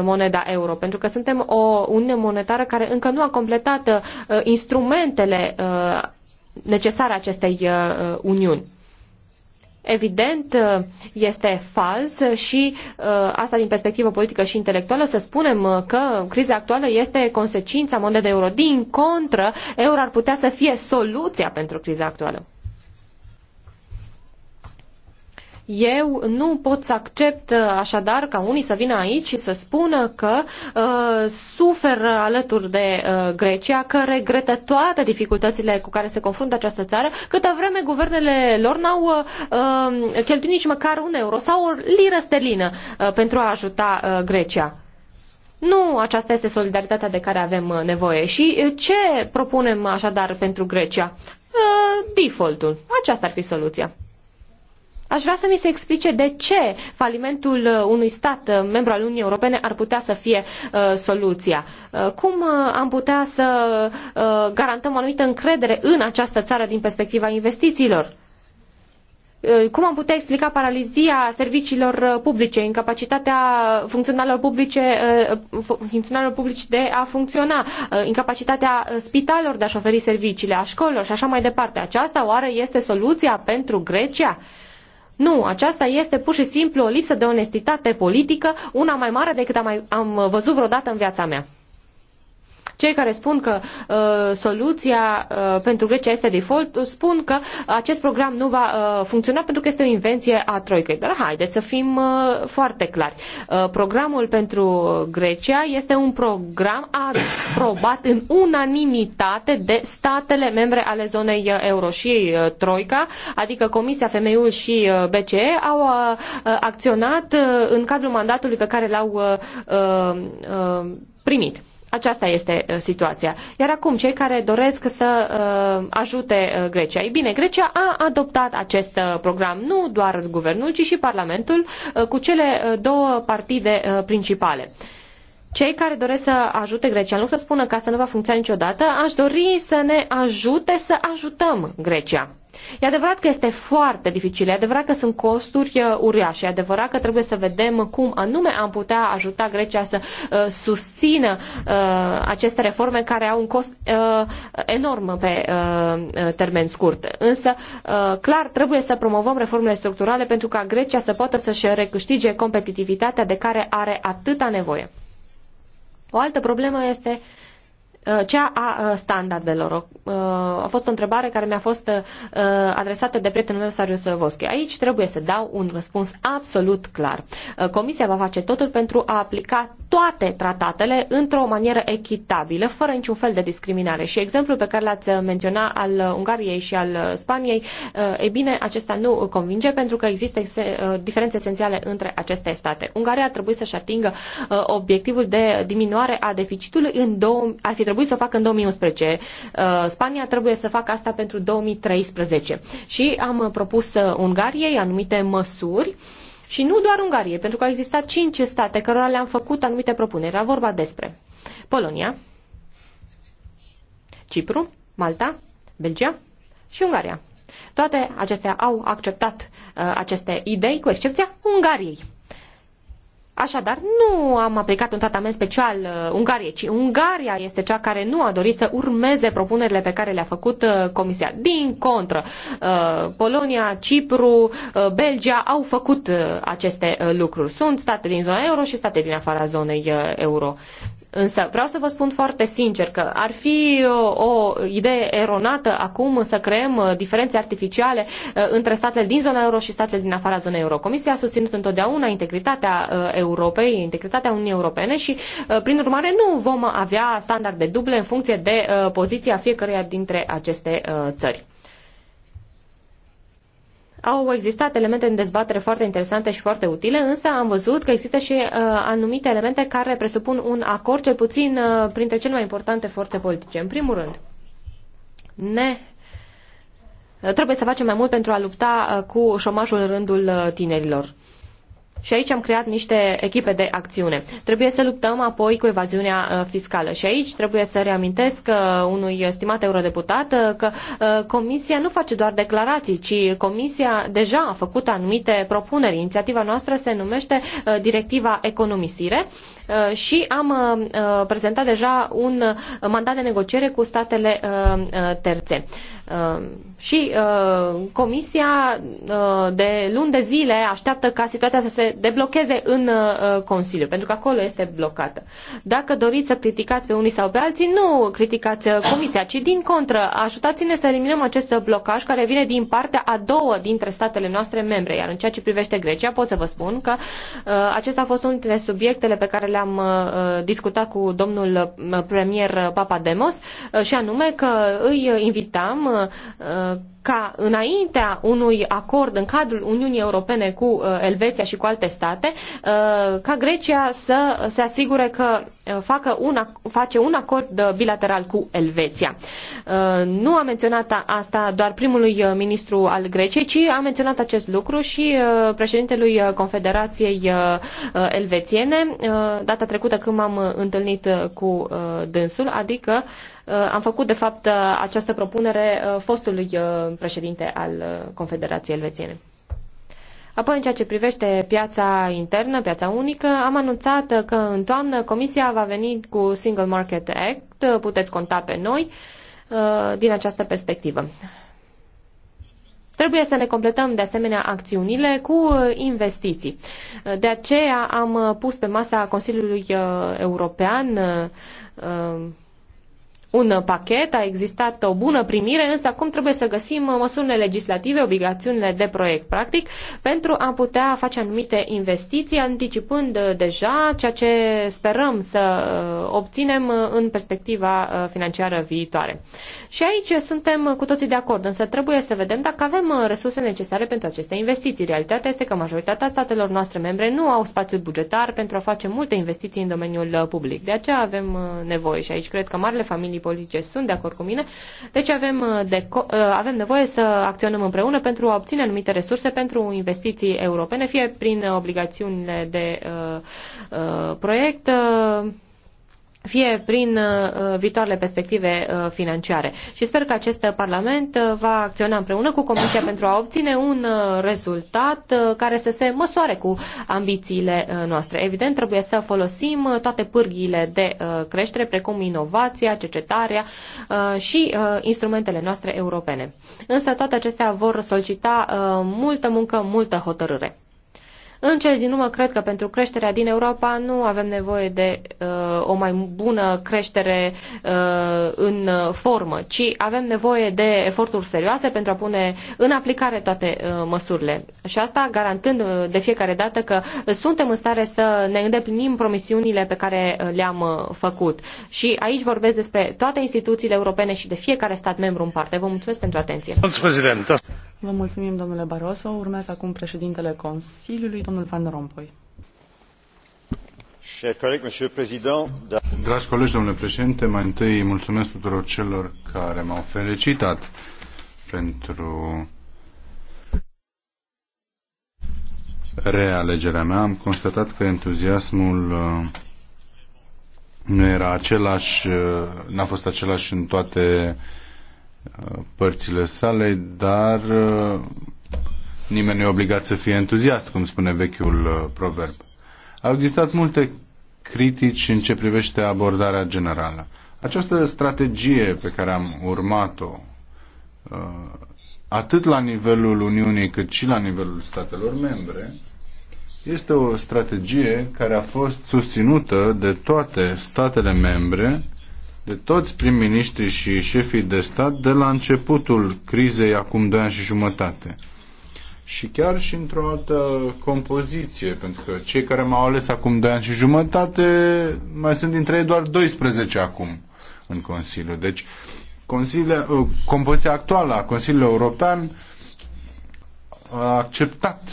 moneda euro, pentru că suntem o uniune monetară care încă nu a completat instrumentele necesară acestei uh, uh, uniuni. Evident, uh, este fals și asta din perspectivă politică și intelectuală să spunem că criza actuală este consecința monedei euro. Din contră, euro ar putea să fie soluția pentru criza actuală. Eu nu pot să accept uh, așadar ca unii să vină aici și să spună că uh, suferă alături de uh, Grecia, că regretă toate dificultățile cu care se confruntă această țară, câtă vreme guvernele lor n-au uh, uh cheltuit nici măcar un euro sau o liră sterlină uh, pentru a ajuta uh, Grecia. Nu, aceasta este solidaritatea de care avem uh, nevoie. Și ce propunem așadar pentru Grecia? Defaultul. Aceasta ar fi soluția. Aș vrea să mi se explice de ce falimentul uh, unui stat uh, membru al Uniunii Europene ar putea să fie uh, soluția. Uh, cum uh, am putea să uh, garantăm o anumită încredere în această țară din perspectiva investițiilor? Cum am putea explica paralizia serviciilor publice, incapacitatea funcționarilor, publice, funcționarilor publici de a funcționa, incapacitatea spitalelor de a-și oferi serviciile, a școlilor și așa mai departe? Aceasta oare este soluția pentru Grecia? Uh, nu, aceasta este pur și simplu o lipsă de onestitate politică, una mai mare decât am, mai, am văzut vreodată în viața mea. Cei care spun că uh, soluția uh, pentru Grecia este default spun că acest program nu va uh, funcționa pentru că este o invenție a Troicăi. Dar haideți să fim uh, foarte clari. Uh, programul pentru Grecia este un program aprobat în unanimitate de statele membre ale zonei uh, euro și uh, Troica, adică Comisia, FMU și uh, BCE au uh, acționat uh, în cadrul mandatului pe care l-au uh, uh, uh primit. Aceasta este uh, situația. Iar acum, cei care doresc să uh, ajute uh, Grecia. Ei bine, Grecia a adoptat acest program, nu doar guvernul, ci și Parlamentul, cu cele două partide principale. Cei care doresc să ajute Grecia, nu să spună că asta nu va funcționa niciodată, aș dori să ne ajute să ajutăm Grecia. E adevărat că este foarte dificil, e adevărat că sunt costuri uriașe, e adevărat că trebuie să vedem cum anume am putea ajuta Grecia să uh, susțină uh, aceste reforme care au un cost uh, enorm pe uh, termen scurt. Însă, uh, clar, trebuie să promovăm reformele structurale pentru ca Grecia să poată să-și recâștige competitivitatea de care are atâta nevoie. O altă problemă este uh, cea a uh, standardelor. Uh, a fost o întrebare care mi-a fost adresată de prietenul meu, Sarius Voschi. Aici trebuie să dau un răspuns absolut clar. Comisia va face totul pentru a aplica toate tratatele într-o manieră echitabilă, fără niciun fel de discriminare. Și exemplul pe care l-ați menționat al Ungariei și al Spaniei, e eh, bine, acesta nu convinge pentru că există eh, diferențe esențiale între aceste state. Ungaria ar trebui să-și atingă eh, obiectivul de diminuare a deficitului în două, ar fi trebuit să o facă în 2011. Spania trebuie să facă asta pentru 2013. Și am propus Ungariei anumite măsuri și nu doar Ungarie, pentru că au existat cinci state cărora le-am făcut anumite propuneri. Era vorba despre Polonia, Cipru, Malta, Belgia și Ungaria. Toate acestea au acceptat uh, aceste idei, cu excepția Ungariei. Așadar, nu am aplicat un tratament special uh, Ungariei, ci Ungaria este cea care nu a dorit să urmeze propunerile pe care le-a făcut uh, Comisia. Din contră, uh, Polonia, Cipru, uh, Belgia au făcut uh, aceste uh, lucruri. Sunt state din zona euro și state din afara zonei uh, euro. Însă vreau să vă spun foarte sincer că ar fi o, uh, o idee eronată acum să creăm uh, diferențe artificiale uh, între statele din zona euro și statele din afara zonei euro. Comisia a susținut întotdeauna integritatea Europei, integritatea Uniunii Europene și, prin urmare, nu vom avea standarde duble în funcție de poziția fiecăruia dintre aceste țări au existat elemente în dezbatere foarte interesante și foarte utile, însă am văzut că există și uh, anumite elemente care presupun un acord, cel puțin uh, printre cele mai importante forțe politice. În primul rând, ne uh, trebuie să facem mai mult pentru a lupta uh, cu șomajul în rândul uh, tinerilor. Și aici am creat niște echipe de acțiune. Trebuie să luptăm apoi cu evaziunea uh, fiscală. Și aici trebuie să reamintesc uh, unui stimat eurodeputat uh, că Comisia nu face doar declarații, ci Comisia deja a făcut anumite propuneri. Inițiativa noastră se numește Directiva Economisire și am prezentat deja un mandat de negociere cu statele terțe. Um, și uh, Comisia uh, de luni de zile așteaptă ca situația să se deblocheze în uh, Consiliu, pentru că acolo este blocată. Dacă doriți să criticați pe unii sau pe alții, nu criticați Comisia, ci din contră, ajutați-ne să eliminăm acest blocaj care vine din partea a două dintre statele noastre membre. Iar în ceea ce privește Grecia, pot să vă spun că acesta a fost unul dintre subiectele pe care le-am discutat cu domnul premier Papademos, și anume că îi invitam Uh, ca înaintea unui acord în cadrul Uniunii Europene cu uh, Elveția și cu alte state, uh, ca Grecia să se asigure că facă un, face un acord bilateral cu Elveția. Nu a menționat asta doar primului ministru al Greciei, ci a menționat acest lucru și președintelui Confederației Elvețiene data trecută când m-am întâlnit cu dânsul, adică Uh, am făcut, de fapt, uh, această propunere uh, fostului președinte al Confederației Elvețiene. Apoi, în ceea ce privește piața internă, piața unică, am anunțat că în toamnă Comisia va veni cu Single Market Act, puteți conta pe noi din această perspectivă. Trebuie să ne completăm de asemenea acțiunile cu investiții. De aceea am pus pe masa Consiliului European un pachet, a existat o bună primire, însă acum trebuie să găsim măsurile legislative, obligațiunile de proiect, practic, pentru a putea face anumite investiții, anticipând uh, deja ceea ce sperăm să uh, obținem uh, în perspectiva financiară viitoare. Și aici suntem cu toții de acord, însă trebuie să vedem dacă avem resurse necesare pentru aceste investiții. Realitatea este că majoritatea statelor noastre membre nu au spațiu bugetar pentru a face multe investiții în domeniul public. De aceea avem nevoie și aici cred că marile familii politice sunt de acord cu mine, deci avem, uh, de, uh, avem nevoie să acționăm împreună pentru a obține anumite resurse pentru investiții europene, fie prin obligațiunile de uh, uh, proiect, uh, fie prin uh, viitoarele perspective uh, financiare. Și sper că acest Parlament uh, va acționa împreună cu Comisia pentru a obține un rezultat care să se măsoare cu ambițiile noastre. Evident, trebuie să folosim toate pârghiile de creștere, precum inovația, cercetarea și instrumentele noastre europene. Însă toate acestea vor solicita multă muncă, multă hotărâre. În cel din urmă, cred că pentru creșterea din Europa nu avem nevoie de uh, o mai bună creștere uh, în formă, ci avem nevoie de eforturi serioase pentru a pune în aplicare toate uh, măsurile. Și asta garantând uh, de fiecare dată că suntem în stare să ne îndeplinim promisiunile pe care uh, le-am uh, făcut. Și aici vorbesc despre toate instituțiile europene și de fiecare stat membru în parte. Vă mulțumesc pentru atenție. Mulțumesc, Vă mulțumim, domnule Barroso. Urmează acum președintele Consiliului, domnul Van Rompuy. Da- Dragi colegi, domnule președinte, mai întâi mulțumesc tuturor celor care m-au felicitat pentru realegerea mea. Am constatat că entuziasmul uh, nu era același, uh, n-a fost același în toate Uh, părțile sale, dar uh, nimeni nu e obligat să fie entuziast, cum spune vechiul uh, proverb. Au existat multe critici în ce privește abordarea generală. Această strategie pe care am urmat-o, atât la nivelul Uniunii cât și la nivelul statelor membre, este o strategie care a fost susținută de toate statele membre de toți prim-ministrii și șefii de stat de la începutul crizei acum 2 ani și jumătate. Și chiar și într-o altă compoziție, pentru că cei care m-au ales acum 2 ani și jumătate, mai sunt dintre ei doar 12 acum în Consiliu. Deci, consiliul uh, compoziția actuală a Consiliului European a acceptat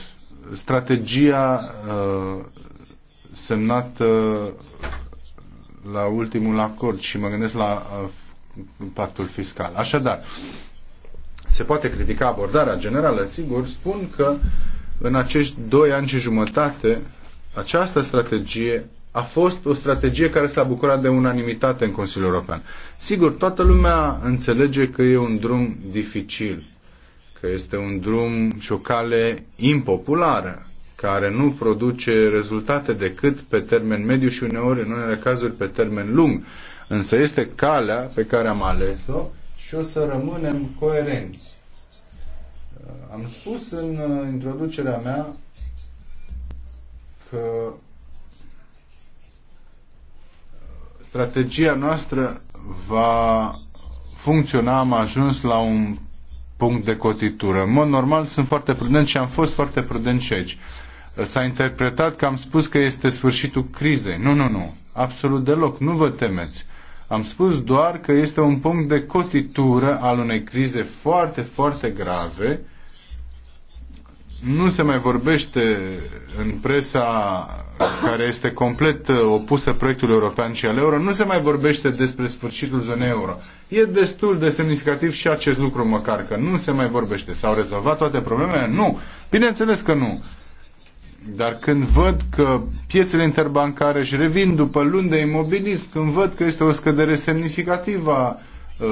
strategia uh, semnată la ultimul acord și mă gândesc la uh, pactul fiscal. Așadar, se poate critica abordarea generală, sigur, spun că în acești doi ani și jumătate această strategie a fost o strategie care s-a bucurat de unanimitate în Consiliul European. Sigur, toată lumea înțelege că e un drum dificil, că este un drum și o cale impopulară, care nu produce rezultate decât pe termen mediu și uneori, în unele cazuri, pe termen lung. Însă este calea pe care am ales-o și o să rămânem coerenți. Am spus în uh, introducerea mea că strategia noastră va funcționa, am ajuns la un punct de cotitură. În mod normal sunt foarte prudent și am fost foarte prudent și aici s-a interpretat că am spus că este sfârșitul crizei. Nu, nu, nu. Absolut deloc. Nu vă temeți. Am spus doar că este un punct de cotitură al unei crize foarte, foarte grave. Nu se mai vorbește în presa care este complet uh, opusă proiectului european și al euro, nu se mai vorbește despre sfârșitul zonei euro. E destul de semnificativ și acest lucru, măcar că nu se mai vorbește. S-au rezolvat toate problemele? Nu. Bineînțeles că nu. Dar când văd că piețele interbancare își revin după luni de imobilism, când văd că este o scădere semnificativă a uh,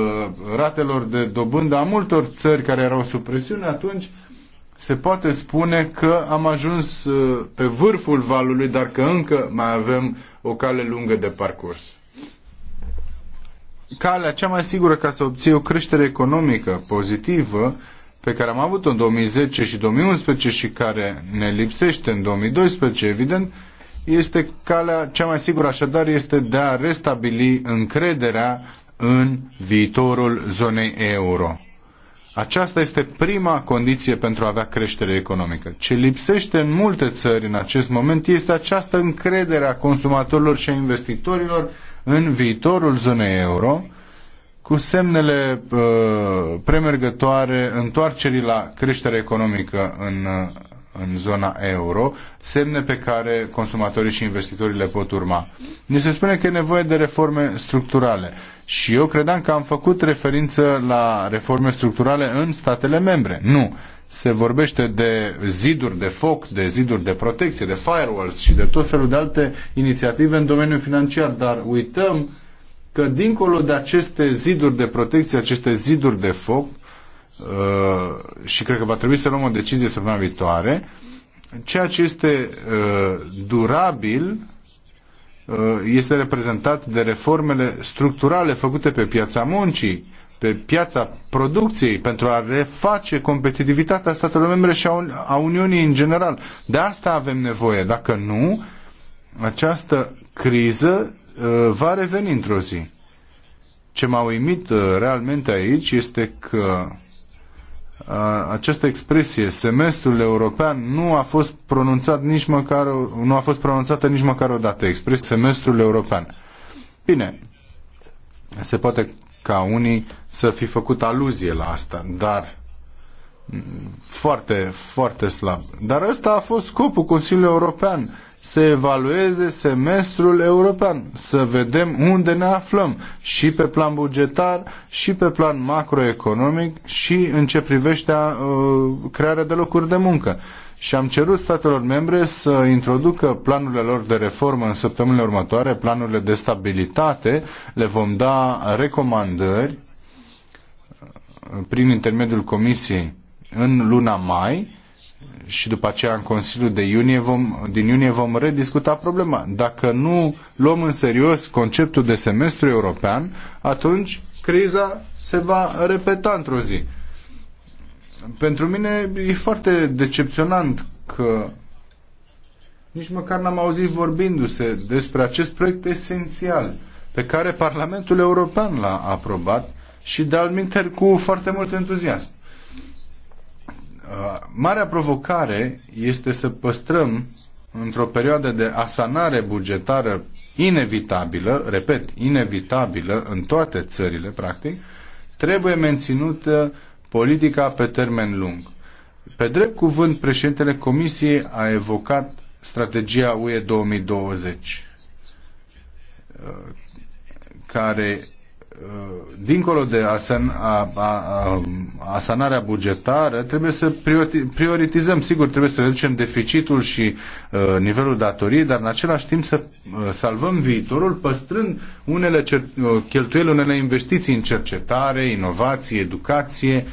ratelor de dobândă a multor țări care erau sub presiune, atunci se poate spune că am ajuns uh, pe vârful valului, dar că încă mai avem o cale lungă de parcurs. Calea cea mai sigură ca să obții o creștere economică pozitivă pe care am avut-o în 2010 și 2011 și care ne lipsește în 2012, evident, este calea cea mai sigură așadar este de a restabili încrederea în viitorul zonei euro. Aceasta este prima condiție pentru a avea creștere economică. Ce lipsește în multe țări în acest moment este această încredere a consumatorilor și a investitorilor în viitorul zonei euro cu semnele uh, premergătoare întoarcerii la creșterea economică în, uh, în zona euro, semne pe care consumatorii și investitorii le pot urma. Ni se spune că e nevoie de reforme structurale și eu credeam că am făcut referință la reforme structurale în statele membre. Nu se vorbește de ziduri de foc, de ziduri de protecție, de firewalls și de tot felul de alte inițiative în domeniul financiar, dar uităm că dincolo de aceste ziduri de protecție, aceste ziduri de foc, uh, și cred că va trebui să luăm o decizie săptămâna viitoare, ceea ce este uh, durabil uh, este reprezentat de reformele structurale făcute pe piața muncii, pe piața producției, pentru a reface competitivitatea statelor membre și a Uniunii în general. De asta avem nevoie. Dacă nu, această criză Uh, va reveni într-o zi. Ce m-a uimit uh, realmente aici este că uh, această expresie, semestrul european, nu a fost pronunțat nici măcar, nu a fost pronunțată nici măcar o dată, expresia semestrul european. Bine, se poate ca unii să fi făcut aluzie la asta, dar mm, foarte, foarte slab. Dar ăsta a fost scopul Consiliului European se evalueze semestrul european, să vedem unde ne aflăm și pe plan bugetar, și pe plan macroeconomic, și în ce privește a, uh, crearea de locuri de muncă. Și am cerut statelor membre să introducă planurile lor de reformă în săptămânile următoare, planurile de stabilitate, le vom da recomandări uh, prin intermediul Comisiei în luna mai și după aceea în Consiliul de iunie vom, din iunie vom rediscuta problema. Dacă nu luăm în serios conceptul de semestru european, atunci criza se va repeta într-o zi. Pentru mine e foarte decepționant că nici măcar n-am auzit vorbindu-se despre acest proiect esențial pe care Parlamentul European l-a aprobat și de-al cu foarte mult entuziasm. Uh, marea provocare este să păstrăm într-o perioadă de asanare bugetară inevitabilă, repet, inevitabilă în toate țările, practic, trebuie menținută politica pe termen lung. Pe drept cuvânt, președintele Comisiei a evocat strategia UE 2020, uh, care Uh, dincolo de asan, a, a, a, asanarea bugetară, trebuie să prioritizăm. Sigur, trebuie să reducem deficitul și a, uh, nivelul datoriei, dar în același timp să a, uh, salvăm viitorul păstrând unele cer, a, cheltuieli, unele investiții în cercetare, inovație, educație,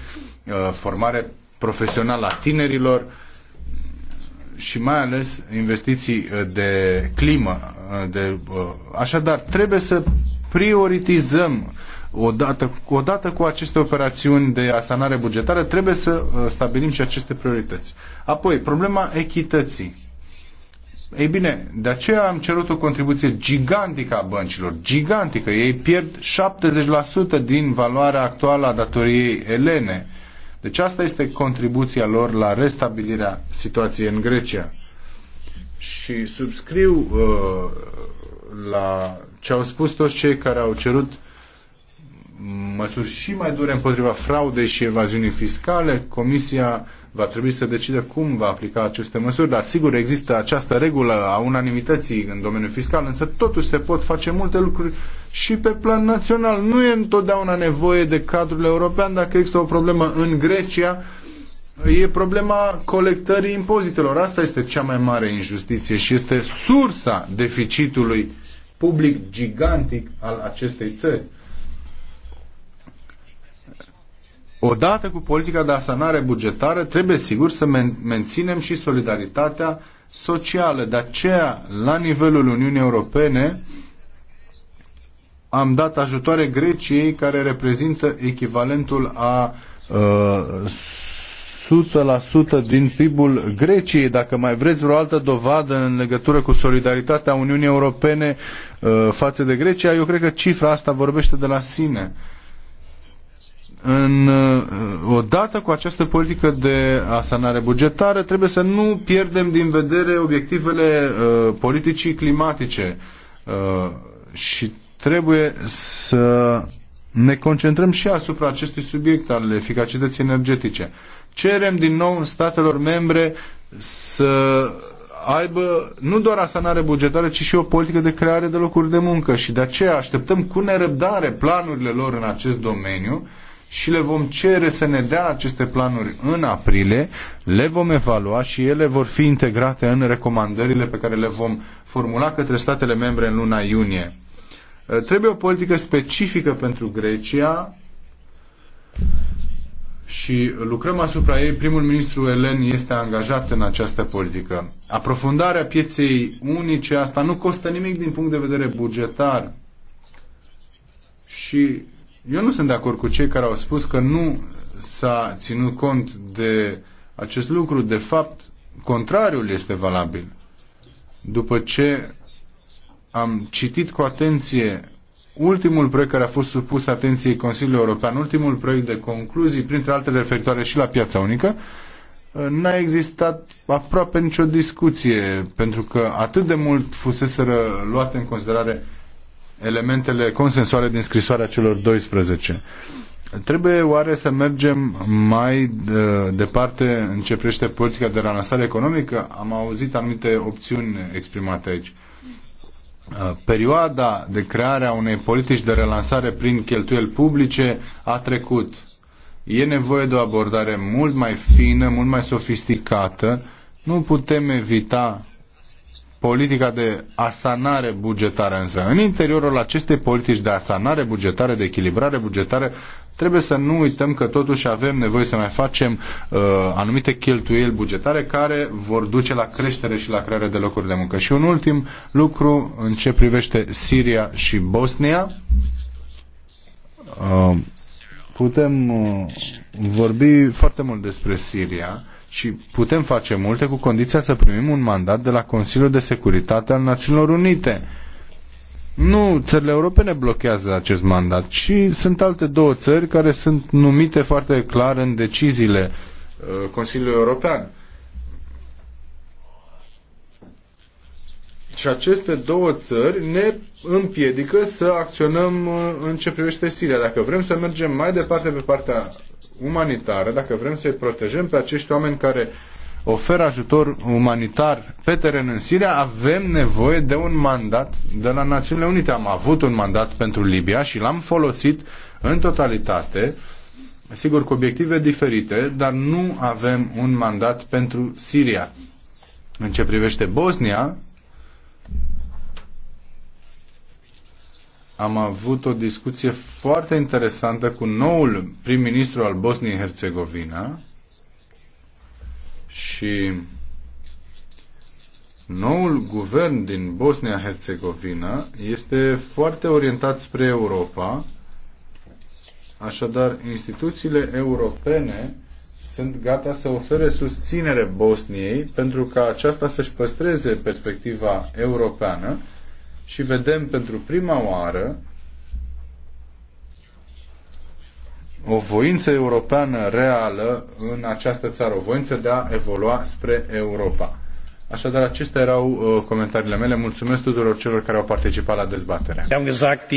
a, formare profesională a tinerilor și mai ales investiții de climă. De, uh, așadar, trebuie să prioritizăm odată, odată cu aceste operațiuni de asanare bugetară, trebuie să uh, stabilim și aceste priorități. Apoi, problema echității. Ei bine, de aceea am cerut o contribuție gigantică a băncilor, gigantică. Ei pierd 70% din valoarea actuală a datoriei elene. Deci asta este contribuția lor la restabilirea situației în Grecia. Și subscriu uh, la ce au spus toți cei care au cerut măsuri și mai dure împotriva fraudei și evaziunii fiscale. Comisia va trebui să decide cum va aplica aceste măsuri, dar sigur există această regulă a unanimității în domeniul fiscal, însă totuși se pot face multe lucruri și pe plan național. Nu e întotdeauna nevoie de cadrul european dacă există o problemă în Grecia, E problema colectării impozitelor. Asta este cea mai mare injustiție și este sursa deficitului public gigantic al acestei țări. Odată cu politica de asanare bugetară, trebuie sigur să men- menținem și solidaritatea socială. De aceea, la nivelul Uniunii Europene, am dat ajutoare Greciei, care reprezintă echivalentul a uh, 100% din PIB-ul Greciei. Dacă mai vreți vreo altă dovadă în legătură cu solidaritatea Uniunii Europene uh, față de Grecia, eu cred că cifra asta vorbește de la sine în, uh, odată cu această politică de asanare bugetară, trebuie să nu pierdem din vedere obiectivele uh, politicii climatice uh, și trebuie să ne concentrăm și asupra acestui subiect al eficacității energetice. Uh, cerem din nou statelor membre să aibă nu doar asanare bugetară, ci și o politică de creare de locuri de muncă și de aceea așteptăm cu nerăbdare planurile lor în acest domeniu și le vom cere să ne dea aceste planuri în aprilie, le vom evalua și ele vor fi integrate în recomandările pe care le vom formula către statele membre în luna iunie. Trebuie o politică specifică pentru Grecia, și lucrăm asupra ei. Primul ministru Elen este angajat în această politică. Aprofundarea pieței unice, asta nu costă nimic din punct de vedere bugetar. Și eu nu sunt de acord cu cei care au spus că nu s-a ținut cont de acest lucru. De fapt, contrariul este valabil. După ce am citit cu atenție ultimul proiect care a fost supus atenției Consiliului European, ultimul proiect de concluzii, printre altele referitoare și la piața unică, n-a existat aproape nicio discuție, pentru că atât de mult fuseseră luate în considerare elementele consensuale din scrisoarea celor 12. Trebuie oare să mergem mai de, uh, departe în ce privește politica de relansare economică? Am auzit anumite opțiuni exprimate aici. Uh, perioada de creare a unei politici de relansare prin cheltuieli publice a trecut. E nevoie de o abordare mult mai fină, mult mai sofisticată. Nu putem evita politica de asanare bugetară însă. În interiorul acestei politici de asanare bugetară, de echilibrare bugetară, trebuie să nu uităm că totuși avem nevoie să mai facem uh, anumite cheltuieli bugetare care vor duce la creștere și la creare de locuri de muncă. Și un ultim lucru în ce privește Siria și Bosnia. Uh, putem uh, vorbi foarte mult despre Siria și putem face multe cu condiția să primim un mandat de la Consiliul de Securitate al Națiunilor Unite. Nu, țările europene blochează acest mandat, ci sunt alte două țări care sunt numite foarte clar în deciziile uh, Consiliului European. Și aceste două țări ne împiedică să acționăm uh, în ce privește Siria. Dacă vrem să mergem mai departe pe partea umanitară, dacă vrem să-i protejăm pe acești oameni care oferă ajutor umanitar pe teren în Siria, avem nevoie de un mandat de la Națiunile Unite. Am avut un mandat pentru Libia și l-am folosit în totalitate, sigur cu obiective diferite, dar nu avem un mandat pentru Siria. În ce privește Bosnia, am avut o discuție foarte interesantă cu noul prim-ministru al Bosniei-Herzegovina și noul guvern din Bosnia-Herzegovina este foarte orientat spre Europa, așadar instituțiile europene sunt gata să ofere susținere Bosniei pentru ca aceasta să-și păstreze perspectiva europeană și vedem pentru prima oară o voință europeană reală în această țară, o voință de a evolua spre Europa. Așadar, acestea erau uh, comentariile mele. Mulțumesc tuturor celor care au participat la dezbatere. Exact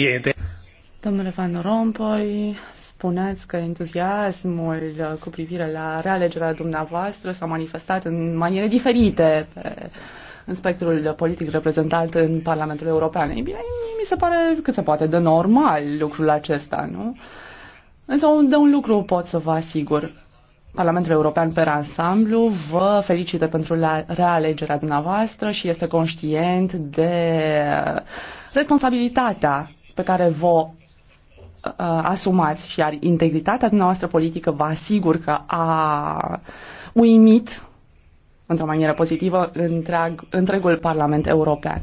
Domnule Van Rompuy, spuneați că entuziasmul uh, cu privire la realegerea dumneavoastră s-a manifestat în maniere diferite pe în spectrul politic reprezentat în Parlamentul European. Ei bine, mi se pare cât se poate de normal lucrul acesta, nu? Însă de un lucru pot să vă asigur. Parlamentul European pe ansamblu vă felicită pentru realegerea dumneavoastră și este conștient de responsabilitatea pe care vă uh, asumați, iar integritatea dumneavoastră politică vă asigur că a uimit într-o manieră pozitivă întreg, întregul Parlament European.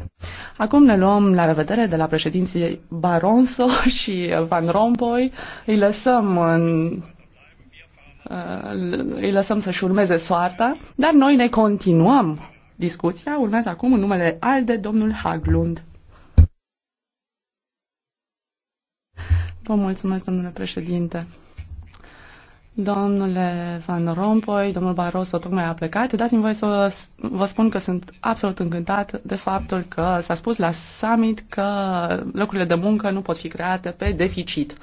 Acum ne luăm la revedere de la președinții Baronso și Van Rompuy. Îi lăsăm în uh, îi lăsăm să-și urmeze soarta, dar noi ne continuăm discuția. Urmează acum în numele ALDE domnul Haglund. Vă mulțumesc, domnule președinte. Domnule Van Rompuy, domnul Barroso tocmai a plecat. Dați-mi voie să vă spun că sunt absolut încântat de faptul că s-a spus la summit că locurile de muncă nu pot fi create pe deficit. Uh,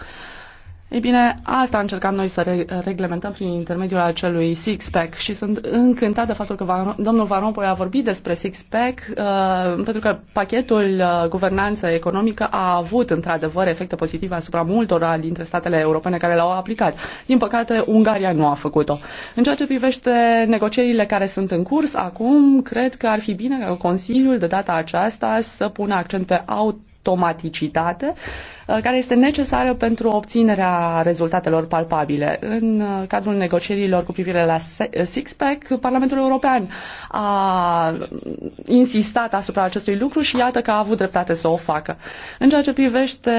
ei bine, asta încercam noi să re- reglementăm prin intermediul acelui six-pack și sunt încântat de faptul că Van, domnul Van Rompuy a vorbit despre six-pack uh, pentru că pachetul uh, guvernanță economică a avut într-adevăr efecte pozitive asupra multora dintre statele europene care l-au aplicat. Din păcate, Ungaria nu a făcut-o. În ceea ce privește negocierile care sunt în curs acum, cred că ar fi bine ca Consiliul de data aceasta să pună accent pe auto automaticitate uh, care este necesară pentru obținerea rezultatelor palpabile. În uh, cadrul negocierilor cu privire la uh, Sixpack Parlamentul European a insistat asupra acestui lucru și iată că a avut dreptate să o facă. În ceea ce privește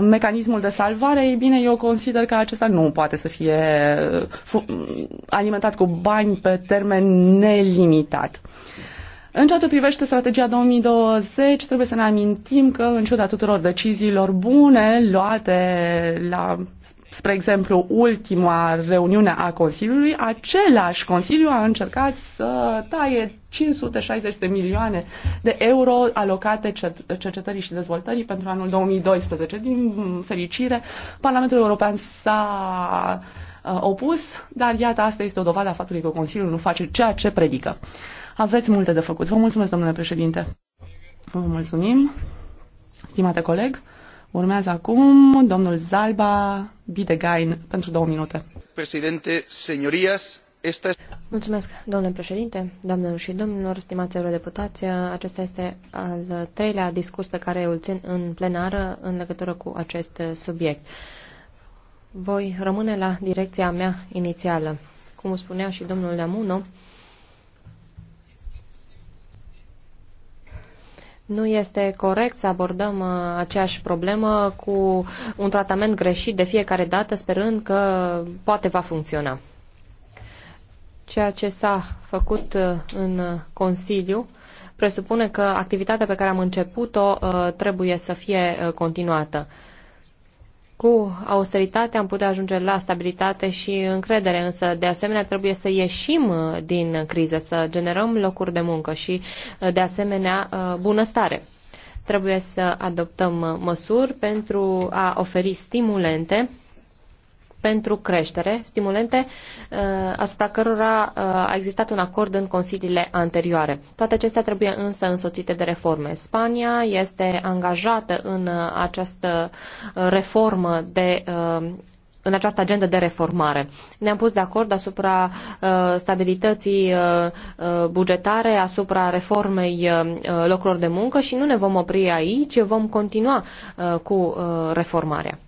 mecanismul de salvare, ei bine, eu consider că acesta nu poate să fie alimentat cu bani pe termen nelimitat. În ceea ce privește strategia 2020, trebuie să ne amintim că, în ciuda tuturor deciziilor bune luate la spre exemplu, ultima reuniune a Consiliului, același Consiliu a încercat să taie 560 de milioane de euro alocate cercetării și dezvoltării pentru anul 2012. Din fericire, Parlamentul European s-a uh, opus, dar iată, asta este o dovadă a faptului că Consiliul nu face ceea ce predică. Aveți multe de făcut. Vă mulțumesc, domnule președinte. Vă mulțumim, stimate coleg. Urmează acum domnul Zalba Bidegain pentru două minute. Președinte, señorías, este... Mulțumesc, domnule președinte, doamnelor și domnilor, stimați eurodeputați. Acesta este al treilea discurs pe care îl țin în plenară în legătură cu acest subiect. Voi rămâne la direcția mea inițială. Cum spunea și domnul Leamuno, Nu este corect să abordăm uh, aceeași problemă cu un tratament greșit de fiecare dată, sperând că poate va funcționa. Ceea ce s-a făcut uh, în Consiliu presupune că activitatea pe care am început-o uh, trebuie să fie continuată. Cu austeritate am putea ajunge la stabilitate și încredere, însă de asemenea trebuie să ieșim uh, din criză, să generăm locuri de muncă și uh, de asemenea uh, bunăstare. Trebuie să adoptăm măsuri pentru a oferi stimulente pentru creștere, stimulente uh, asupra cărora uh, a existat un acord în consiliile anterioare. Toate acestea trebuie însă însoțite de reforme. Spania este angajată în uh, această reformă de în această agendă de reformare. Ne-am pus de acord asupra uh, stabilității uh, bugetare, asupra reformei uh, locurilor de muncă și nu ne vom opri aici, vom continua uh, cu uh, reformarea.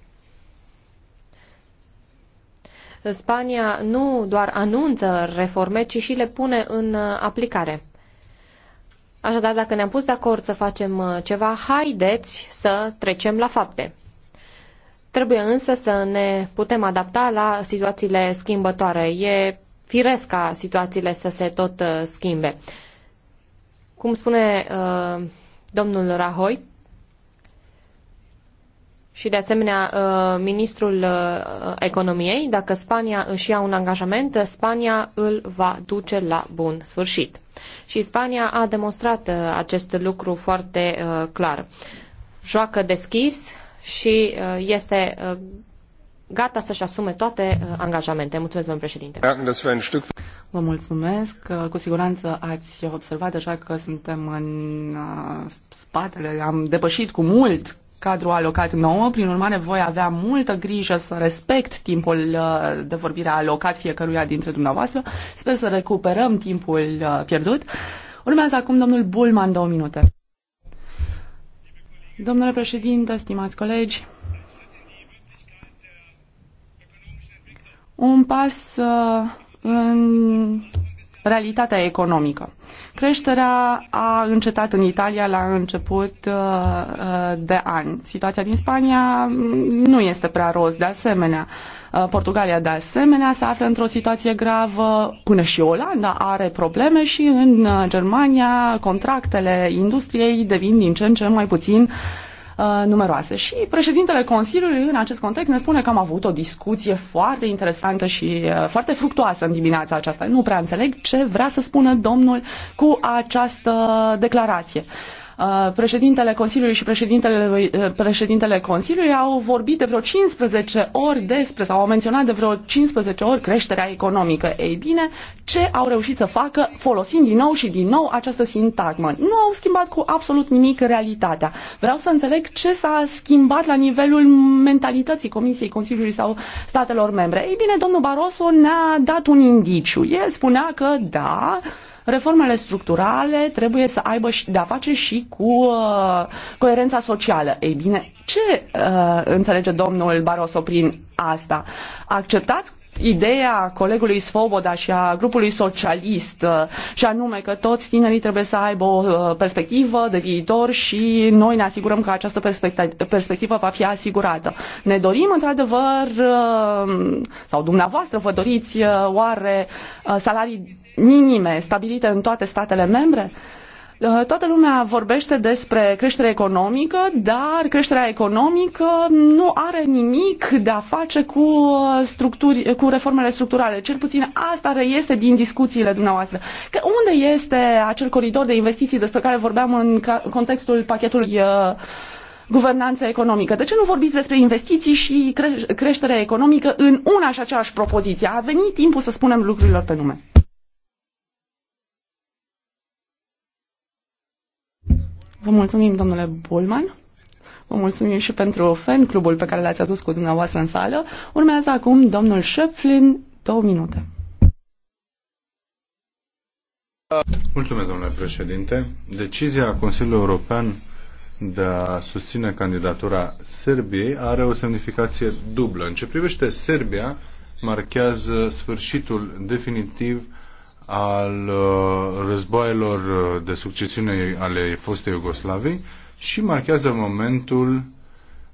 Spania nu doar anunță reforme, ci și le pune în uh, aplicare. Așadar, dacă ne-am pus de acord să facem uh, ceva, haideți să trecem la fapte. Trebuie însă să ne putem adapta la situațiile schimbătoare. E firesc ca situațiile să se tot uh, schimbe. Cum spune uh, domnul Rahoi, și de asemenea uh, ministrul uh, economiei, dacă Spania își ia un angajament, Spania îl va duce la bun sfârșit. Și Spania a demonstrat uh, acest lucru foarte clar. Joacă deschis și este gata să-și asume toate angajamentele. Mulțumesc, domnule președinte. Vă mulțumesc. Cu siguranță ați observat deja că suntem în spatele, am depășit cu mult cadru alocat nouă, prin urmare voi avea multă grijă să respect timpul uh, de vorbire alocat fiecăruia dintre dumneavoastră. Sper să recuperăm timpul uh, pierdut. Urmează acum domnul Bulman două minute. Domnule președinte, stimați colegi, un pas uh, în realitatea economică. Creșterea a încetat în Italia la început uh, uh, de an. Situația din Spania mm, nu este prea roz, de asemenea. Uh, Portugalia, de asemenea, se află într-o situație gravă. Până și Olanda are probleme și în Germania contractele industriei devin din ce în ce mai puțin uh, Uh, numeroase. Și președintele Consiliului în acest context ne spune că am avut o discuție foarte interesantă și uh, foarte fructuoasă în dimineața aceasta. Nu prea înțeleg ce vrea să spună domnul cu această declarație. Uh, președintele Consiliului și președintele, uh, președintele Consiliului au vorbit de vreo 15 ori despre sau au menționat de vreo 15 ori creșterea economică. Ei bine, ce au reușit să facă folosind din nou și din nou această sintagmă? Nu au schimbat cu absolut nimic realitatea. Vreau să înțeleg ce s-a schimbat la nivelul mentalității Comisiei, Consiliului sau statelor membre. Ei bine, domnul Barroso ne-a dat un indiciu. El spunea că da, reformele structurale trebuie să aibă de-a face și cu uh, coerența socială. Ei bine, ce uh, înțelege domnul Barroso prin asta? Acceptați ideea colegului Svoboda și a grupului socialist, uh, și anume că toți tinerii trebuie să aibă o uh, perspectivă de viitor și noi ne asigurăm că această perspectivă va fi asigurată. Ne dorim, într-adevăr, uh, sau dumneavoastră vă doriți oare salarii minime stabilite în toate statele membre? Eh, toată lumea vorbește despre creștere economică, dar creșterea economică nu are nimic de a face cu, eh, structuri, cu reformele structurale. Cel puțin asta reiese din discuțiile dumneavoastră. Că unde este acel coridor de investiții despre care vorbeam în contextul pachetului eh, guvernanță economică. De ce nu vorbiți despre investiții și creșterea economică în una și aceeași propoziție? A venit timpul să spunem lucrurilor pe nume. Vă mulțumim, domnule Bulman. Vă mulțumim și pentru fan clubul pe care l-ați adus cu dumneavoastră în sală. Urmează acum domnul Șeflin, două minute. Mulțumesc, domnule președinte. Decizia Consiliului European de a susține candidatura Serbiei are o semnificație dublă. În ce privește Serbia, marchează sfârșitul definitiv al uh, războaielor uh, de succesiune ale fostei Iugoslavii și marchează momentul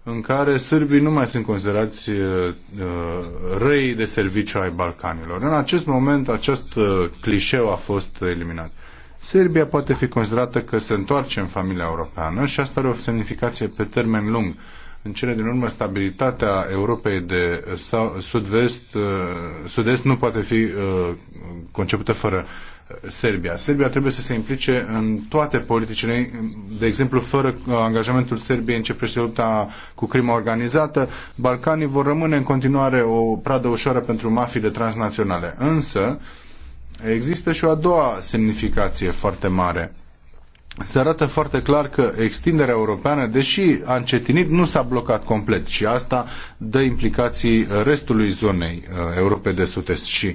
în care sârbii nu mai sunt considerați uh, uh, răi de serviciu ai Balcanilor. În acest moment, acest uh, clișeu a fost eliminat. Serbia poate fi considerată că se întoarce în familia europeană și asta are o semnificație pe termen lung în cele din urmă, stabilitatea Europei de sud-vest, uh, sud-est nu poate fi uh, concepută fără uh, Serbia. Serbia trebuie să se implice în toate politicile, de exemplu, fără angajamentul Serbiei în ce privește lupta cu crima organizată, Balcanii vor rămâne în continuare o pradă ușoară pentru mafiile transnaționale. Însă, există și o a doua semnificație foarte mare se arată foarte clar că extinderea europeană, deși a încetinit, nu s-a blocat complet și asta dă implicații restului zonei uh, Europei de Sud-Est. Și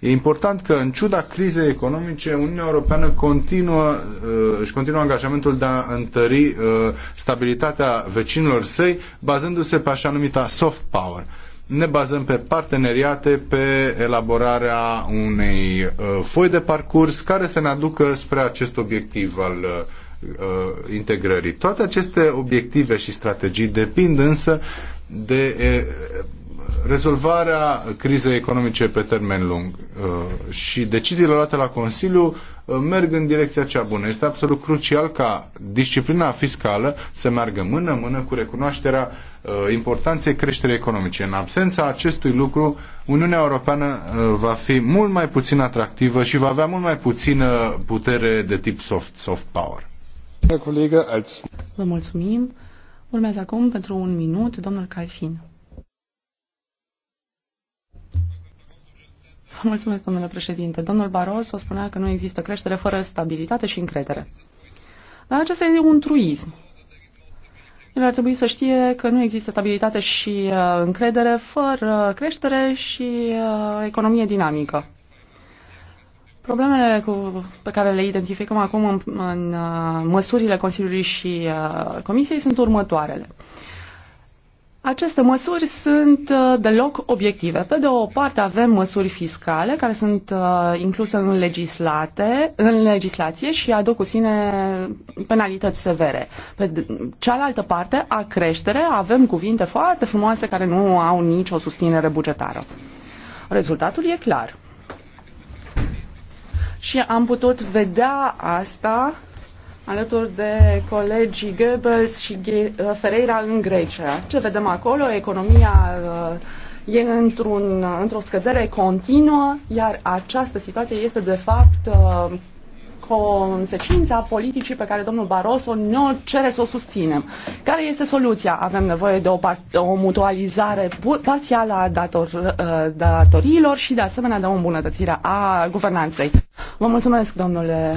e important că, în ciuda crizei economice, Uniunea Europeană continuă, uh, își continuă angajamentul de a întări uh, stabilitatea vecinilor săi, bazându-se pe așa numita soft power ne bazăm pe parteneriate, pe elaborarea unei uh, foi de parcurs care să ne aducă spre acest obiectiv al uh, uh integrării. Toate aceste obiective și strategii depind însă de uh, rezolvarea crizei economice pe termen lung uh, și deciziile luate la Consiliu uh, merg în direcția cea bună. Este absolut crucial ca disciplina fiscală să meargă mână-mână cu recunoașterea uh, importanței creșterii economice. În absența acestui lucru, Uniunea Europeană va fi mult mai puțin atractivă și va avea mult mai puțină putere de tip soft, soft power. Vă mulțumim. Urmează acum pentru un minut domnul Calfin. Mulțumesc, domnule președinte. Domnul Barroso spunea că nu există creștere fără stabilitate și încredere. Dar acesta este un truism. El ar trebui să știe că nu există stabilitate și uh, încredere fără creștere și uh, economie dinamică. Problemele cu, pe care le identificăm acum în, în uh, măsurile Consiliului și uh, Comisiei sunt următoarele. Uh, aceste măsuri sunt uh, deloc obiective. Pe de o parte avem măsuri fiscale care sunt uh, incluse în, legislate, în legislație și aduc cu sine penalități severe. Pe cealaltă parte, a creștere, avem cuvinte foarte frumoase care nu au nicio susținere bugetară. Rezultatul e clar. Și am putut vedea asta alături de colegii Goebbels și uh, Ferreira în Grecia. Ce vedem acolo? Economia uh, e într-un, uh, într-o scădere continuă, iar această situație este de fapt consecința politicii pe care domnul Barroso ne cere să o susținem. Care este soluția? Avem nevoie de o, par- o mutualizare parțială a dator, datoriilor și de asemenea de o îmbunătățire a guvernanței. Vă mulțumesc, domnule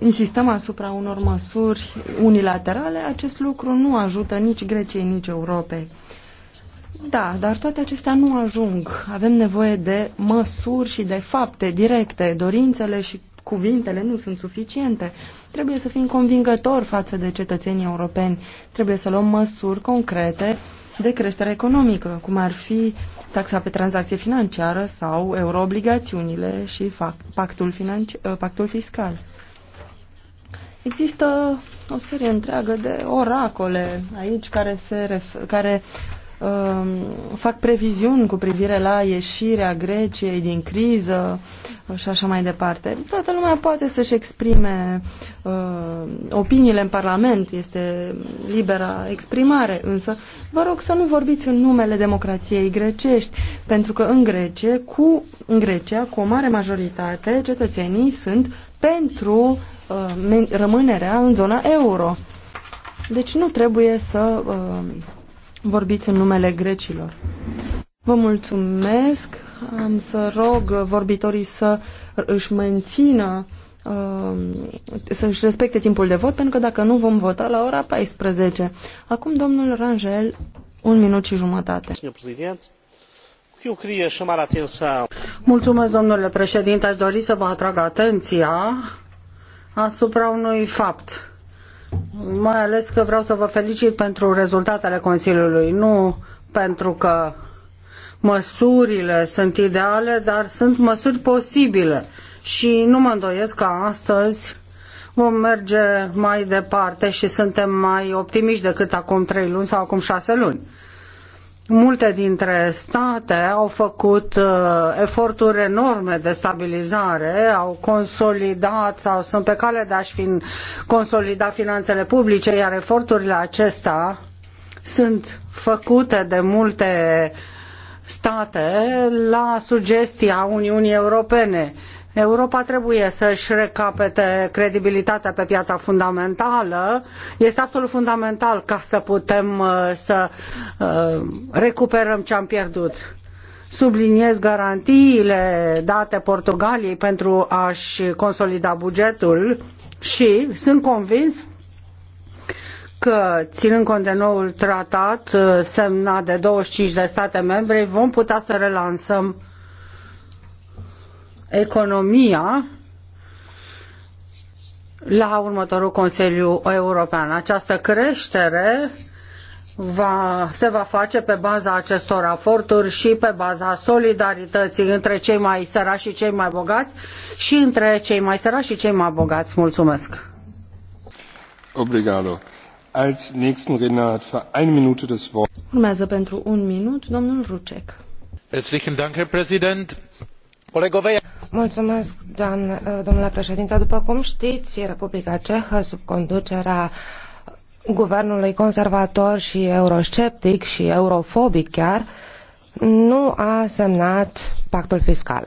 insistăm asupra unor măsuri unilaterale, acest lucru nu ajută nici Greciei, nici Europei. Da, dar toate acestea nu ajung. Avem nevoie de măsuri și de fapte directe. Dorințele și cuvintele nu sunt suficiente. Trebuie să fim convingători față de cetățenii europeni. Trebuie să luăm măsuri concrete de creștere economică, cum ar fi taxa pe tranzacție financiară sau euroobligațiunile și pactul, financi- pactul fiscal. Există o serie întreagă de oracole aici care, se ref- care Um, fac previziuni cu privire la ieșirea Greciei din criză uh, și așa mai departe. Toată lumea poate să-și exprime uh, opiniile în Parlament, este libera exprimare, însă vă rog să nu vorbiți în numele democrației grecești, pentru că în, Grecie, cu, în Grecia, cu o mare majoritate, cetățenii sunt pentru uh, rămânerea în zona euro. Deci nu trebuie să uh, vorbiți în numele grecilor. Vă mulțumesc. Am să rog vorbitorii să își mențină um, să-și respecte timpul de vot, pentru că dacă nu vom vota la ora 14. Acum, domnul Rangel, un minut și jumătate. Mulțumesc, domnule președinte. Aș dori să vă atrag atenția asupra unui fapt mai ales că vreau să vă felicit pentru rezultatele Consiliului, nu pentru că măsurile sunt ideale, dar sunt măsuri posibile. Și nu mă îndoiesc că astăzi vom merge mai departe și suntem mai optimiști decât acum trei luni sau acum șase luni. Multe dintre state au făcut uh, eforturi enorme de stabilizare, au consolidat sau sunt pe cale de a-și fin, consolida finanțele publice, iar eforturile acestea sunt făcute de multe state la sugestia Uniunii Europene. Uh, Europa trebuie să-și recapete credibilitatea pe piața fundamentală. Este absolut fundamental ca să putem uh, să uh, recuperăm ce am pierdut subliniez garantiile date Portugaliei pentru a-și consolida bugetul și sunt convins că, ținând cont de noul tratat uh, semnat de 25 de state membre, vom putea să relansăm economia la următorul Consiliu European. Această creștere va, se va face pe baza acestor aforturi și pe baza solidarității între cei mai săraci și cei mai bogați și între cei mai săraci și cei mai bogați. Mulțumesc! Obrigado. Als nächsten Redner hat für eine Minute das Wort. Urmează pentru un minut domnul Rucek. Herzlichen Dank, Herr Präsident. Kolegowie. Mulțumesc, doamne, uh, domnule președinte. După cum știți, Republica Cehă, sub conducerea guvernului conservator și eurosceptic și eurofobic chiar, nu a semnat pactul fiscal.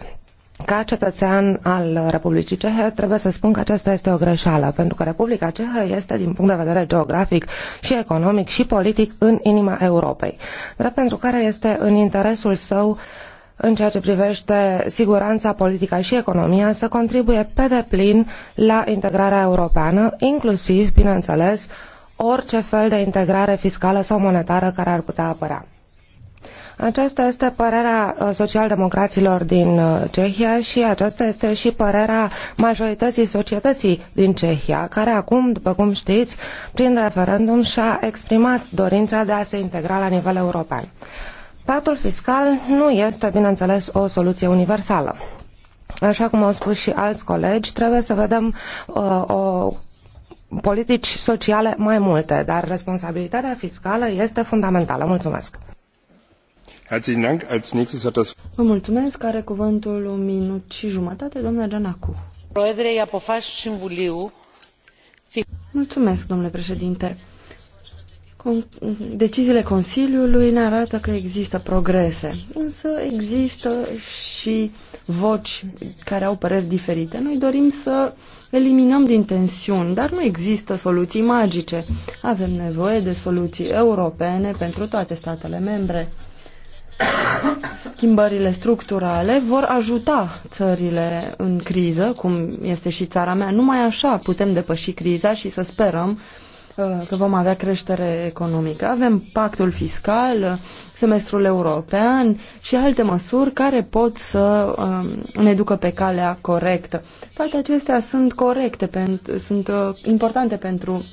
Ca cetățean al Republicii Cehe, trebuie să spun că aceasta este o greșeală, pentru că Republica Cehă este, din punct de vedere geografic și economic și politic, în inima Europei, drept pentru care este în interesul său în ceea ce privește siguranța, politica și economia să contribuie pe deplin la integrarea europeană, inclusiv, bineînțeles, orice fel de integrare fiscală sau monetară care ar putea apărea. Aceasta este părerea uh, socialdemocraților din uh, Cehia și aceasta este și părerea majorității societății din Cehia, care acum, după cum știți, prin referendum și-a exprimat dorința de a se integra la nivel european. Patul fiscal nu este, bineînțeles, o soluție universală. Așa cum au spus și alți colegi, trebuie să vedem uh, o politici sociale mai multe, dar responsabilitatea fiscală este fundamentală. Mulțumesc! Vă mulțumesc, are cuvântul un minut și jumătate, doamna Gianacu. Mulțumesc, domnule președinte deciziile Consiliului ne arată că există progrese, însă există și voci care au păreri diferite. Noi dorim să eliminăm din tensiuni, dar nu există soluții magice. Avem nevoie de soluții europene pentru toate statele membre. Schimbările structurale vor ajuta țările în criză, cum este și țara mea. Numai așa putem depăși criza și să sperăm că vom avea creștere economică. Avem pactul fiscal, semestrul european și alte măsuri care pot să um, ne ducă pe calea corectă. Toate acestea sunt corecte, sunt uh, importante pentru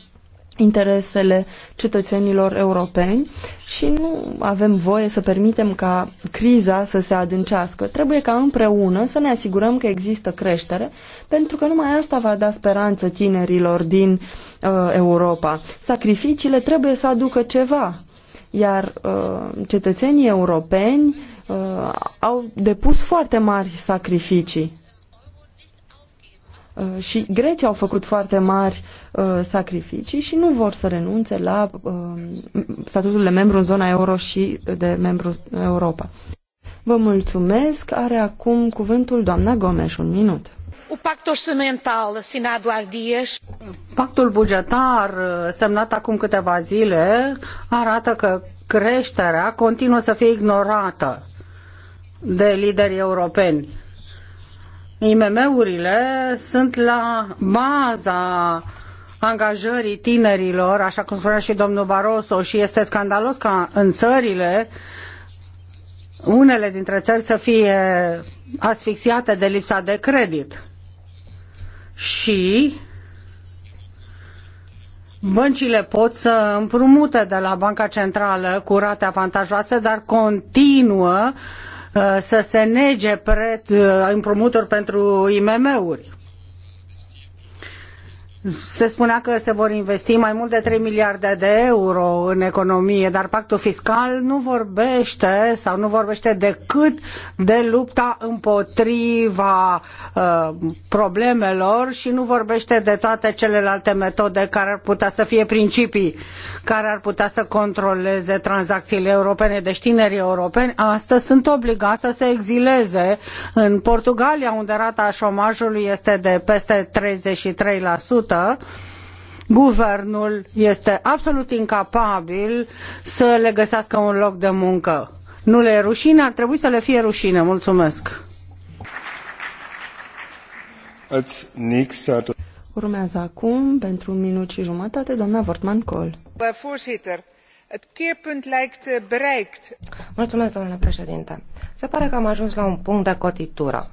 interesele cetățenilor europeni și nu avem voie să permitem ca criza să se adâncească. Trebuie ca împreună să ne asigurăm că există creștere, pentru că numai asta va da speranță tinerilor din uh, Europa. Sacrificiile trebuie să aducă ceva, iar uh, cetățenii europeni uh, au depus foarte mari sacrificii Uh, și grecii au făcut foarte mari uh, sacrificii și nu vor să renunțe la uh, statutul de membru în zona euro și de membru în Europa. Vă mulțumesc. Are acum cuvântul doamna Gomes, un minut. Pactul bugetar uh, semnat acum câteva zile arată că creșterea continuă să fie ignorată de liderii europeni IMM-urile sunt la baza angajării tinerilor, așa cum spunea și domnul Barroso, și este scandalos ca în țările, unele dintre țări să fie asfixiate de lipsa de credit. Și băncile pot să împrumute de la Banca Centrală cu rate avantajoase, dar continuă uh, să se nege împrumuturi pentru IMM-uri se spunea că se vor investi mai mult de 3 miliarde de euro în economie, dar pactul fiscal nu vorbește sau nu vorbește decât de lupta împotriva uh, problemelor și nu vorbește de toate celelalte metode care ar putea să fie principii, care ar putea să controleze tranzacțiile europene. Deci tinerii europeni astăzi sunt obligați să se exileze în Portugalia, unde rata șomajului este de peste 33%, dată guvernul este absolut incapabil să le găsească un loc de muncă. Nu le e rușine, ar trebui să le fie rușine. Mulțumesc. Urmează acum, pentru un minut și jumătate, doamna Vortman Col. Eh, Mulțumesc, domnule președinte. Se pare că am ajuns la un punct de cotitură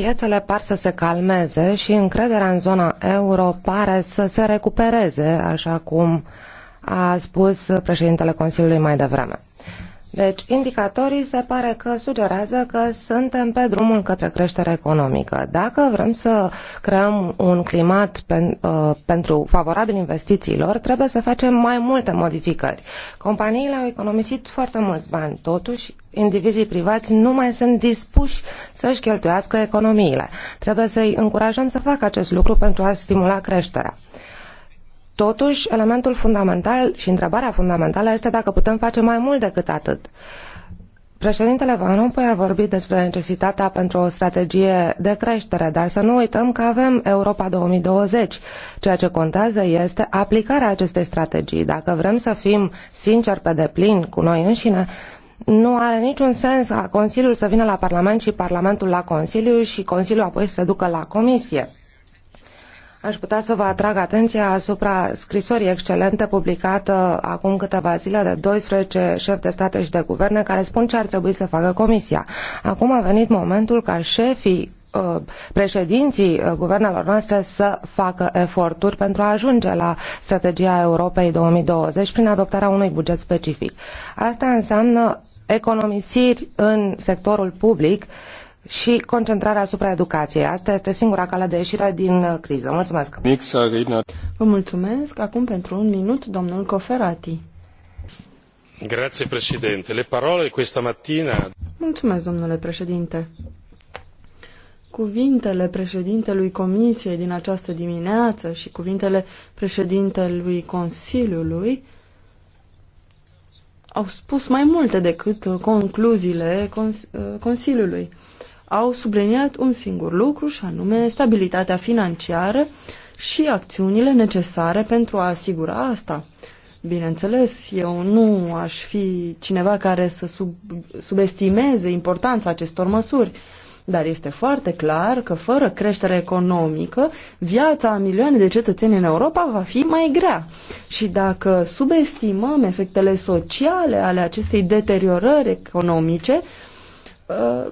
Piețele par să se calmeze și încrederea în zona euro pare să se recupereze, așa cum a spus președintele Consiliului mai devreme. Deci, indicatorii se pare că sugerează că suntem pe drumul către creștere economică. Dacă vrem să creăm un climat pen, uh, pentru favorabil investițiilor, trebuie să facem mai multe modificări. Companiile au economisit foarte mulți bani, totuși indivizii privați nu mai sunt dispuși să-și cheltuiască economiile. Trebuie să-i încurajăm să facă acest lucru pentru a stimula creșterea. Totuși, elementul fundamental și întrebarea fundamentală este dacă putem face mai mult decât atât. Președintele Van Rompuy a vorbit despre necesitatea pentru o strategie de creștere, dar să nu uităm că avem Europa 2020. Ceea ce contează este aplicarea acestei strategii. Dacă vrem să fim sinceri pe deplin cu noi înșine, nu are niciun sens ca Consiliul să vină la Parlament și Parlamentul la Consiliu și Consiliul apoi să se ducă la Comisie. Aș putea să vă atrag atenția asupra scrisorii excelente publicată acum câteva zile de 12 șefi de state și de guverne care spun ce ar trebui să facă Comisia. Acum a venit momentul ca șefii uh, președinții uh, guvernelor noastre să facă eforturi pentru a ajunge la strategia Europei 2020 prin adoptarea unui buget specific. Asta înseamnă economisiri în sectorul public uh, și concentrarea asupra educației. Asta este singura cale de ieșire din uh, criză. Mulțumesc! Vă mulțumesc. Acum pentru un minut, domnul Coferati. Grazie, președinte. Le parole questa mattina... Mulțumesc, domnule președinte. Cuvintele președintelui Comisiei din această dimineață și cuvintele președintelui Consiliului au spus mai multe decât uh, concluziile cons uh, Consiliului au subliniat un singur lucru și anume stabilitatea financiară și acțiunile necesare pentru a asigura asta. Bineînțeles, eu nu aș fi cineva care să sub, subestimeze importanța acestor măsuri, dar este foarte clar că fără creștere economică, viața a milioane de cetățeni în Europa va fi mai grea. Și dacă subestimăm efectele sociale ale acestei deteriorări economice, Uh,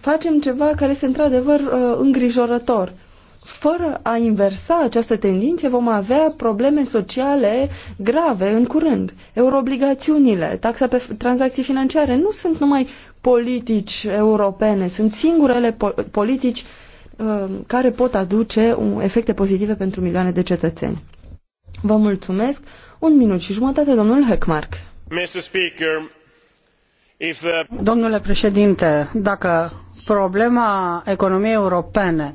facem ceva care este într-adevăr uh, îngrijorător. Fără a inversa această tendință, vom avea probleme sociale grave în curând. Euroobligațiunile, taxa pe tranzacții financiare nu sunt numai politici europene, sunt singurele po politici uh, care pot aduce efecte pozitive pentru milioane de cetățeni. Vă mulțumesc. Un minut și jumătate, domnul Heckmark. Mr. Speaker, Uh, Domnule președinte, dacă problema economiei europene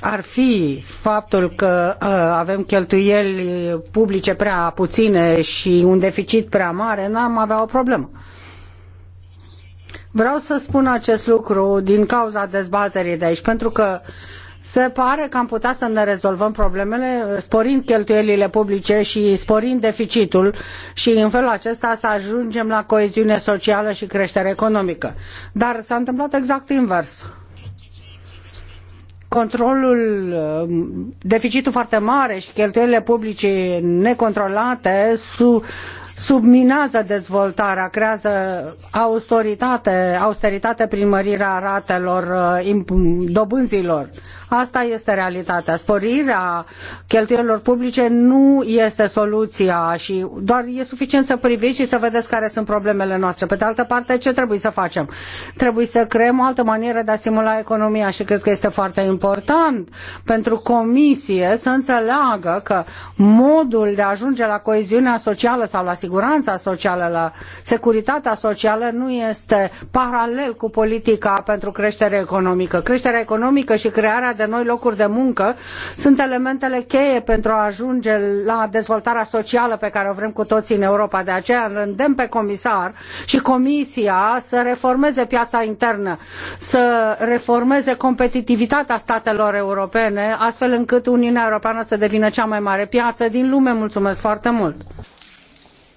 ar fi faptul că uh, avem cheltuieli publice prea puține și un deficit prea mare, n-am avea o problemă. Vreau să spun acest lucru din cauza dezbaterii de aici, pentru că se pare că am putea să ne rezolvăm problemele sporind cheltuielile publice și sporind deficitul și în felul acesta să ajungem la coeziune socială și creștere economică. Dar s-a întâmplat exact invers controlul, deficitul foarte mare și cheltuielile publice necontrolate subminează dezvoltarea, creează austeritate, austeritate prin mărirea ratelor uh, dobânzilor. Asta este realitatea. Sporirea cheltuielilor publice nu este soluția și doar e suficient să priviți și să vedeți care sunt problemele noastre. Pe de altă parte, ce trebuie să facem? Trebuie să creăm o altă manieră de a simula economia și cred că este foarte important pentru comisie să înțeleagă că modul de a ajunge la coeziunea socială sau la siguranța socială, la securitatea socială nu este paralel cu politica pentru creștere economică. Creșterea economică și crearea de noi locuri de muncă sunt elementele cheie pentru a ajunge la dezvoltarea socială pe care o vrem cu toții în Europa. De aceea îl îndemn pe comisar și comisia să reformeze piața internă, să reformeze competitivitatea statelor europene, astfel încât Uniunea Europeană să devină cea mai mare piață din lume. Mulțumesc foarte mult!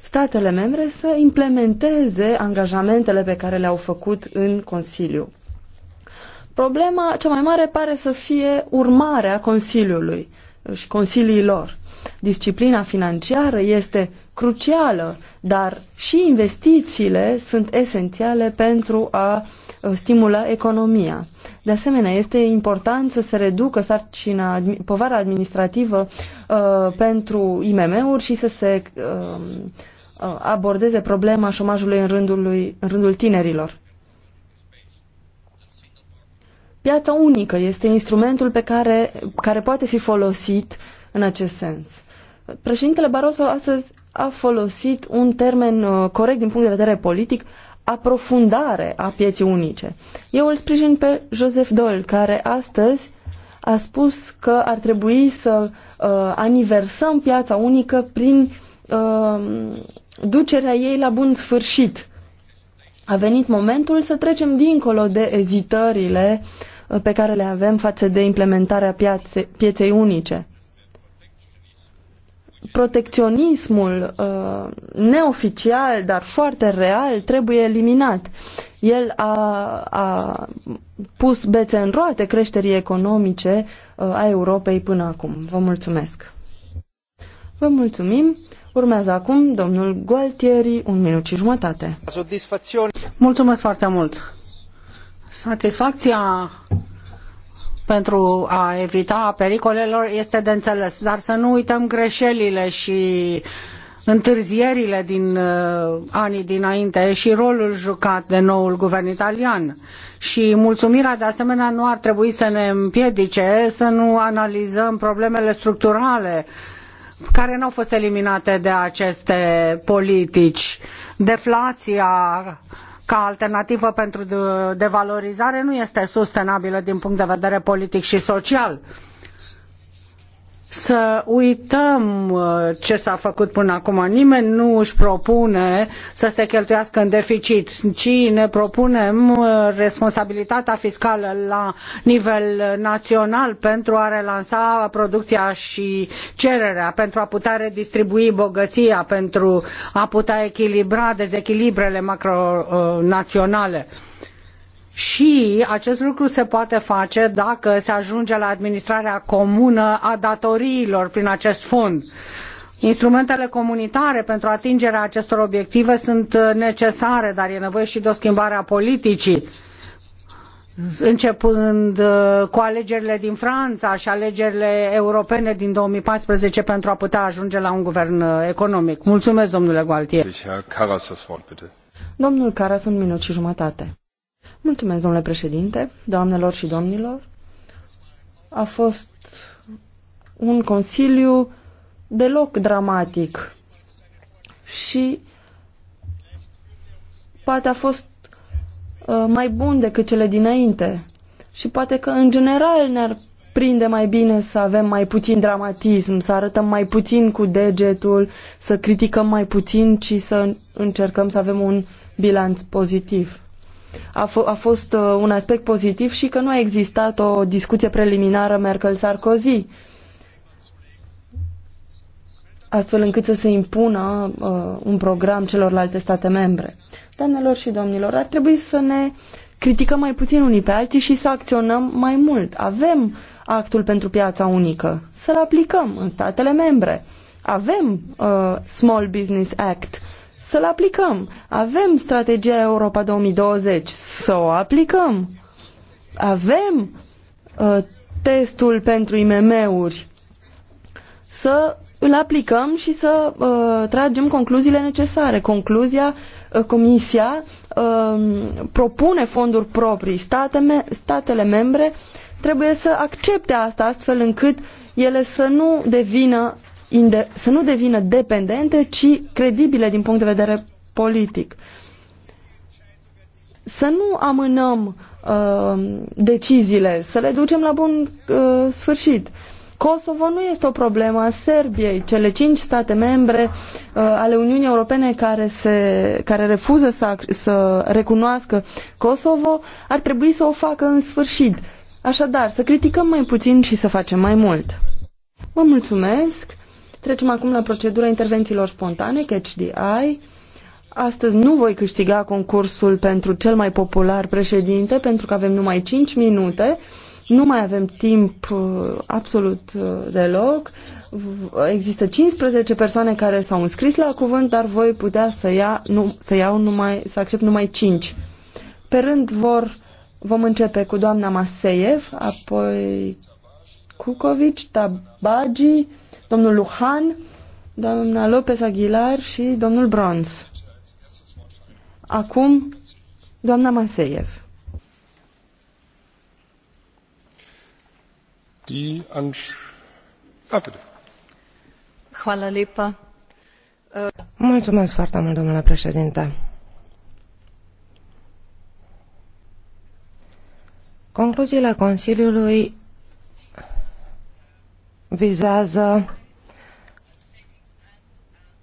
statele membre să implementeze angajamentele pe care le-au făcut în Consiliu. Problema cea mai mare pare să fie urmarea Consiliului și consiliilor. Disciplina financiară este crucială, dar și investițiile sunt esențiale pentru a Uh, stimulă economia. De asemenea, este important să se reducă sarcina, povara administrativă uh, pentru IMM-uri și să se um, uh, abordeze problema șomajului în rândul, lui, în rândul tinerilor. Piața unică este instrumentul pe care, care poate fi folosit în acest sens. Președintele Barroso astăzi a folosit un termen uh, corect din punct de vedere politic aprofundare a pieții unice. Eu îl sprijin pe Joseph Dole, care astăzi a spus că ar trebui să uh, aniversăm piața unică prin uh, ducerea ei la bun sfârșit. A venit momentul să trecem dincolo de ezitările uh, pe care le avem față de implementarea piaței, pieței unice protecționismul uh, neoficial, dar foarte real, trebuie eliminat. El a, a pus bețe în roate creșterii economice uh, a Europei până acum. Vă mulțumesc! Vă mulțumim! Urmează acum domnul Gualtieri, un minut și jumătate. Mulțumesc foarte mult! Satisfacția pentru a evita pericolelor este de înțeles, dar să nu uităm greșelile și întârzierile din uh, anii dinainte și rolul jucat de noul guvern italian. Și mulțumirea de asemenea nu ar trebui să ne împiedice să nu analizăm problemele structurale care nu au fost eliminate de aceste politici. Deflația ca alternativă pentru devalorizare nu este sustenabilă din punct de vedere politic și social să uităm uh, ce s-a făcut până acum. Nimeni nu își propune să se cheltuiască în deficit, ci ne propunem uh, responsabilitatea fiscală la nivel național pentru a relansa producția și cererea, pentru a putea redistribui bogăția, pentru a putea echilibra dezechilibrele macronaționale. Uh, și acest lucru se poate face dacă se ajunge la administrarea comună a datoriilor prin acest fond. Instrumentele comunitare pentru atingerea acestor obiective sunt necesare, dar e nevoie și de o schimbare a politicii începând uh, cu alegerile din Franța și alegerile europene din 2014 pentru a putea ajunge la un guvern uh, economic. Mulțumesc, domnule Gualtier. Deci, Domnul Caras, un minut și jumătate. Mulțumesc, domnule președinte, doamnelor și domnilor. A fost un consiliu deloc dramatic și poate a fost uh, mai bun decât cele dinainte și poate că în general ne-ar prinde mai bine să avem mai puțin dramatism, să arătăm mai puțin cu degetul, să criticăm mai puțin, ci să încercăm să avem un bilanț pozitiv a, a fost uh, un aspect pozitiv și că nu a existat o discuție preliminară Merkel-Sarkozy, astfel încât să se impună uh, un program celorlalte state membre. Doamnelor și domnilor, ar trebui să ne criticăm mai puțin unii pe alții și să acționăm mai mult. Avem actul pentru piața unică, să-l aplicăm în statele membre. Avem uh, Small Business Act, uh, să-l aplicăm. Avem strategia Europa 2020, să o aplicăm. Avem uh, testul pentru IMM-uri, să îl aplicăm și să uh, tragem concluziile necesare. Concluzia, uh, Comisia uh, propune fonduri proprii. State me statele membre trebuie să accepte asta astfel încât ele să nu devină să nu devină dependente, ci credibile din punct de vedere politic. Să nu amânăm uh, deciziile, să le ducem la bun uh, sfârșit. Kosovo nu este o problemă a Serbiei. Cele cinci state membre uh, ale Uniunii Europene care, se, care refuză să, să recunoască Kosovo ar trebui să o facă în sfârșit. Așadar, să criticăm mai puțin și să facem mai mult. Vă mulțumesc. Trecem acum la procedura intervențiilor spontane, catch the eye. Astăzi nu voi câștiga concursul pentru cel mai popular președinte, pentru că avem numai 5 minute. Nu mai avem timp uh, absolut uh, deloc. Există 15 persoane care s-au înscris la cuvânt, dar voi putea să, ia, nu, să iau numai, să accept numai 5. Pe rând vor, vom începe cu doamna Maseev, apoi Cucovici, Tabagi, domnul Luhan, doamna Lopez Aguilar și domnul Bronz. Acum, doamna Maseiev. Ah, Mulțumesc foarte mult, domnule președinte. Concluziile Consiliului vizează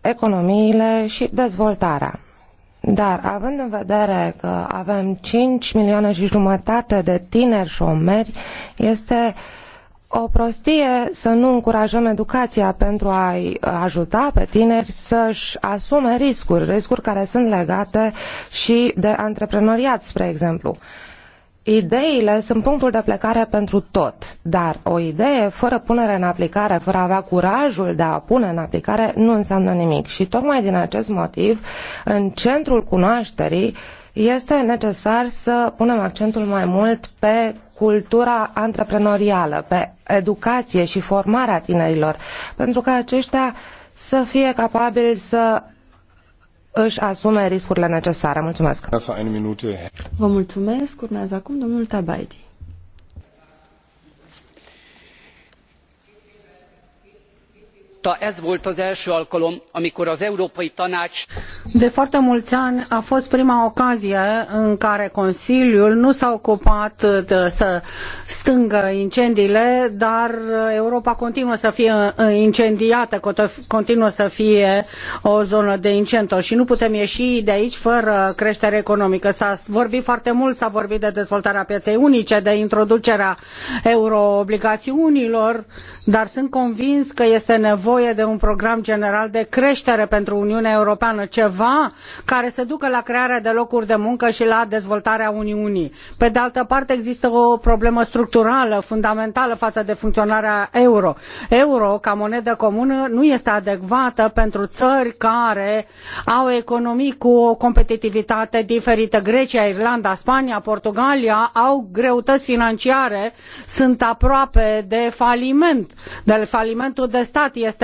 economiile și dezvoltarea. Dar având în vedere că avem 5 milioane și jumătate de tineri șomeri, este o prostie să nu încurajăm educația pentru a-i ajuta pe tineri să-și asume riscuri, riscuri care sunt legate și de antreprenoriat, spre exemplu. Uh, Ideile sunt punctul de plecare pentru tot, dar o idee fără punere în aplicare, fără a avea curajul de a pune în aplicare, nu înseamnă nimic. Și tocmai din acest motiv, în centrul cunoașterii, este necesar să punem accentul mai mult pe cultura antreprenorială, pe educație și formarea tinerilor, pentru că aceștia să fie capabili să își asume riscurile necesare. Mulțumesc! Vă mulțumesc! Urmează acum domnul Tabaidi. óta ez volt az első alkalom, amikor az Európai Tanács... De foarte mulți ani a fost prima ocazie în care Consiliul nu s-a ocupat de să stângă incendiile, dar Europa continuă să fie incendiată, continuă să fie o zonă de incendiu și nu putem ieși de aici fără creștere economică. S-a vorbit foarte mult, s-a vorbit de dezvoltarea pieței unice, de introducerea euroobligațiunilor, dar sunt convins că este nevoie nevoie de un program general de creștere pentru Uniunea Europeană, ceva care să ducă la crearea de locuri de muncă și la dezvoltarea Uniunii. Pe de altă parte, există o problemă structurală, fundamentală față de funcționarea euro. Euro, ca monedă comună, nu este adecvată pentru țări care au economii cu o competitivitate diferită. Grecia, Irlanda, Spania, Portugalia au greutăți financiare, sunt aproape de faliment. De falimentul de stat este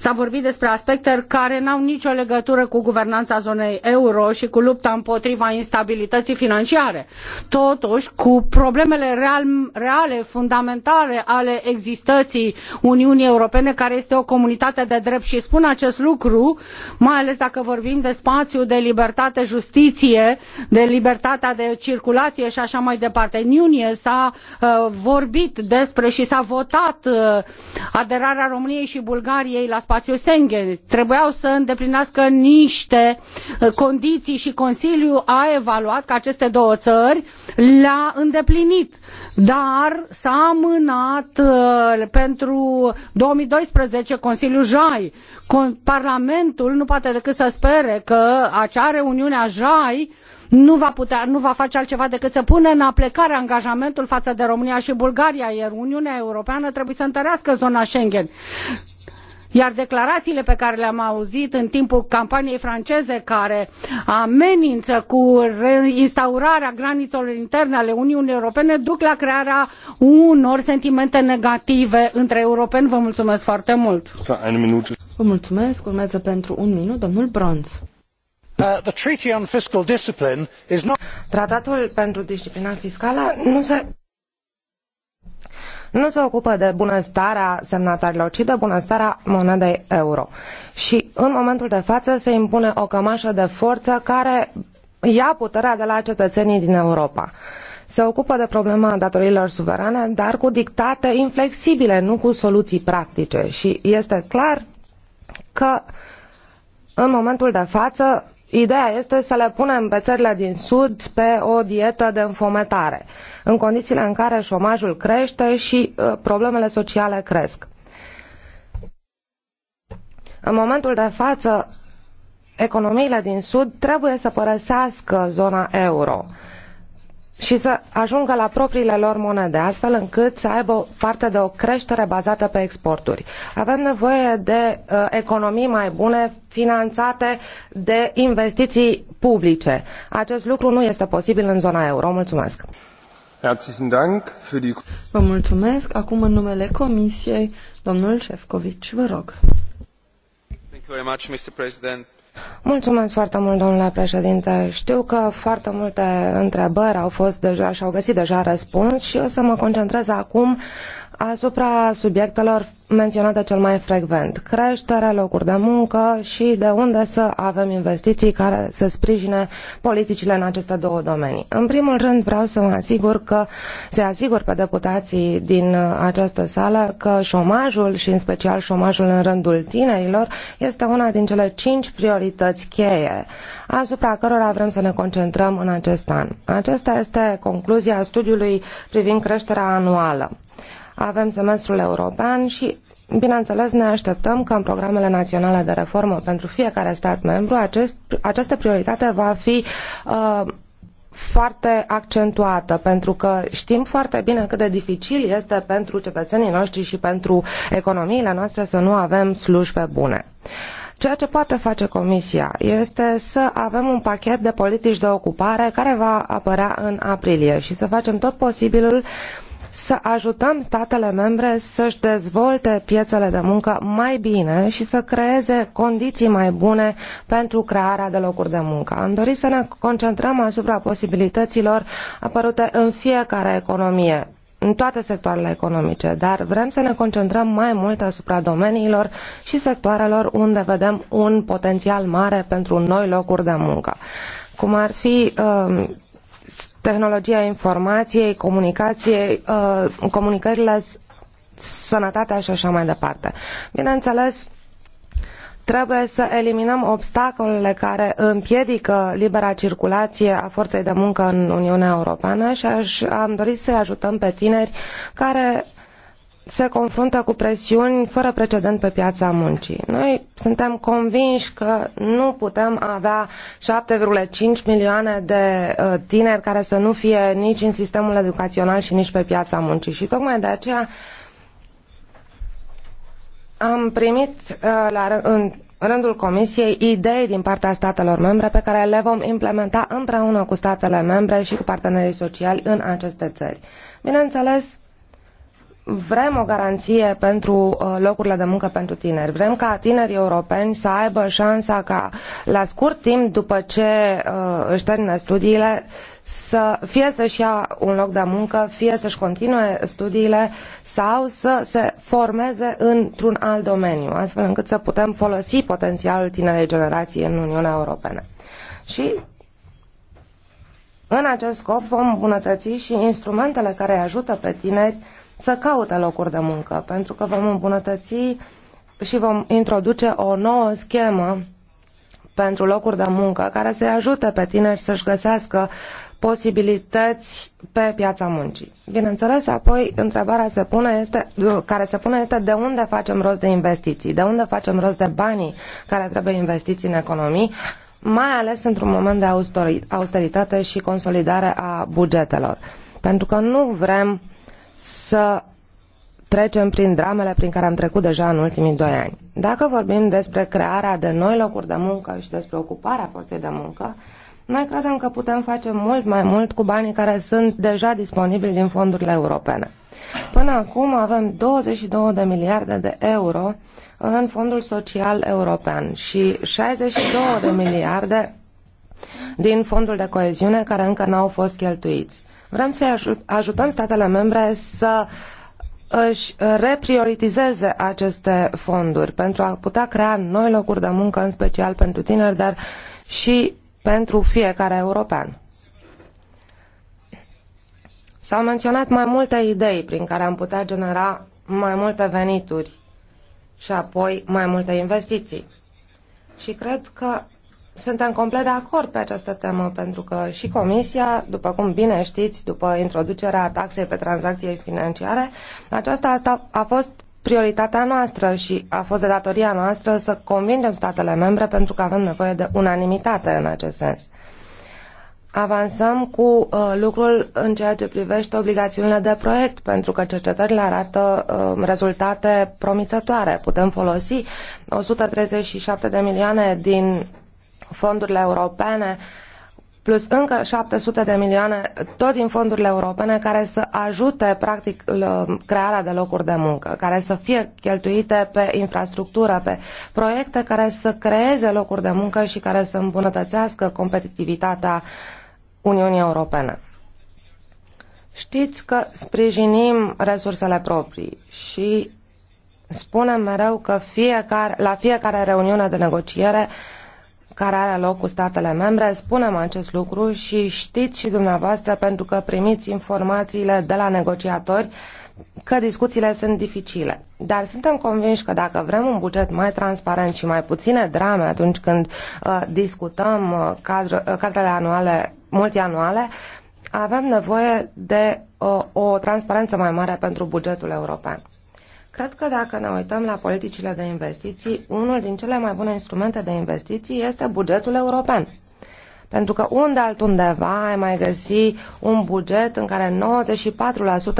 S-a vorbit despre aspecte care n-au nicio legătură cu guvernanța zonei euro și cu lupta împotriva instabilității financiare, totuși cu problemele real, reale, fundamentale ale existății Uniunii Europene, care este o comunitate de drept și spun acest lucru, mai ales dacă vorbim de spațiu de libertate, justiție, de libertatea de circulație și așa mai departe. În iunie s-a uh, vorbit despre și s-a votat uh, aderarea României și Bulgariei la spațiul Schengen. Trebuiau să îndeplinească niște uh, condiții și Consiliul a evaluat că aceste două țări le-a îndeplinit, dar s-a amânat uh, pentru 2012 Consiliul JAI. Parlamentul nu poate decât să spere că acea reuniune a JAI nu va, putea, nu va face altceva decât să pună în aplicare angajamentul față de România și Bulgaria, iar Uniunea Europeană trebuie să întărească zona Schengen. Iar declarațiile pe care le-am auzit în timpul campaniei franceze care amenință cu instaurarea granițelor interne ale Uniunii Europene duc la crearea unor sentimente negative între europeni. Vă mulțumesc foarte mult! Vă mulțumesc! Urmează pentru un minut domnul Bronz. Uh, not... Tratatul pentru disciplina fiscală nu se nu se ocupă de bunăstarea semnatarilor, ci de bunăstarea monedei euro. Și în momentul de față se impune o cămașă de forță care ia puterea de la cetățenii din Europa. Se ocupă de problema datoriilor suverane, dar cu dictate inflexibile, nu cu soluții practice. Și este clar că în momentul de față Ideea este să le punem pe țările din Sud pe o dietă de înfometare, în condițiile în care șomajul crește și uh, problemele sociale cresc. În momentul de față, economiile din Sud trebuie să părăsească zona euro și să ajungă la propriile lor monede, astfel încât să aibă parte de o creștere bazată pe exporturi. Avem nevoie de uh, economii mai bune finanțate de investiții publice. Acest lucru nu este posibil în zona euro. Mulțumesc! Vă mulțumesc. Acum, în numele Comisiei, domnul Șefcovici, vă rog. Thank you very much, Mr. President. Mulțumesc foarte mult, domnule președinte. Știu că foarte multe întrebări au fost deja și au găsit deja răspuns și o să mă concentrez acum uh, asupra subiectelor menționate cel mai frecvent. creșterea locuri de muncă și de unde să avem investiții care să sprijine politicile în aceste două domenii. În primul rând vreau să mă asigur că se asigur pe deputații din această sală că șomajul și în special șomajul în rândul tinerilor este una din cele cinci priorități cheie asupra cărora vrem să ne concentrăm în acest an. Aceasta este concluzia studiului privind creșterea anuală avem semestrul european și Bineînțeles, ne așteptăm că în programele naționale de reformă pentru fiecare stat membru acest, această prioritate va fi uh, foarte accentuată, pentru că știm foarte bine cât de dificil este pentru cetățenii noștri și pentru economiile noastre să nu avem slujbe bune. Ceea ce poate face Comisia este să avem un pachet de politici de ocupare care va apărea în aprilie și să facem tot posibilul uh, să ajutăm statele membre să-și dezvolte piețele de muncă mai bine și să creeze condiții mai bune pentru crearea de locuri de muncă. Am dorit să ne concentrăm asupra posibilităților apărute în fiecare economie în toate sectoarele economice, dar vrem să ne concentrăm mai mult asupra domeniilor și sectoarelor unde vedem un potențial mare pentru noi locuri de muncă, cum ar fi uh, tehnologia informației, comunicației, uh, comunicările, sănătatea și așa mai departe. Bineînțeles, trebuie să eliminăm obstacolele care împiedică libera circulație a forței de muncă în Uniunea Europeană și aș, am dorit să-i ajutăm pe tineri care se confruntă cu presiuni fără precedent pe piața muncii. Noi suntem convinși că nu putem avea 7,5 milioane de uh, tineri care să nu fie nici în sistemul educațional și nici pe piața muncii. Și tocmai de aceea am primit uh, la, în, rândul Comisiei idei din partea statelor membre pe care le vom implementa împreună cu statele membre și cu partenerii sociali în aceste țări. Bineînțeles, vrem o garanție pentru uh, locurile de muncă pentru tineri. Vrem ca tinerii europeni să aibă șansa ca la scurt timp după ce uh, își termină studiile să fie să-și ia un loc de muncă, fie să-și continue studiile sau să se formeze într-un alt domeniu, astfel încât să putem folosi potențialul tinerei generații în Uniunea Europeană. Și în acest scop vom îmbunătăți și instrumentele care îi ajută pe tineri uh, să caute locuri de muncă, pentru că vom îmbunătăți și vom introduce o nouă schemă pentru locuri de muncă care să-i ajute pe tineri să-și găsească posibilități pe piața muncii. Bineînțeles, apoi întrebarea se pune este, care se pune este de unde facem rost de investiții, de unde facem rost de banii care trebuie investiți în economii, mai ales într-un moment de austeritate și consolidare a bugetelor. Pentru că nu vrem să trecem prin dramele prin care am trecut deja în ultimii doi ani. Dacă vorbim despre crearea de noi locuri de muncă și despre ocuparea forței de muncă, noi credem că putem face mult mai mult cu banii care sunt deja disponibili din fondurile europene. Până acum avem 22 de miliarde de euro în Fondul Social European și 62 de miliarde din Fondul de Coeziune care încă n-au fost cheltuiți. Vrem să ajutăm statele membre să își reprioritizeze aceste fonduri pentru a putea crea noi locuri de muncă, în special pentru tineri, dar și pentru fiecare european. S-au menționat mai multe idei prin care am putea genera mai multe venituri și apoi mai multe investiții. Și cred că suntem complet de acord pe această temă, pentru că și Comisia, după cum bine știți, după introducerea taxei pe tranzacții financiare, aceasta asta a fost prioritatea noastră și a fost de datoria noastră să convingem statele membre pentru că avem nevoie de unanimitate în acest sens. Avansăm cu uh, lucrul în ceea ce privește obligațiunile de proiect, pentru că cercetările arată uh, rezultate promițătoare. Putem folosi 137 de milioane din fondurile europene, plus încă 700 de milioane tot din fondurile europene care să ajute practic crearea de locuri de muncă, care să fie cheltuite pe infrastructură, pe proiecte care să creeze locuri de muncă și care să îmbunătățească competitivitatea Uniunii Europene. Știți că sprijinim resursele proprii și spunem mereu că fiecare, la fiecare reuniune de negociere care are loc cu statele membre, spunem acest lucru și știți și dumneavoastră pentru că primiți informațiile de la negociatori că discuțiile sunt dificile. Dar suntem convinși că dacă vrem un buget mai transparent și mai puține drame atunci când uh, discutăm uh, uh cadrele anuale, multianuale, avem nevoie de uh, o transparență mai mare pentru bugetul european. Cred că dacă ne uităm la politicile de investiții, unul din cele mai bune instrumente de investiții este bugetul european. Pentru că unde altundeva ai mai găsi un buget în care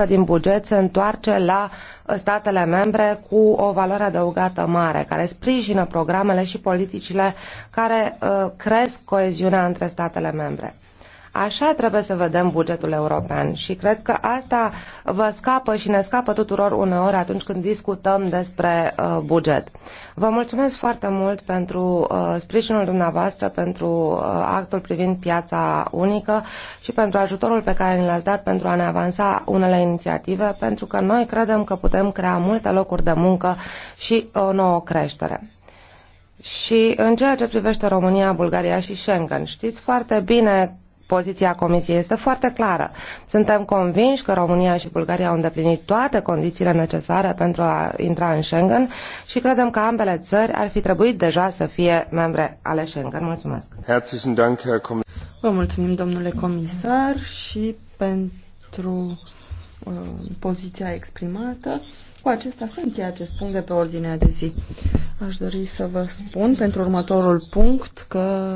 94% din buget se întoarce la uh, statele membre cu o valoare adăugată mare, care sprijină programele și politicile care uh, cresc coeziunea între statele membre. Așa trebuie să vedem bugetul european și cred că asta vă scapă și ne scapă tuturor uneori atunci când discutăm despre uh, buget. Vă mulțumesc foarte mult pentru uh, sprijinul dumneavoastră, pentru uh, actul privind piața unică și pentru ajutorul pe care ni l-ați dat pentru a ne avansa unele inițiative, pentru că noi credem că putem crea multe locuri de muncă și o nouă creștere. Și în ceea ce privește România, Bulgaria și Schengen, știți foarte bine poziția Comisiei este foarte clară. Suntem convinși că România și Bulgaria au îndeplinit toate condițiile necesare pentru a intra în Schengen și credem că ambele țări ar fi trebuit deja să fie membre ale Schengen. Mulțumesc! Vă mulțumim, domnule comisar, și pentru uh, poziția exprimată. Cu acesta se încheie acest punct de pe ordinea de zi. Aș dori să vă spun pentru următorul punct că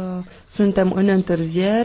suntem în întârziere.